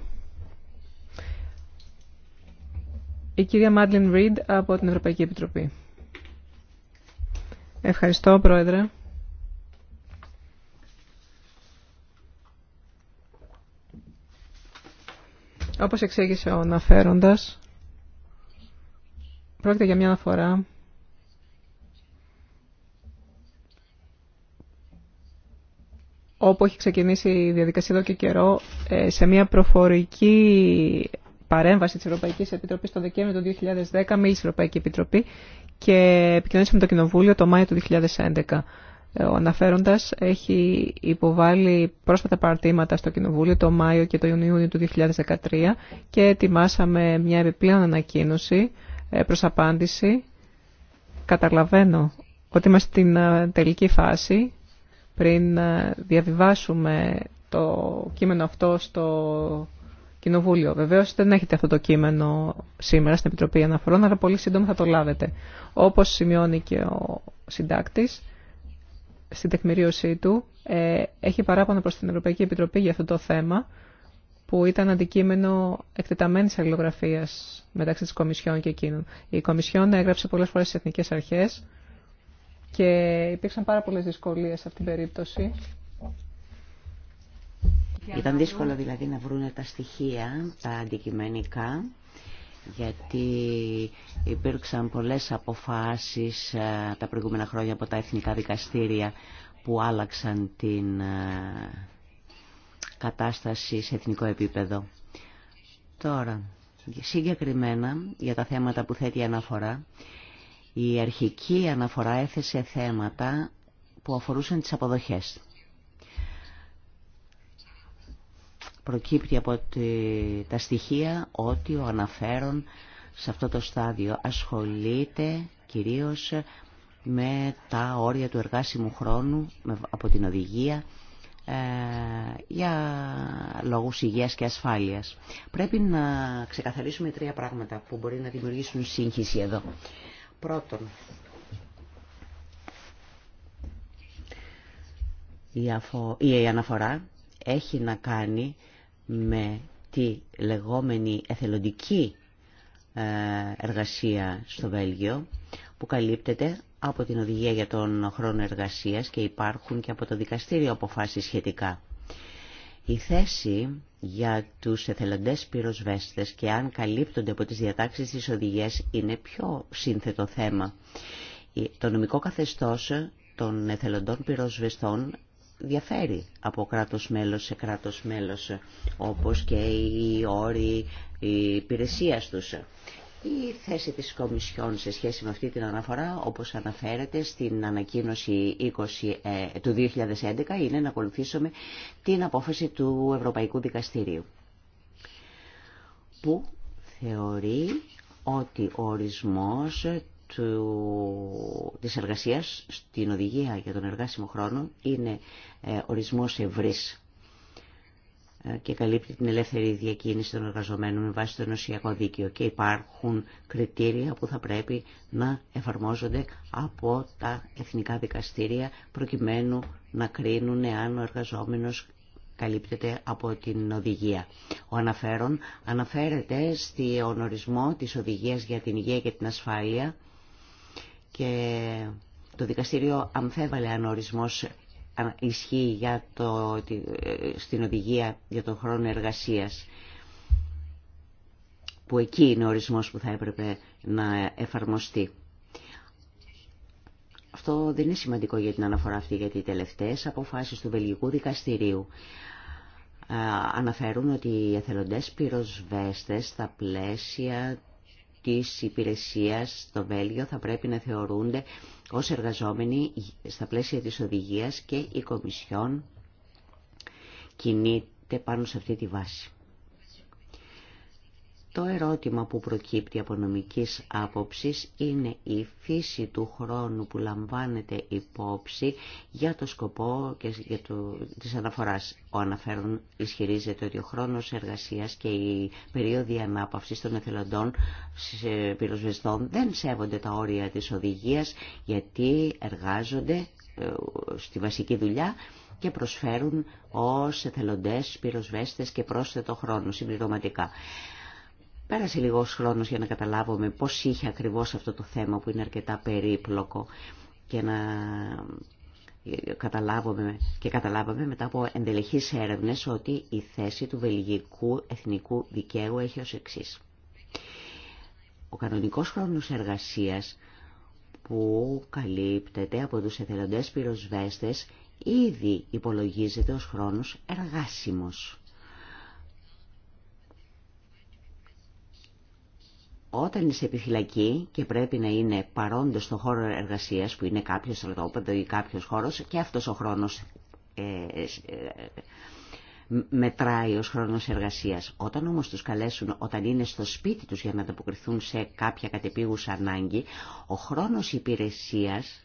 A: Η κυρία Μάντλιν Ριντ από την Ευρωπαϊκή Επιτροπή. Ευχαριστώ, Πρόεδρε. Όπως εξήγησε ο αναφέροντας, πρόκειται για μια αναφορά όπου έχει ξεκινήσει η διαδικασία εδώ και καιρό ε, σε μια προφορική παρέμβαση τη Ευρωπαϊκή Επίτροπή το Δεκέμβριο του 2010, μίλησε η Ευρωπαϊκή Επιτροπή και επικοινωνήσαμε το Κοινοβούλιο το Μάιο του 2011. Ε, ο αναφέροντας έχει υποβάλει πρόσφατα παρατήματα στο Κοινοβούλιο το Μάιο και το Ιούνιο του 2013 και ετοιμάσαμε μια επιπλέον ανακοίνωση ε, προς απάντηση. Καταλαβαίνω ότι είμαστε στην ε, τελική φάση πριν διαβιβάσουμε το κείμενο αυτό στο Κοινοβούλιο. Βεβαίω δεν έχετε αυτό το κείμενο σήμερα στην Επιτροπή Αναφορών, αλλά πολύ σύντομα θα το λάβετε. Όπω σημειώνει και ο συντάκτη, στην τεκμηρίωσή του ε, έχει παράπονα προ την Ευρωπαϊκή Επιτροπή για αυτό το θέμα, που ήταν αντικείμενο εκτεταμένη αλληλογραφία μεταξύ τη Κομισιόν και εκείνων. Η Κομισιόν έγραψε πολλέ φορέ στι εθνικέ αρχέ και υπήρξαν πάρα πολλέ δυσκολίε σε αυτήν την περίπτωση.
B: Ήταν δύσκολο δηλαδή να βρούνε τα στοιχεία, τα αντικειμενικά, γιατί υπήρξαν πολλές αποφάσεις ε, τα προηγούμενα χρόνια από τα εθνικά δικαστήρια που άλλαξαν την ε, κατάσταση σε εθνικό επίπεδο. Τώρα, συγκεκριμένα για τα θέματα που θέτει η αναφορά, η αρχική αναφορά έθεσε θέματα που αφορούσαν τις αποδοχές. προκύπτει από τα στοιχεία ότι ο αναφέρον σε αυτό το στάδιο ασχολείται κυρίως με τα όρια του εργάσιμου χρόνου από την οδηγία ε, για λόγους υγείας και ασφάλειας. Πρέπει να ξεκαθαρίσουμε τρία πράγματα που μπορεί να δημιουργήσουν σύγχυση εδώ. Πρώτον, η αναφορά έχει να κάνει με τη λεγόμενη εθελοντική ε, εργασία στο Βέλγιο που καλύπτεται από την Οδηγία για τον Χρόνο Εργασίας και υπάρχουν και από το Δικαστήριο αποφάσεις σχετικά. Η θέση για τους εθελοντές πυροσβέστες και αν καλύπτονται από τις διατάξεις της οδηγίας είναι πιο σύνθετο θέμα. Το νομικό καθεστώς των εθελοντών πυροσβεστών διαφέρει από κράτος μέλος σε κράτος μέλος, όπως και οι όροι υπηρεσία τους. Η θέση της Κομισιόν σε σχέση με αυτή την αναφορά, όπως αναφέρεται στην ανακοίνωση 20, ε, του 2011, είναι να ακολουθήσουμε την απόφαση του Ευρωπαϊκού Δικαστηρίου, που θεωρεί ότι ο ορισμός του, της εργασίας στην οδηγία για τον εργάσιμο χρόνο είναι ε, ορισμός ευρύς ε, και καλύπτει την ελεύθερη διακίνηση των εργαζομένων με βάση το ενωσιακό δίκαιο και υπάρχουν κριτήρια που θα πρέπει να εφαρμόζονται από τα εθνικά δικαστήρια προκειμένου να κρίνουν εάν ο εργαζόμενος καλύπτεται από την οδηγία. Ο αναφέρον αναφέρεται στον ορισμό της οδηγίας για την υγεία και την ασφάλεια και το δικαστήριο αμφέβαλε αν ορισμός ισχύει για το, στην οδηγία για τον χρόνο εργασίας που εκεί είναι ο ορισμός που θα έπρεπε να εφαρμοστεί. Αυτό δεν είναι σημαντικό για την αναφορά αυτή, γιατί οι τελευταίες αποφάσεις του Βελγικού Δικαστηρίου ε, αναφέρουν ότι οι εθελοντές πυροσβέστες στα πλαίσια της υπηρεσίας στο Βέλγιο θα πρέπει να θεωρούνται ως εργαζόμενοι στα πλαίσια της οδηγίας και η Κομισιόν κινείται πάνω σε αυτή τη βάση. Το ερώτημα που προκύπτει από νομικής άποψης είναι η φύση του χρόνου που λαμβάνεται υπόψη για το σκοπό και για το, της αναφοράς. Ο αναφέρον ισχυρίζεται ότι ο χρόνος εργασίας και η περίοδοι ανάπαυσης των εθελοντών ε, πυροσβεστών δεν σέβονται τα όρια της οδηγίας γιατί εργάζονται ε, στη βασική δουλειά και προσφέρουν ως εθελοντές, πυροσβέστες και πρόσθετο χρόνο συμπληρωματικά. Πέρασε λίγος χρόνος για να καταλάβουμε πώς είχε ακριβώς αυτό το θέμα που είναι αρκετά περίπλοκο και να καταλάβουμε και καταλάβαμε μετά από εντελεχείς έρευνες ότι η θέση του βελγικού εθνικού δικαίου έχει ως εξή. Ο κανονικός χρόνος εργασίας που καλύπτεται από τους εθελοντές πυροσβέστες ήδη υπολογίζεται ως χρόνος εργάσιμος. όταν είσαι επιφυλακή και πρέπει να είναι παρόντος στον χώρο εργασίας που είναι κάποιο στρατόπεδο ή κάποιος χώρος και αυτός ο χρόνος ε, ε, ε, μετράει ως χρόνος εργασίας. Όταν όμως τους καλέσουν, όταν είναι στο σπίτι τους για να ανταποκριθούν σε κάποια κατεπίγουσα ανάγκη, ο χρόνος υπηρεσίας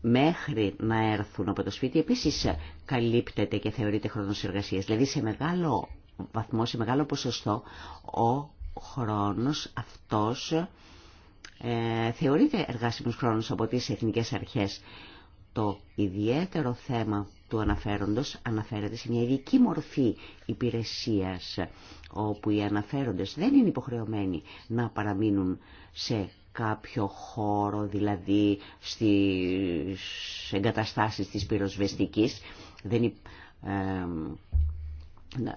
B: μέχρι να έρθουν από το σπίτι επίσης καλύπτεται και θεωρείται χρόνος εργασίας. Δηλαδή σε μεγάλο βαθμό, σε μεγάλο ποσοστό, ο χρόνος αυτός ε, θεωρείται εργάσιμος χρόνος από τις εθνικές αρχές. Το ιδιαίτερο θέμα του αναφέροντος αναφέρεται σε μια ειδική μορφή υπηρεσίας, όπου οι αναφέροντες δεν είναι υποχρεωμένοι να παραμείνουν σε κάποιο χώρο, δηλαδή στις εγκαταστάσεις της πυροσβεστικής. Δεν, ε, να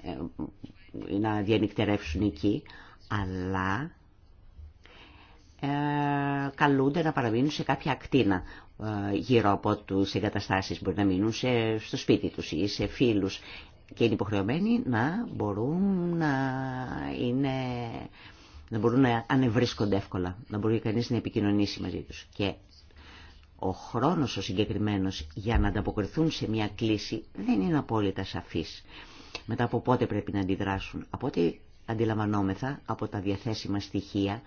B: ε, ε, διανυκτερεύσουν εκεί, αλλά ε, καλούνται να παραμείνουν σε κάποια ακτίνα γύρω από τους εγκαταστάσεις. Μπορεί να μείνουν σε, στο σπίτι τους ή σε φίλους και είναι υποχρεωμένοι να μπορούν να, είναι, να, μπορούν να ανεβρίσκονται εύκολα, να μπορεί κανείς να επικοινωνήσει μαζί τους. Και ο χρόνος ο συγκεκριμένος για να ανταποκριθούν σε μια κλίση δεν είναι απόλυτα σαφής μετά από πότε πρέπει να αντιδράσουν. Από ό,τι αντιλαμβανόμεθα από τα διαθέσιμα στοιχεία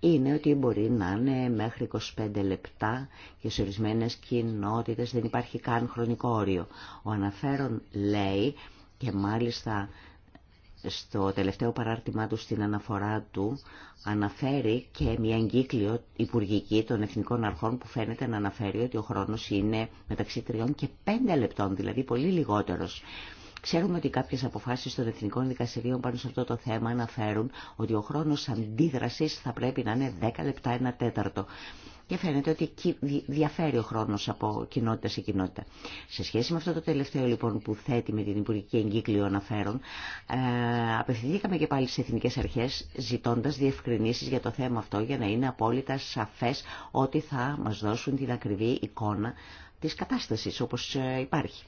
B: είναι ότι μπορεί να είναι μέχρι 25 λεπτά και σε ορισμένε κοινότητε δεν υπάρχει καν χρονικό όριο. Ο αναφέρον λέει και μάλιστα στο τελευταίο παράρτημά του στην αναφορά του αναφέρει και μια εγκύκλιο υπουργική των εθνικών αρχών που φαίνεται να αναφέρει ότι ο χρόνος είναι μεταξύ τριών και πέντε λεπτών, δηλαδή πολύ λιγότερος. Ξέρουμε ότι κάποιε αποφάσει των εθνικών δικαστηρίων πάνω σε αυτό το θέμα αναφέρουν ότι ο χρόνο αντίδραση θα πρέπει να είναι 10 λεπτά, 1 τέταρτο. Και φαίνεται ότι διαφέρει ο χρόνο από κοινότητα σε κοινότητα. Σε σχέση με αυτό το τελευταίο λοιπόν που θέτει με την Υπουργική Εγκύκλιο Αναφέρον, ε, απευθυνθήκαμε και πάλι στι εθνικέ αρχέ, ζητώντα διευκρινήσει για το θέμα αυτό για να είναι απόλυτα σαφέ ότι θα μα δώσουν την ακριβή εικόνα τη κατάσταση, όπω ε, υπάρχει.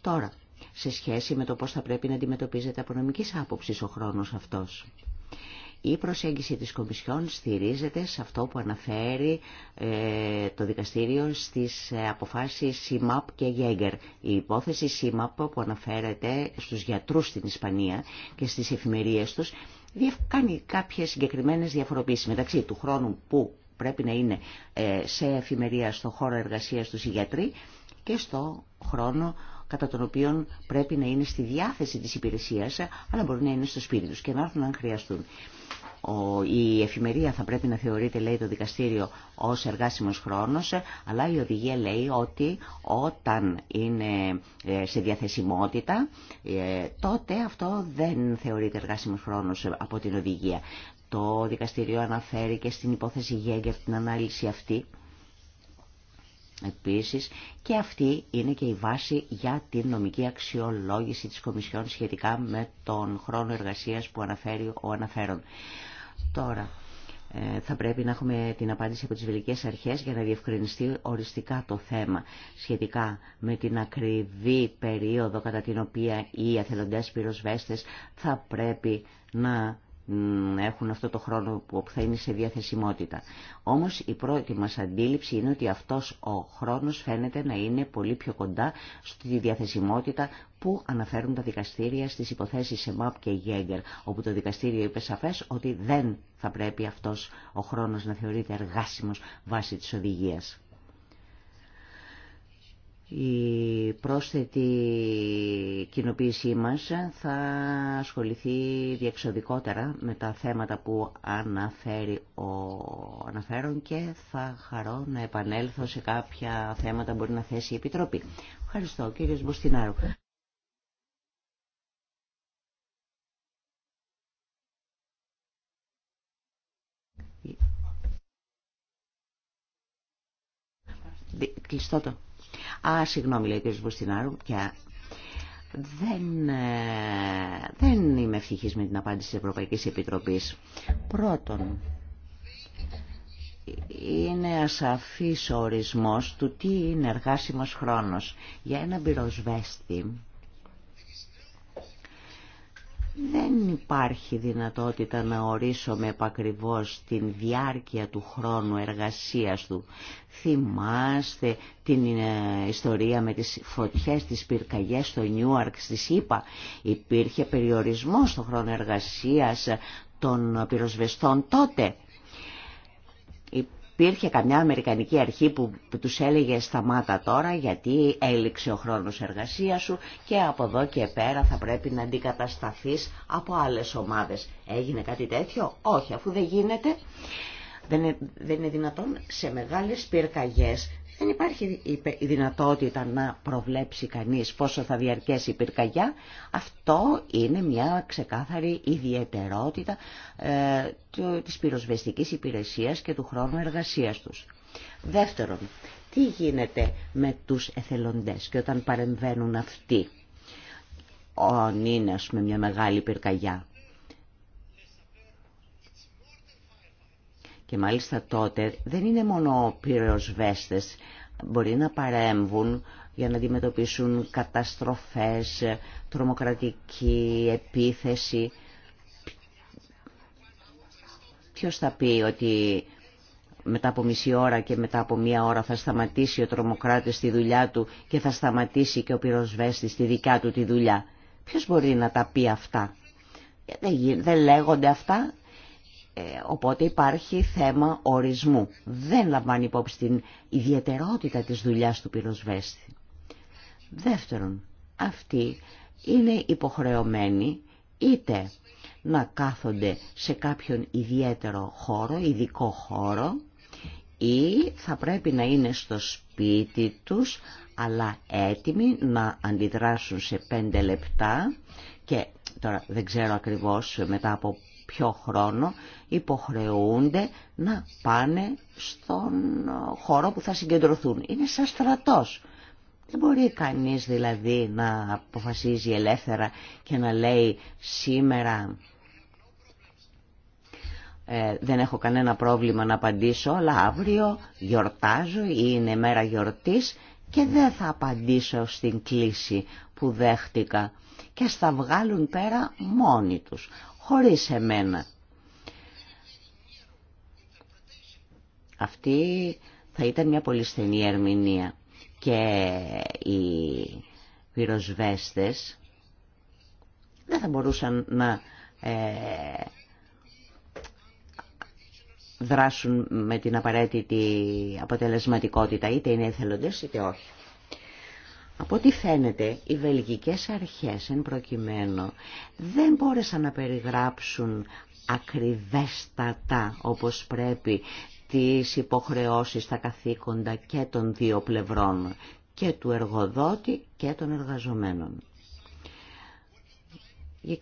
B: Τώρα, σε σχέση με το πώς θα πρέπει να αντιμετωπίζεται από νομικής άποψης ο χρόνος αυτός. Η προσέγγιση της Κομισιόν στηρίζεται σε αυτό που αναφέρει ε, το δικαστήριο στις ε, αποφάσεις ΣΥΜΑΠ και ΓΕΓΕΡ. Η υπόθεση ΣΥΜΑΠ που αναφέρεται στους γιατρούς στην Ισπανία και στις εφημερίες τους κάνει κάποιες συγκεκριμένες διαφοροποίησεις μεταξύ του χρόνου που πρέπει να είναι ε, σε εφημερία στο χώρο εργασίας του οι γιατροί και στο χρόνο κατά τον οποίο πρέπει να είναι στη διάθεση της υπηρεσίας, αλλά μπορεί να είναι στο σπίτι τους και να έρθουν αν χρειαστούν. Η εφημερία θα πρέπει να θεωρείται, λέει το δικαστήριο, ως εργάσιμος χρόνος, αλλά η οδηγία λέει ότι όταν είναι ε, σε διαθεσιμότητα, ε, τότε αυτό δεν θεωρείται εργάσιμος χρόνος από την οδηγία. Το δικαστήριο αναφέρει και στην υπόθεση Γέγκερ την ανάλυση αυτή, Επίσης και αυτή είναι και η βάση για την νομική αξιολόγηση της Κομισιόν σχετικά με τον χρόνο εργασίας που αναφέρει ο αναφέρον. Τώρα, ε, θα πρέπει να έχουμε την απάντηση από τις βελικές αρχές για να διευκρινιστεί οριστικά το θέμα σχετικά με την ακριβή περίοδο κατά την οποία οι αθελοντές πυροσβέστες θα πρέπει να έχουν αυτό το χρόνο που θα είναι σε διαθεσιμότητα. Όμως η πρώτη μας αντίληψη είναι ότι αυτός ο χρόνος φαίνεται να είναι πολύ πιο κοντά στη διαθεσιμότητα που αναφέρουν τα δικαστήρια στις υποθέσεις ΕΜΑΠ και ΓΕΓΕΡ, όπου το δικαστήριο είπε σαφές ότι δεν θα πρέπει αυτός ο χρόνος να θεωρείται εργάσιμος βάσει της οδηγίας. Η πρόσθετη κοινοποίησή μας θα ασχοληθεί διεξοδικότερα με τα θέματα που αναφέρει ο αναφέρον και θα χαρώ να επανέλθω σε κάποια θέματα που μπορεί να θέσει η Επιτροπή. Ευχαριστώ κύριε Μποστινάρου. Α, συγγνώμη, λέει ο κ. Βουστινάρου, δεν, ε, δεν είμαι ευτυχής με την απάντηση της Ευρωπαϊκής Επιτροπής. Πρώτον, είναι ασαφής ο ορισμός του τι είναι εργάσιμος χρόνος. Για ένα πυροσβέστη δεν υπάρχει δυνατότητα να ορίσουμε επακριβώς την διάρκεια του χρόνου εργασίας του. Θυμάστε την ε, ιστορία με τις φωτιές, τις πυρκαγιές στο Νιούαρκ, στη ΣΥΠΑ. Υπήρχε περιορισμός στο χρόνο εργασίας των πυροσβεστών τότε υπήρχε καμιά Αμερικανική αρχή που, τους έλεγε σταμάτα τώρα γιατί έληξε ο χρόνος εργασίας σου και από εδώ και πέρα θα πρέπει να αντικατασταθείς από άλλες ομάδες. Έγινε κάτι τέτοιο? Όχι, αφού δεν γίνεται. Δεν είναι, δεν είναι δυνατόν σε μεγάλες πυρκαγιές δεν υπάρχει η δυνατότητα να προβλέψει κανείς πόσο θα διαρκέσει η πυρκαγιά. Αυτό είναι μια ξεκάθαρη ιδιαιτερότητα ε, της πυροσβεστικής υπηρεσίας και του χρόνου εργασίας τους. Δεύτερον, τι γίνεται με τους εθελοντές και όταν παρεμβαίνουν αυτοί. Ον είναι, ας πούμε, μια μεγάλη πυρκαγιά Και μάλιστα τότε δεν είναι μόνο πυροσβέστες, μπορεί να παρέμβουν για να αντιμετωπίσουν καταστροφές, τρομοκρατική επίθεση. Ποιος θα πει ότι μετά από μισή ώρα και μετά από μία ώρα θα σταματήσει ο τρομοκράτης τη δουλειά του και θα σταματήσει και ο πυροσβέστης τη δικιά του τη δουλειά. Ποιος μπορεί να τα πει αυτά. Ε, δεν λέγονται αυτά, ε, οπότε υπάρχει θέμα ορισμού. Δεν λαμβάνει υπόψη την ιδιαιτερότητα της δουλειάς του πυροσβέστη. Δεύτερον, αυτοί είναι υποχρεωμένοι είτε να κάθονται σε κάποιον ιδιαίτερο χώρο, ειδικό χώρο, ή θα πρέπει να είναι στο σπίτι τους, αλλά έτοιμοι να αντιδράσουν σε πέντε λεπτά και τώρα δεν ξέρω ακριβώς μετά από ποιο χρόνο υποχρεούνται να πάνε στον χώρο που θα συγκεντρωθούν. Είναι σαν στρατός. Δεν μπορεί κανείς δηλαδή να αποφασίζει ελεύθερα και να λέει σήμερα ε, δεν έχω κανένα πρόβλημα να απαντήσω, αλλά αύριο γιορτάζω ή είναι μέρα γιορτής και δεν θα απαντήσω στην κλίση που δέχτηκα και θα βγάλουν πέρα μόνοι τους, χωρίς εμένα. Αυτή θα ήταν μια πολύ στενή ερμηνεία. Και οι πυροσβέστες δεν θα μπορούσαν να ε, δράσουν με την απαραίτητη αποτελεσματικότητα, είτε είναι εθελοντές είτε όχι. Από ό,τι φαίνεται, οι βελγικές αρχές, εν προκειμένου, δεν μπόρεσαν να περιγράψουν ακριβέστατα όπως πρέπει τις υποχρεώσεις, τα καθήκοντα και των δύο πλευρών, και του εργοδότη και των εργαζομένων.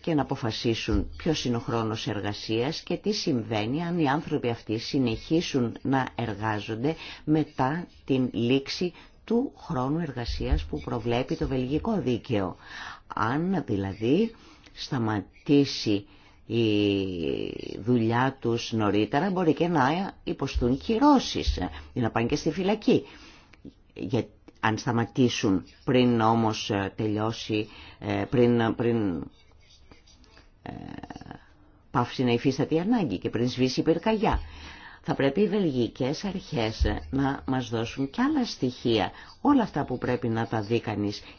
B: Και να αποφασίσουν ποιος είναι ο χρόνος εργασίας και τι συμβαίνει αν οι άνθρωποι αυτοί συνεχίσουν να εργάζονται μετά την λήξη του χρόνου εργασίας που προβλέπει το βελγικό δίκαιο. Αν δηλαδή σταματήσει η δουλειά τους νωρίτερα μπορεί και να υποστούν κυρώσεις ε, ή να πάνε και στη φυλακή για, αν σταματήσουν πριν όμως ε, τελειώσει ε, πριν, πριν ε, πάυσει να υφίσταται η ανάγκη και πριν σβήσει η πυρκαγιά θα πρέπει οι βελγικές αρχές να μας δώσουν και άλλα στοιχεία, όλα αυτά που πρέπει να τα δει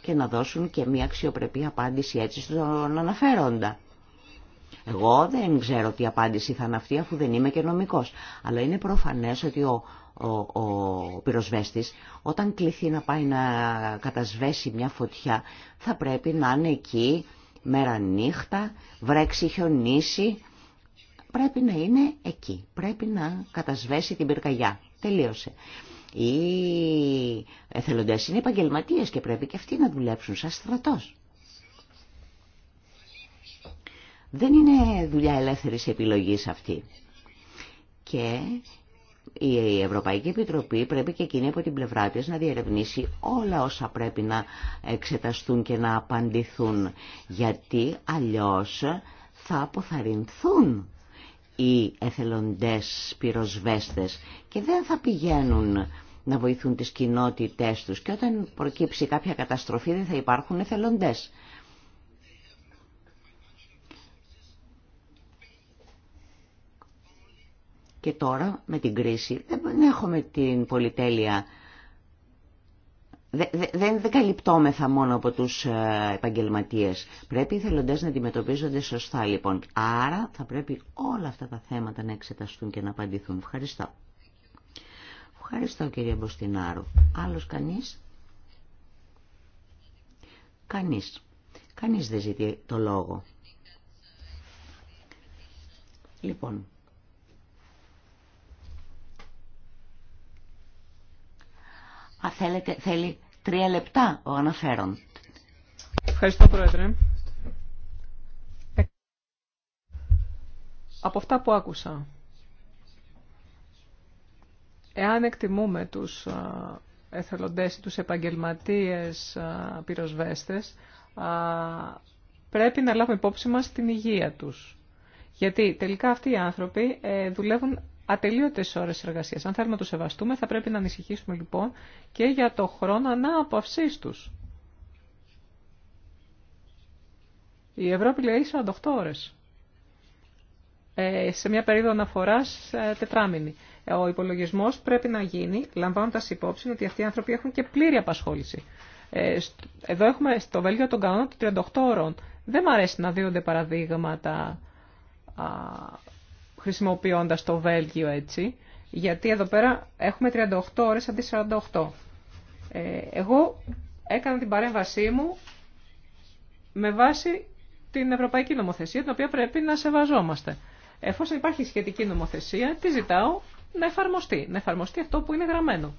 B: και να δώσουν και μια αξιοπρεπή απάντηση έτσι στον αναφέροντα. Εγώ δεν ξέρω τι απάντηση θα είναι αυτή αφού δεν είμαι και νομικός. Αλλά είναι προφανές ότι ο, ο, πυροσβέστης όταν κληθεί να πάει να κατασβέσει μια φωτιά θα πρέπει να είναι εκεί μέρα νύχτα, βρέξει χιονίσει. Πρέπει να είναι εκεί. Πρέπει να κατασβέσει την πυρκαγιά. Τελείωσε. Οι εθελοντές είναι επαγγελματίες και πρέπει και αυτοί να δουλέψουν σαν στρατός. Δεν είναι δουλειά ελεύθερης επιλογής αυτή. Και η Ευρωπαϊκή Επιτροπή πρέπει και εκείνη από την πλευρά της να διερευνήσει όλα όσα πρέπει να εξεταστούν και να απαντηθούν. Γιατί αλλιώς θα αποθαρρυνθούν οι εθελοντές πυροσβέστες και δεν θα πηγαίνουν να βοηθούν τις κοινότητές τους και όταν προκύψει κάποια καταστροφή δεν θα υπάρχουν εθελοντές. Και τώρα με την κρίση δεν έχουμε την πολυτέλεια. Δεν, δεν, καλυπτόμεθα μόνο από τους ε, επαγγελματίες. Πρέπει οι θελοντές να αντιμετωπίζονται σωστά λοιπόν. Άρα θα πρέπει όλα αυτά τα θέματα να εξεταστούν και να απαντηθούν. Ευχαριστώ. Ευχαριστώ κύριε Μποστινάρου. Άλλος κανείς. Κανείς. Κανείς δεν ζητεί το λόγο. Λοιπόν, Α, θέλει τρία λεπτά ο αναφέρον. Ευχαριστώ, Πρόεδρε.
A: Από αυτά που άκουσα, εάν εκτιμούμε τους εθελοντές, τους επαγγελματίες πυροσβέστες, πρέπει να λάβουμε υπόψη μας την υγεία τους. Γιατί τελικά αυτοί οι άνθρωποι ε, δουλεύουν Ατελείωτε ώρε εργασία. Αν θέλουμε να του σεβαστούμε θα πρέπει να ανησυχήσουμε λοιπόν και για το χρόνο ανάπαυσής του. Η Ευρώπη λέει 48 ώρες. Ε, σε μια περίοδο αναφορά ε, τετράμινη. Ο υπολογισμό πρέπει να γίνει λαμβάνοντα υπόψη ότι αυτοί οι άνθρωποι έχουν και πλήρη απασχόληση. Ε, εδώ έχουμε στο Βέλγιο τον κανόνα των 38 ώρων. Δεν μου αρέσει να δίνονται παραδείγματα χρησιμοποιώντας το Βέλγιο έτσι, γιατί εδώ πέρα έχουμε 38 ώρες αντί 48. Ε, εγώ έκανα την παρέμβασή μου με βάση την ευρωπαϊκή νομοθεσία, την οποία πρέπει να σεβαζόμαστε. Εφόσον υπάρχει σχετική νομοθεσία, τη ζητάω να εφαρμοστεί, να εφαρμοστεί αυτό που είναι γραμμένο.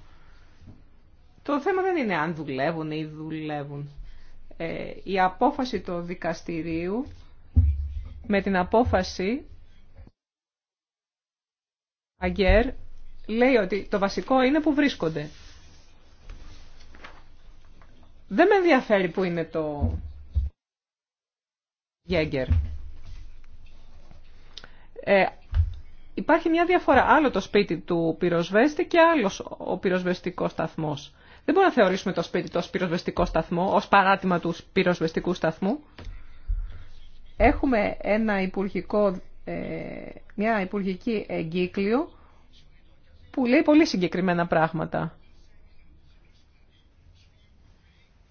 A: Το θέμα δεν είναι αν δουλεύουν ή δουλεύουν. Ε, η απόφαση του δικαστηρίου με την απόφαση Αγκέρ λέει ότι το βασικό είναι που βρίσκονται. Δεν με ενδιαφέρει που είναι το Γέγκερ. Ε, υπάρχει μια διαφορά. Άλλο το σπίτι του πυροσβέστη και άλλος ο πυροσβεστικός σταθμός. Δεν μπορούμε να θεωρήσουμε το σπίτι του ως πυροσβεστικό σταθμό, ως παράτημα του πυροσβεστικού σταθμού. Έχουμε ένα υπουργικό ε, μια υπουργική εγκύκλιο που λέει πολύ συγκεκριμένα πράγματα.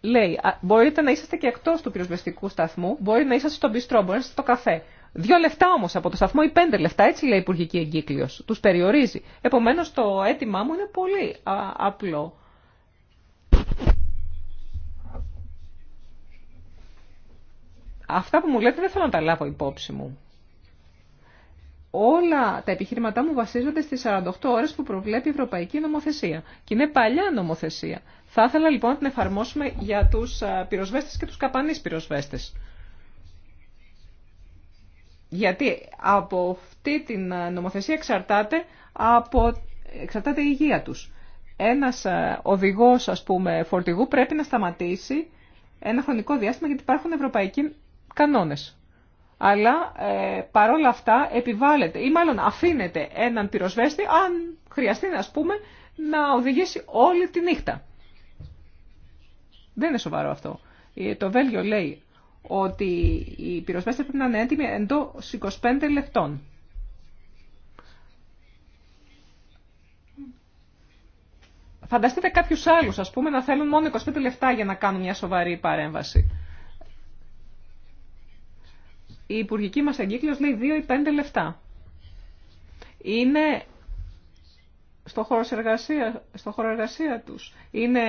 A: Λέει, μπορείτε να είσαστε και εκτός του πυροσβεστικού σταθμού, μπορεί να είσαστε στο πιστρό, μπορεί να είσαστε στο καφέ. Δύο λεφτά όμως από το σταθμό ή πέντε λεφτά, έτσι λέει η Υπουργική η υπουργικη εγκυκλιος Τους περιορίζει. Επομένως το αίτημά μου είναι πολύ απλό. Αυτά που μου λέτε δεν θέλω να τα λάβω υπόψη μου όλα τα επιχείρηματά μου βασίζονται στις 48 ώρες που προβλέπει η Ευρωπαϊκή Νομοθεσία. Και είναι παλιά νομοθεσία. Θα ήθελα λοιπόν να την εφαρμόσουμε για τους ε, πυροσβέστες και τους καπανείς πυροσβέστες. Γιατί από αυτή την ε, νομοθεσία εξαρτάται, από... εξαρτάται η υγεία τους. Ένας ε, οδηγός, ας πούμε, φορτηγού πρέπει να σταματήσει ένα χρονικό διάστημα γιατί υπάρχουν ευρωπαϊκοί κανόνες αλλά ε, παρόλα αυτά επιβάλλεται ή μάλλον αφήνεται έναν πυροσβέστη αν χρειαστεί να πούμε να οδηγήσει όλη τη νύχτα. Δεν είναι σοβαρό αυτό. Ε, το Βέλγιο λέει ότι οι πυροσβέστες πρέπει να είναι έτοιμοι εντός 25 λεπτών. Φανταστείτε κάποιους άλλους, ας πούμε, να θέλουν μόνο 25 λεπτά για να κάνουν μια σοβαρή παρέμβαση η υπουργική μας εγκύκλειος λέει 2 ή 5 λεφτά. Είναι στο χώρο εργασία, στο χώρο εργασία τους. Είναι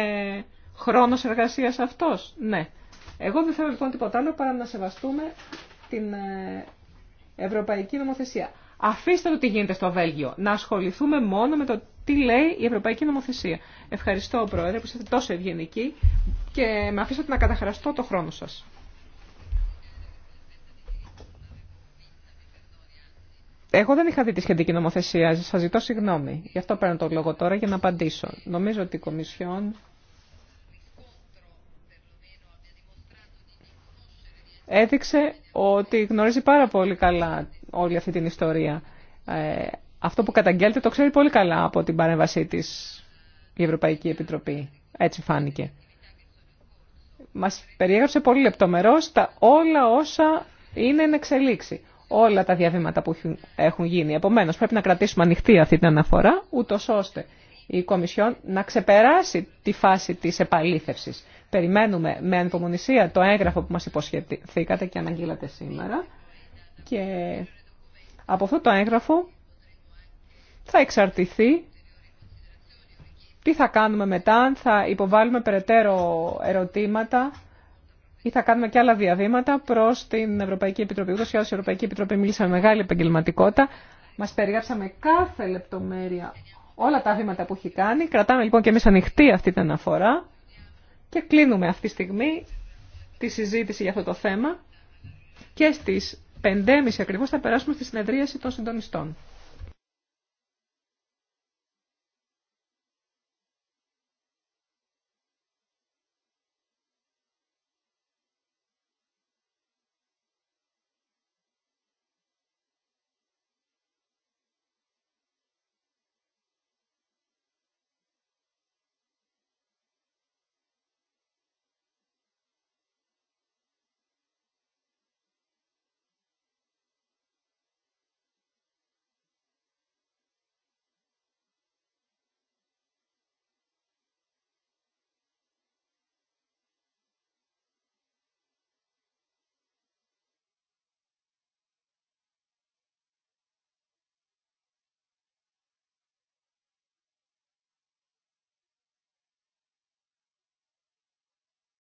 A: χρόνος εργασίας αυτός. Ναι. Εγώ δεν θέλω λοιπόν τίποτα άλλο παρά να σεβαστούμε την ε, ευρωπαϊκή νομοθεσία. Αφήστε το τι γίνεται στο Βέλγιο. Να ασχοληθούμε μόνο με το τι λέει η Ευρωπαϊκή Νομοθεσία. Ευχαριστώ, Πρόεδρε, που είστε τόσο ευγενικοί και με αφήσατε να καταχραστώ το χρόνο σας. Εγώ δεν είχα δει τη σχετική νομοθεσία. Σα ζητώ συγγνώμη. Γι' αυτό παίρνω το λόγο τώρα για να απαντήσω. Νομίζω ότι η Κομισιόν έδειξε ότι γνωρίζει πάρα πολύ καλά όλη αυτή την ιστορία. Ε, αυτό που καταγγέλλεται το ξέρει πολύ καλά από την παρέμβασή της η Ευρωπαϊκή Επιτροπή. Έτσι φάνηκε. Μας περιέγραψε πολύ λεπτομερώς όλα όσα είναι εν εξελίξη όλα τα διαβήματα που έχουν γίνει. Επομένω, πρέπει να κρατήσουμε ανοιχτή αυτή την αναφορά, ούτω ώστε η Κομισιόν να ξεπεράσει τη φάση τη επαλήθευση. Περιμένουμε με ανυπομονησία το έγγραφο που μα υποσχεθήκατε και αναγγείλατε σήμερα. Και από αυτό το έγγραφο θα εξαρτηθεί τι θα κάνουμε μετά, αν θα υποβάλουμε περαιτέρω ερωτήματα ή θα κάνουμε και άλλα διαβήματα προ την Ευρωπαϊκή Επιτροπή. Ούτω ή άλλω η Ευρωπαϊκή Επιτροπή μίλησε με μεγάλη επαγγελματικότητα. Μα περιγράψαμε κάθε λεπτομέρεια όλα τα βήματα που έχει κάνει. Κρατάμε λοιπόν και εμεί ανοιχτή αυτή την αναφορά και κλείνουμε αυτή τη στιγμή τη συζήτηση για αυτό το θέμα και στι 5.30 ακριβώ θα περάσουμε στη συνεδρίαση των συντονιστών.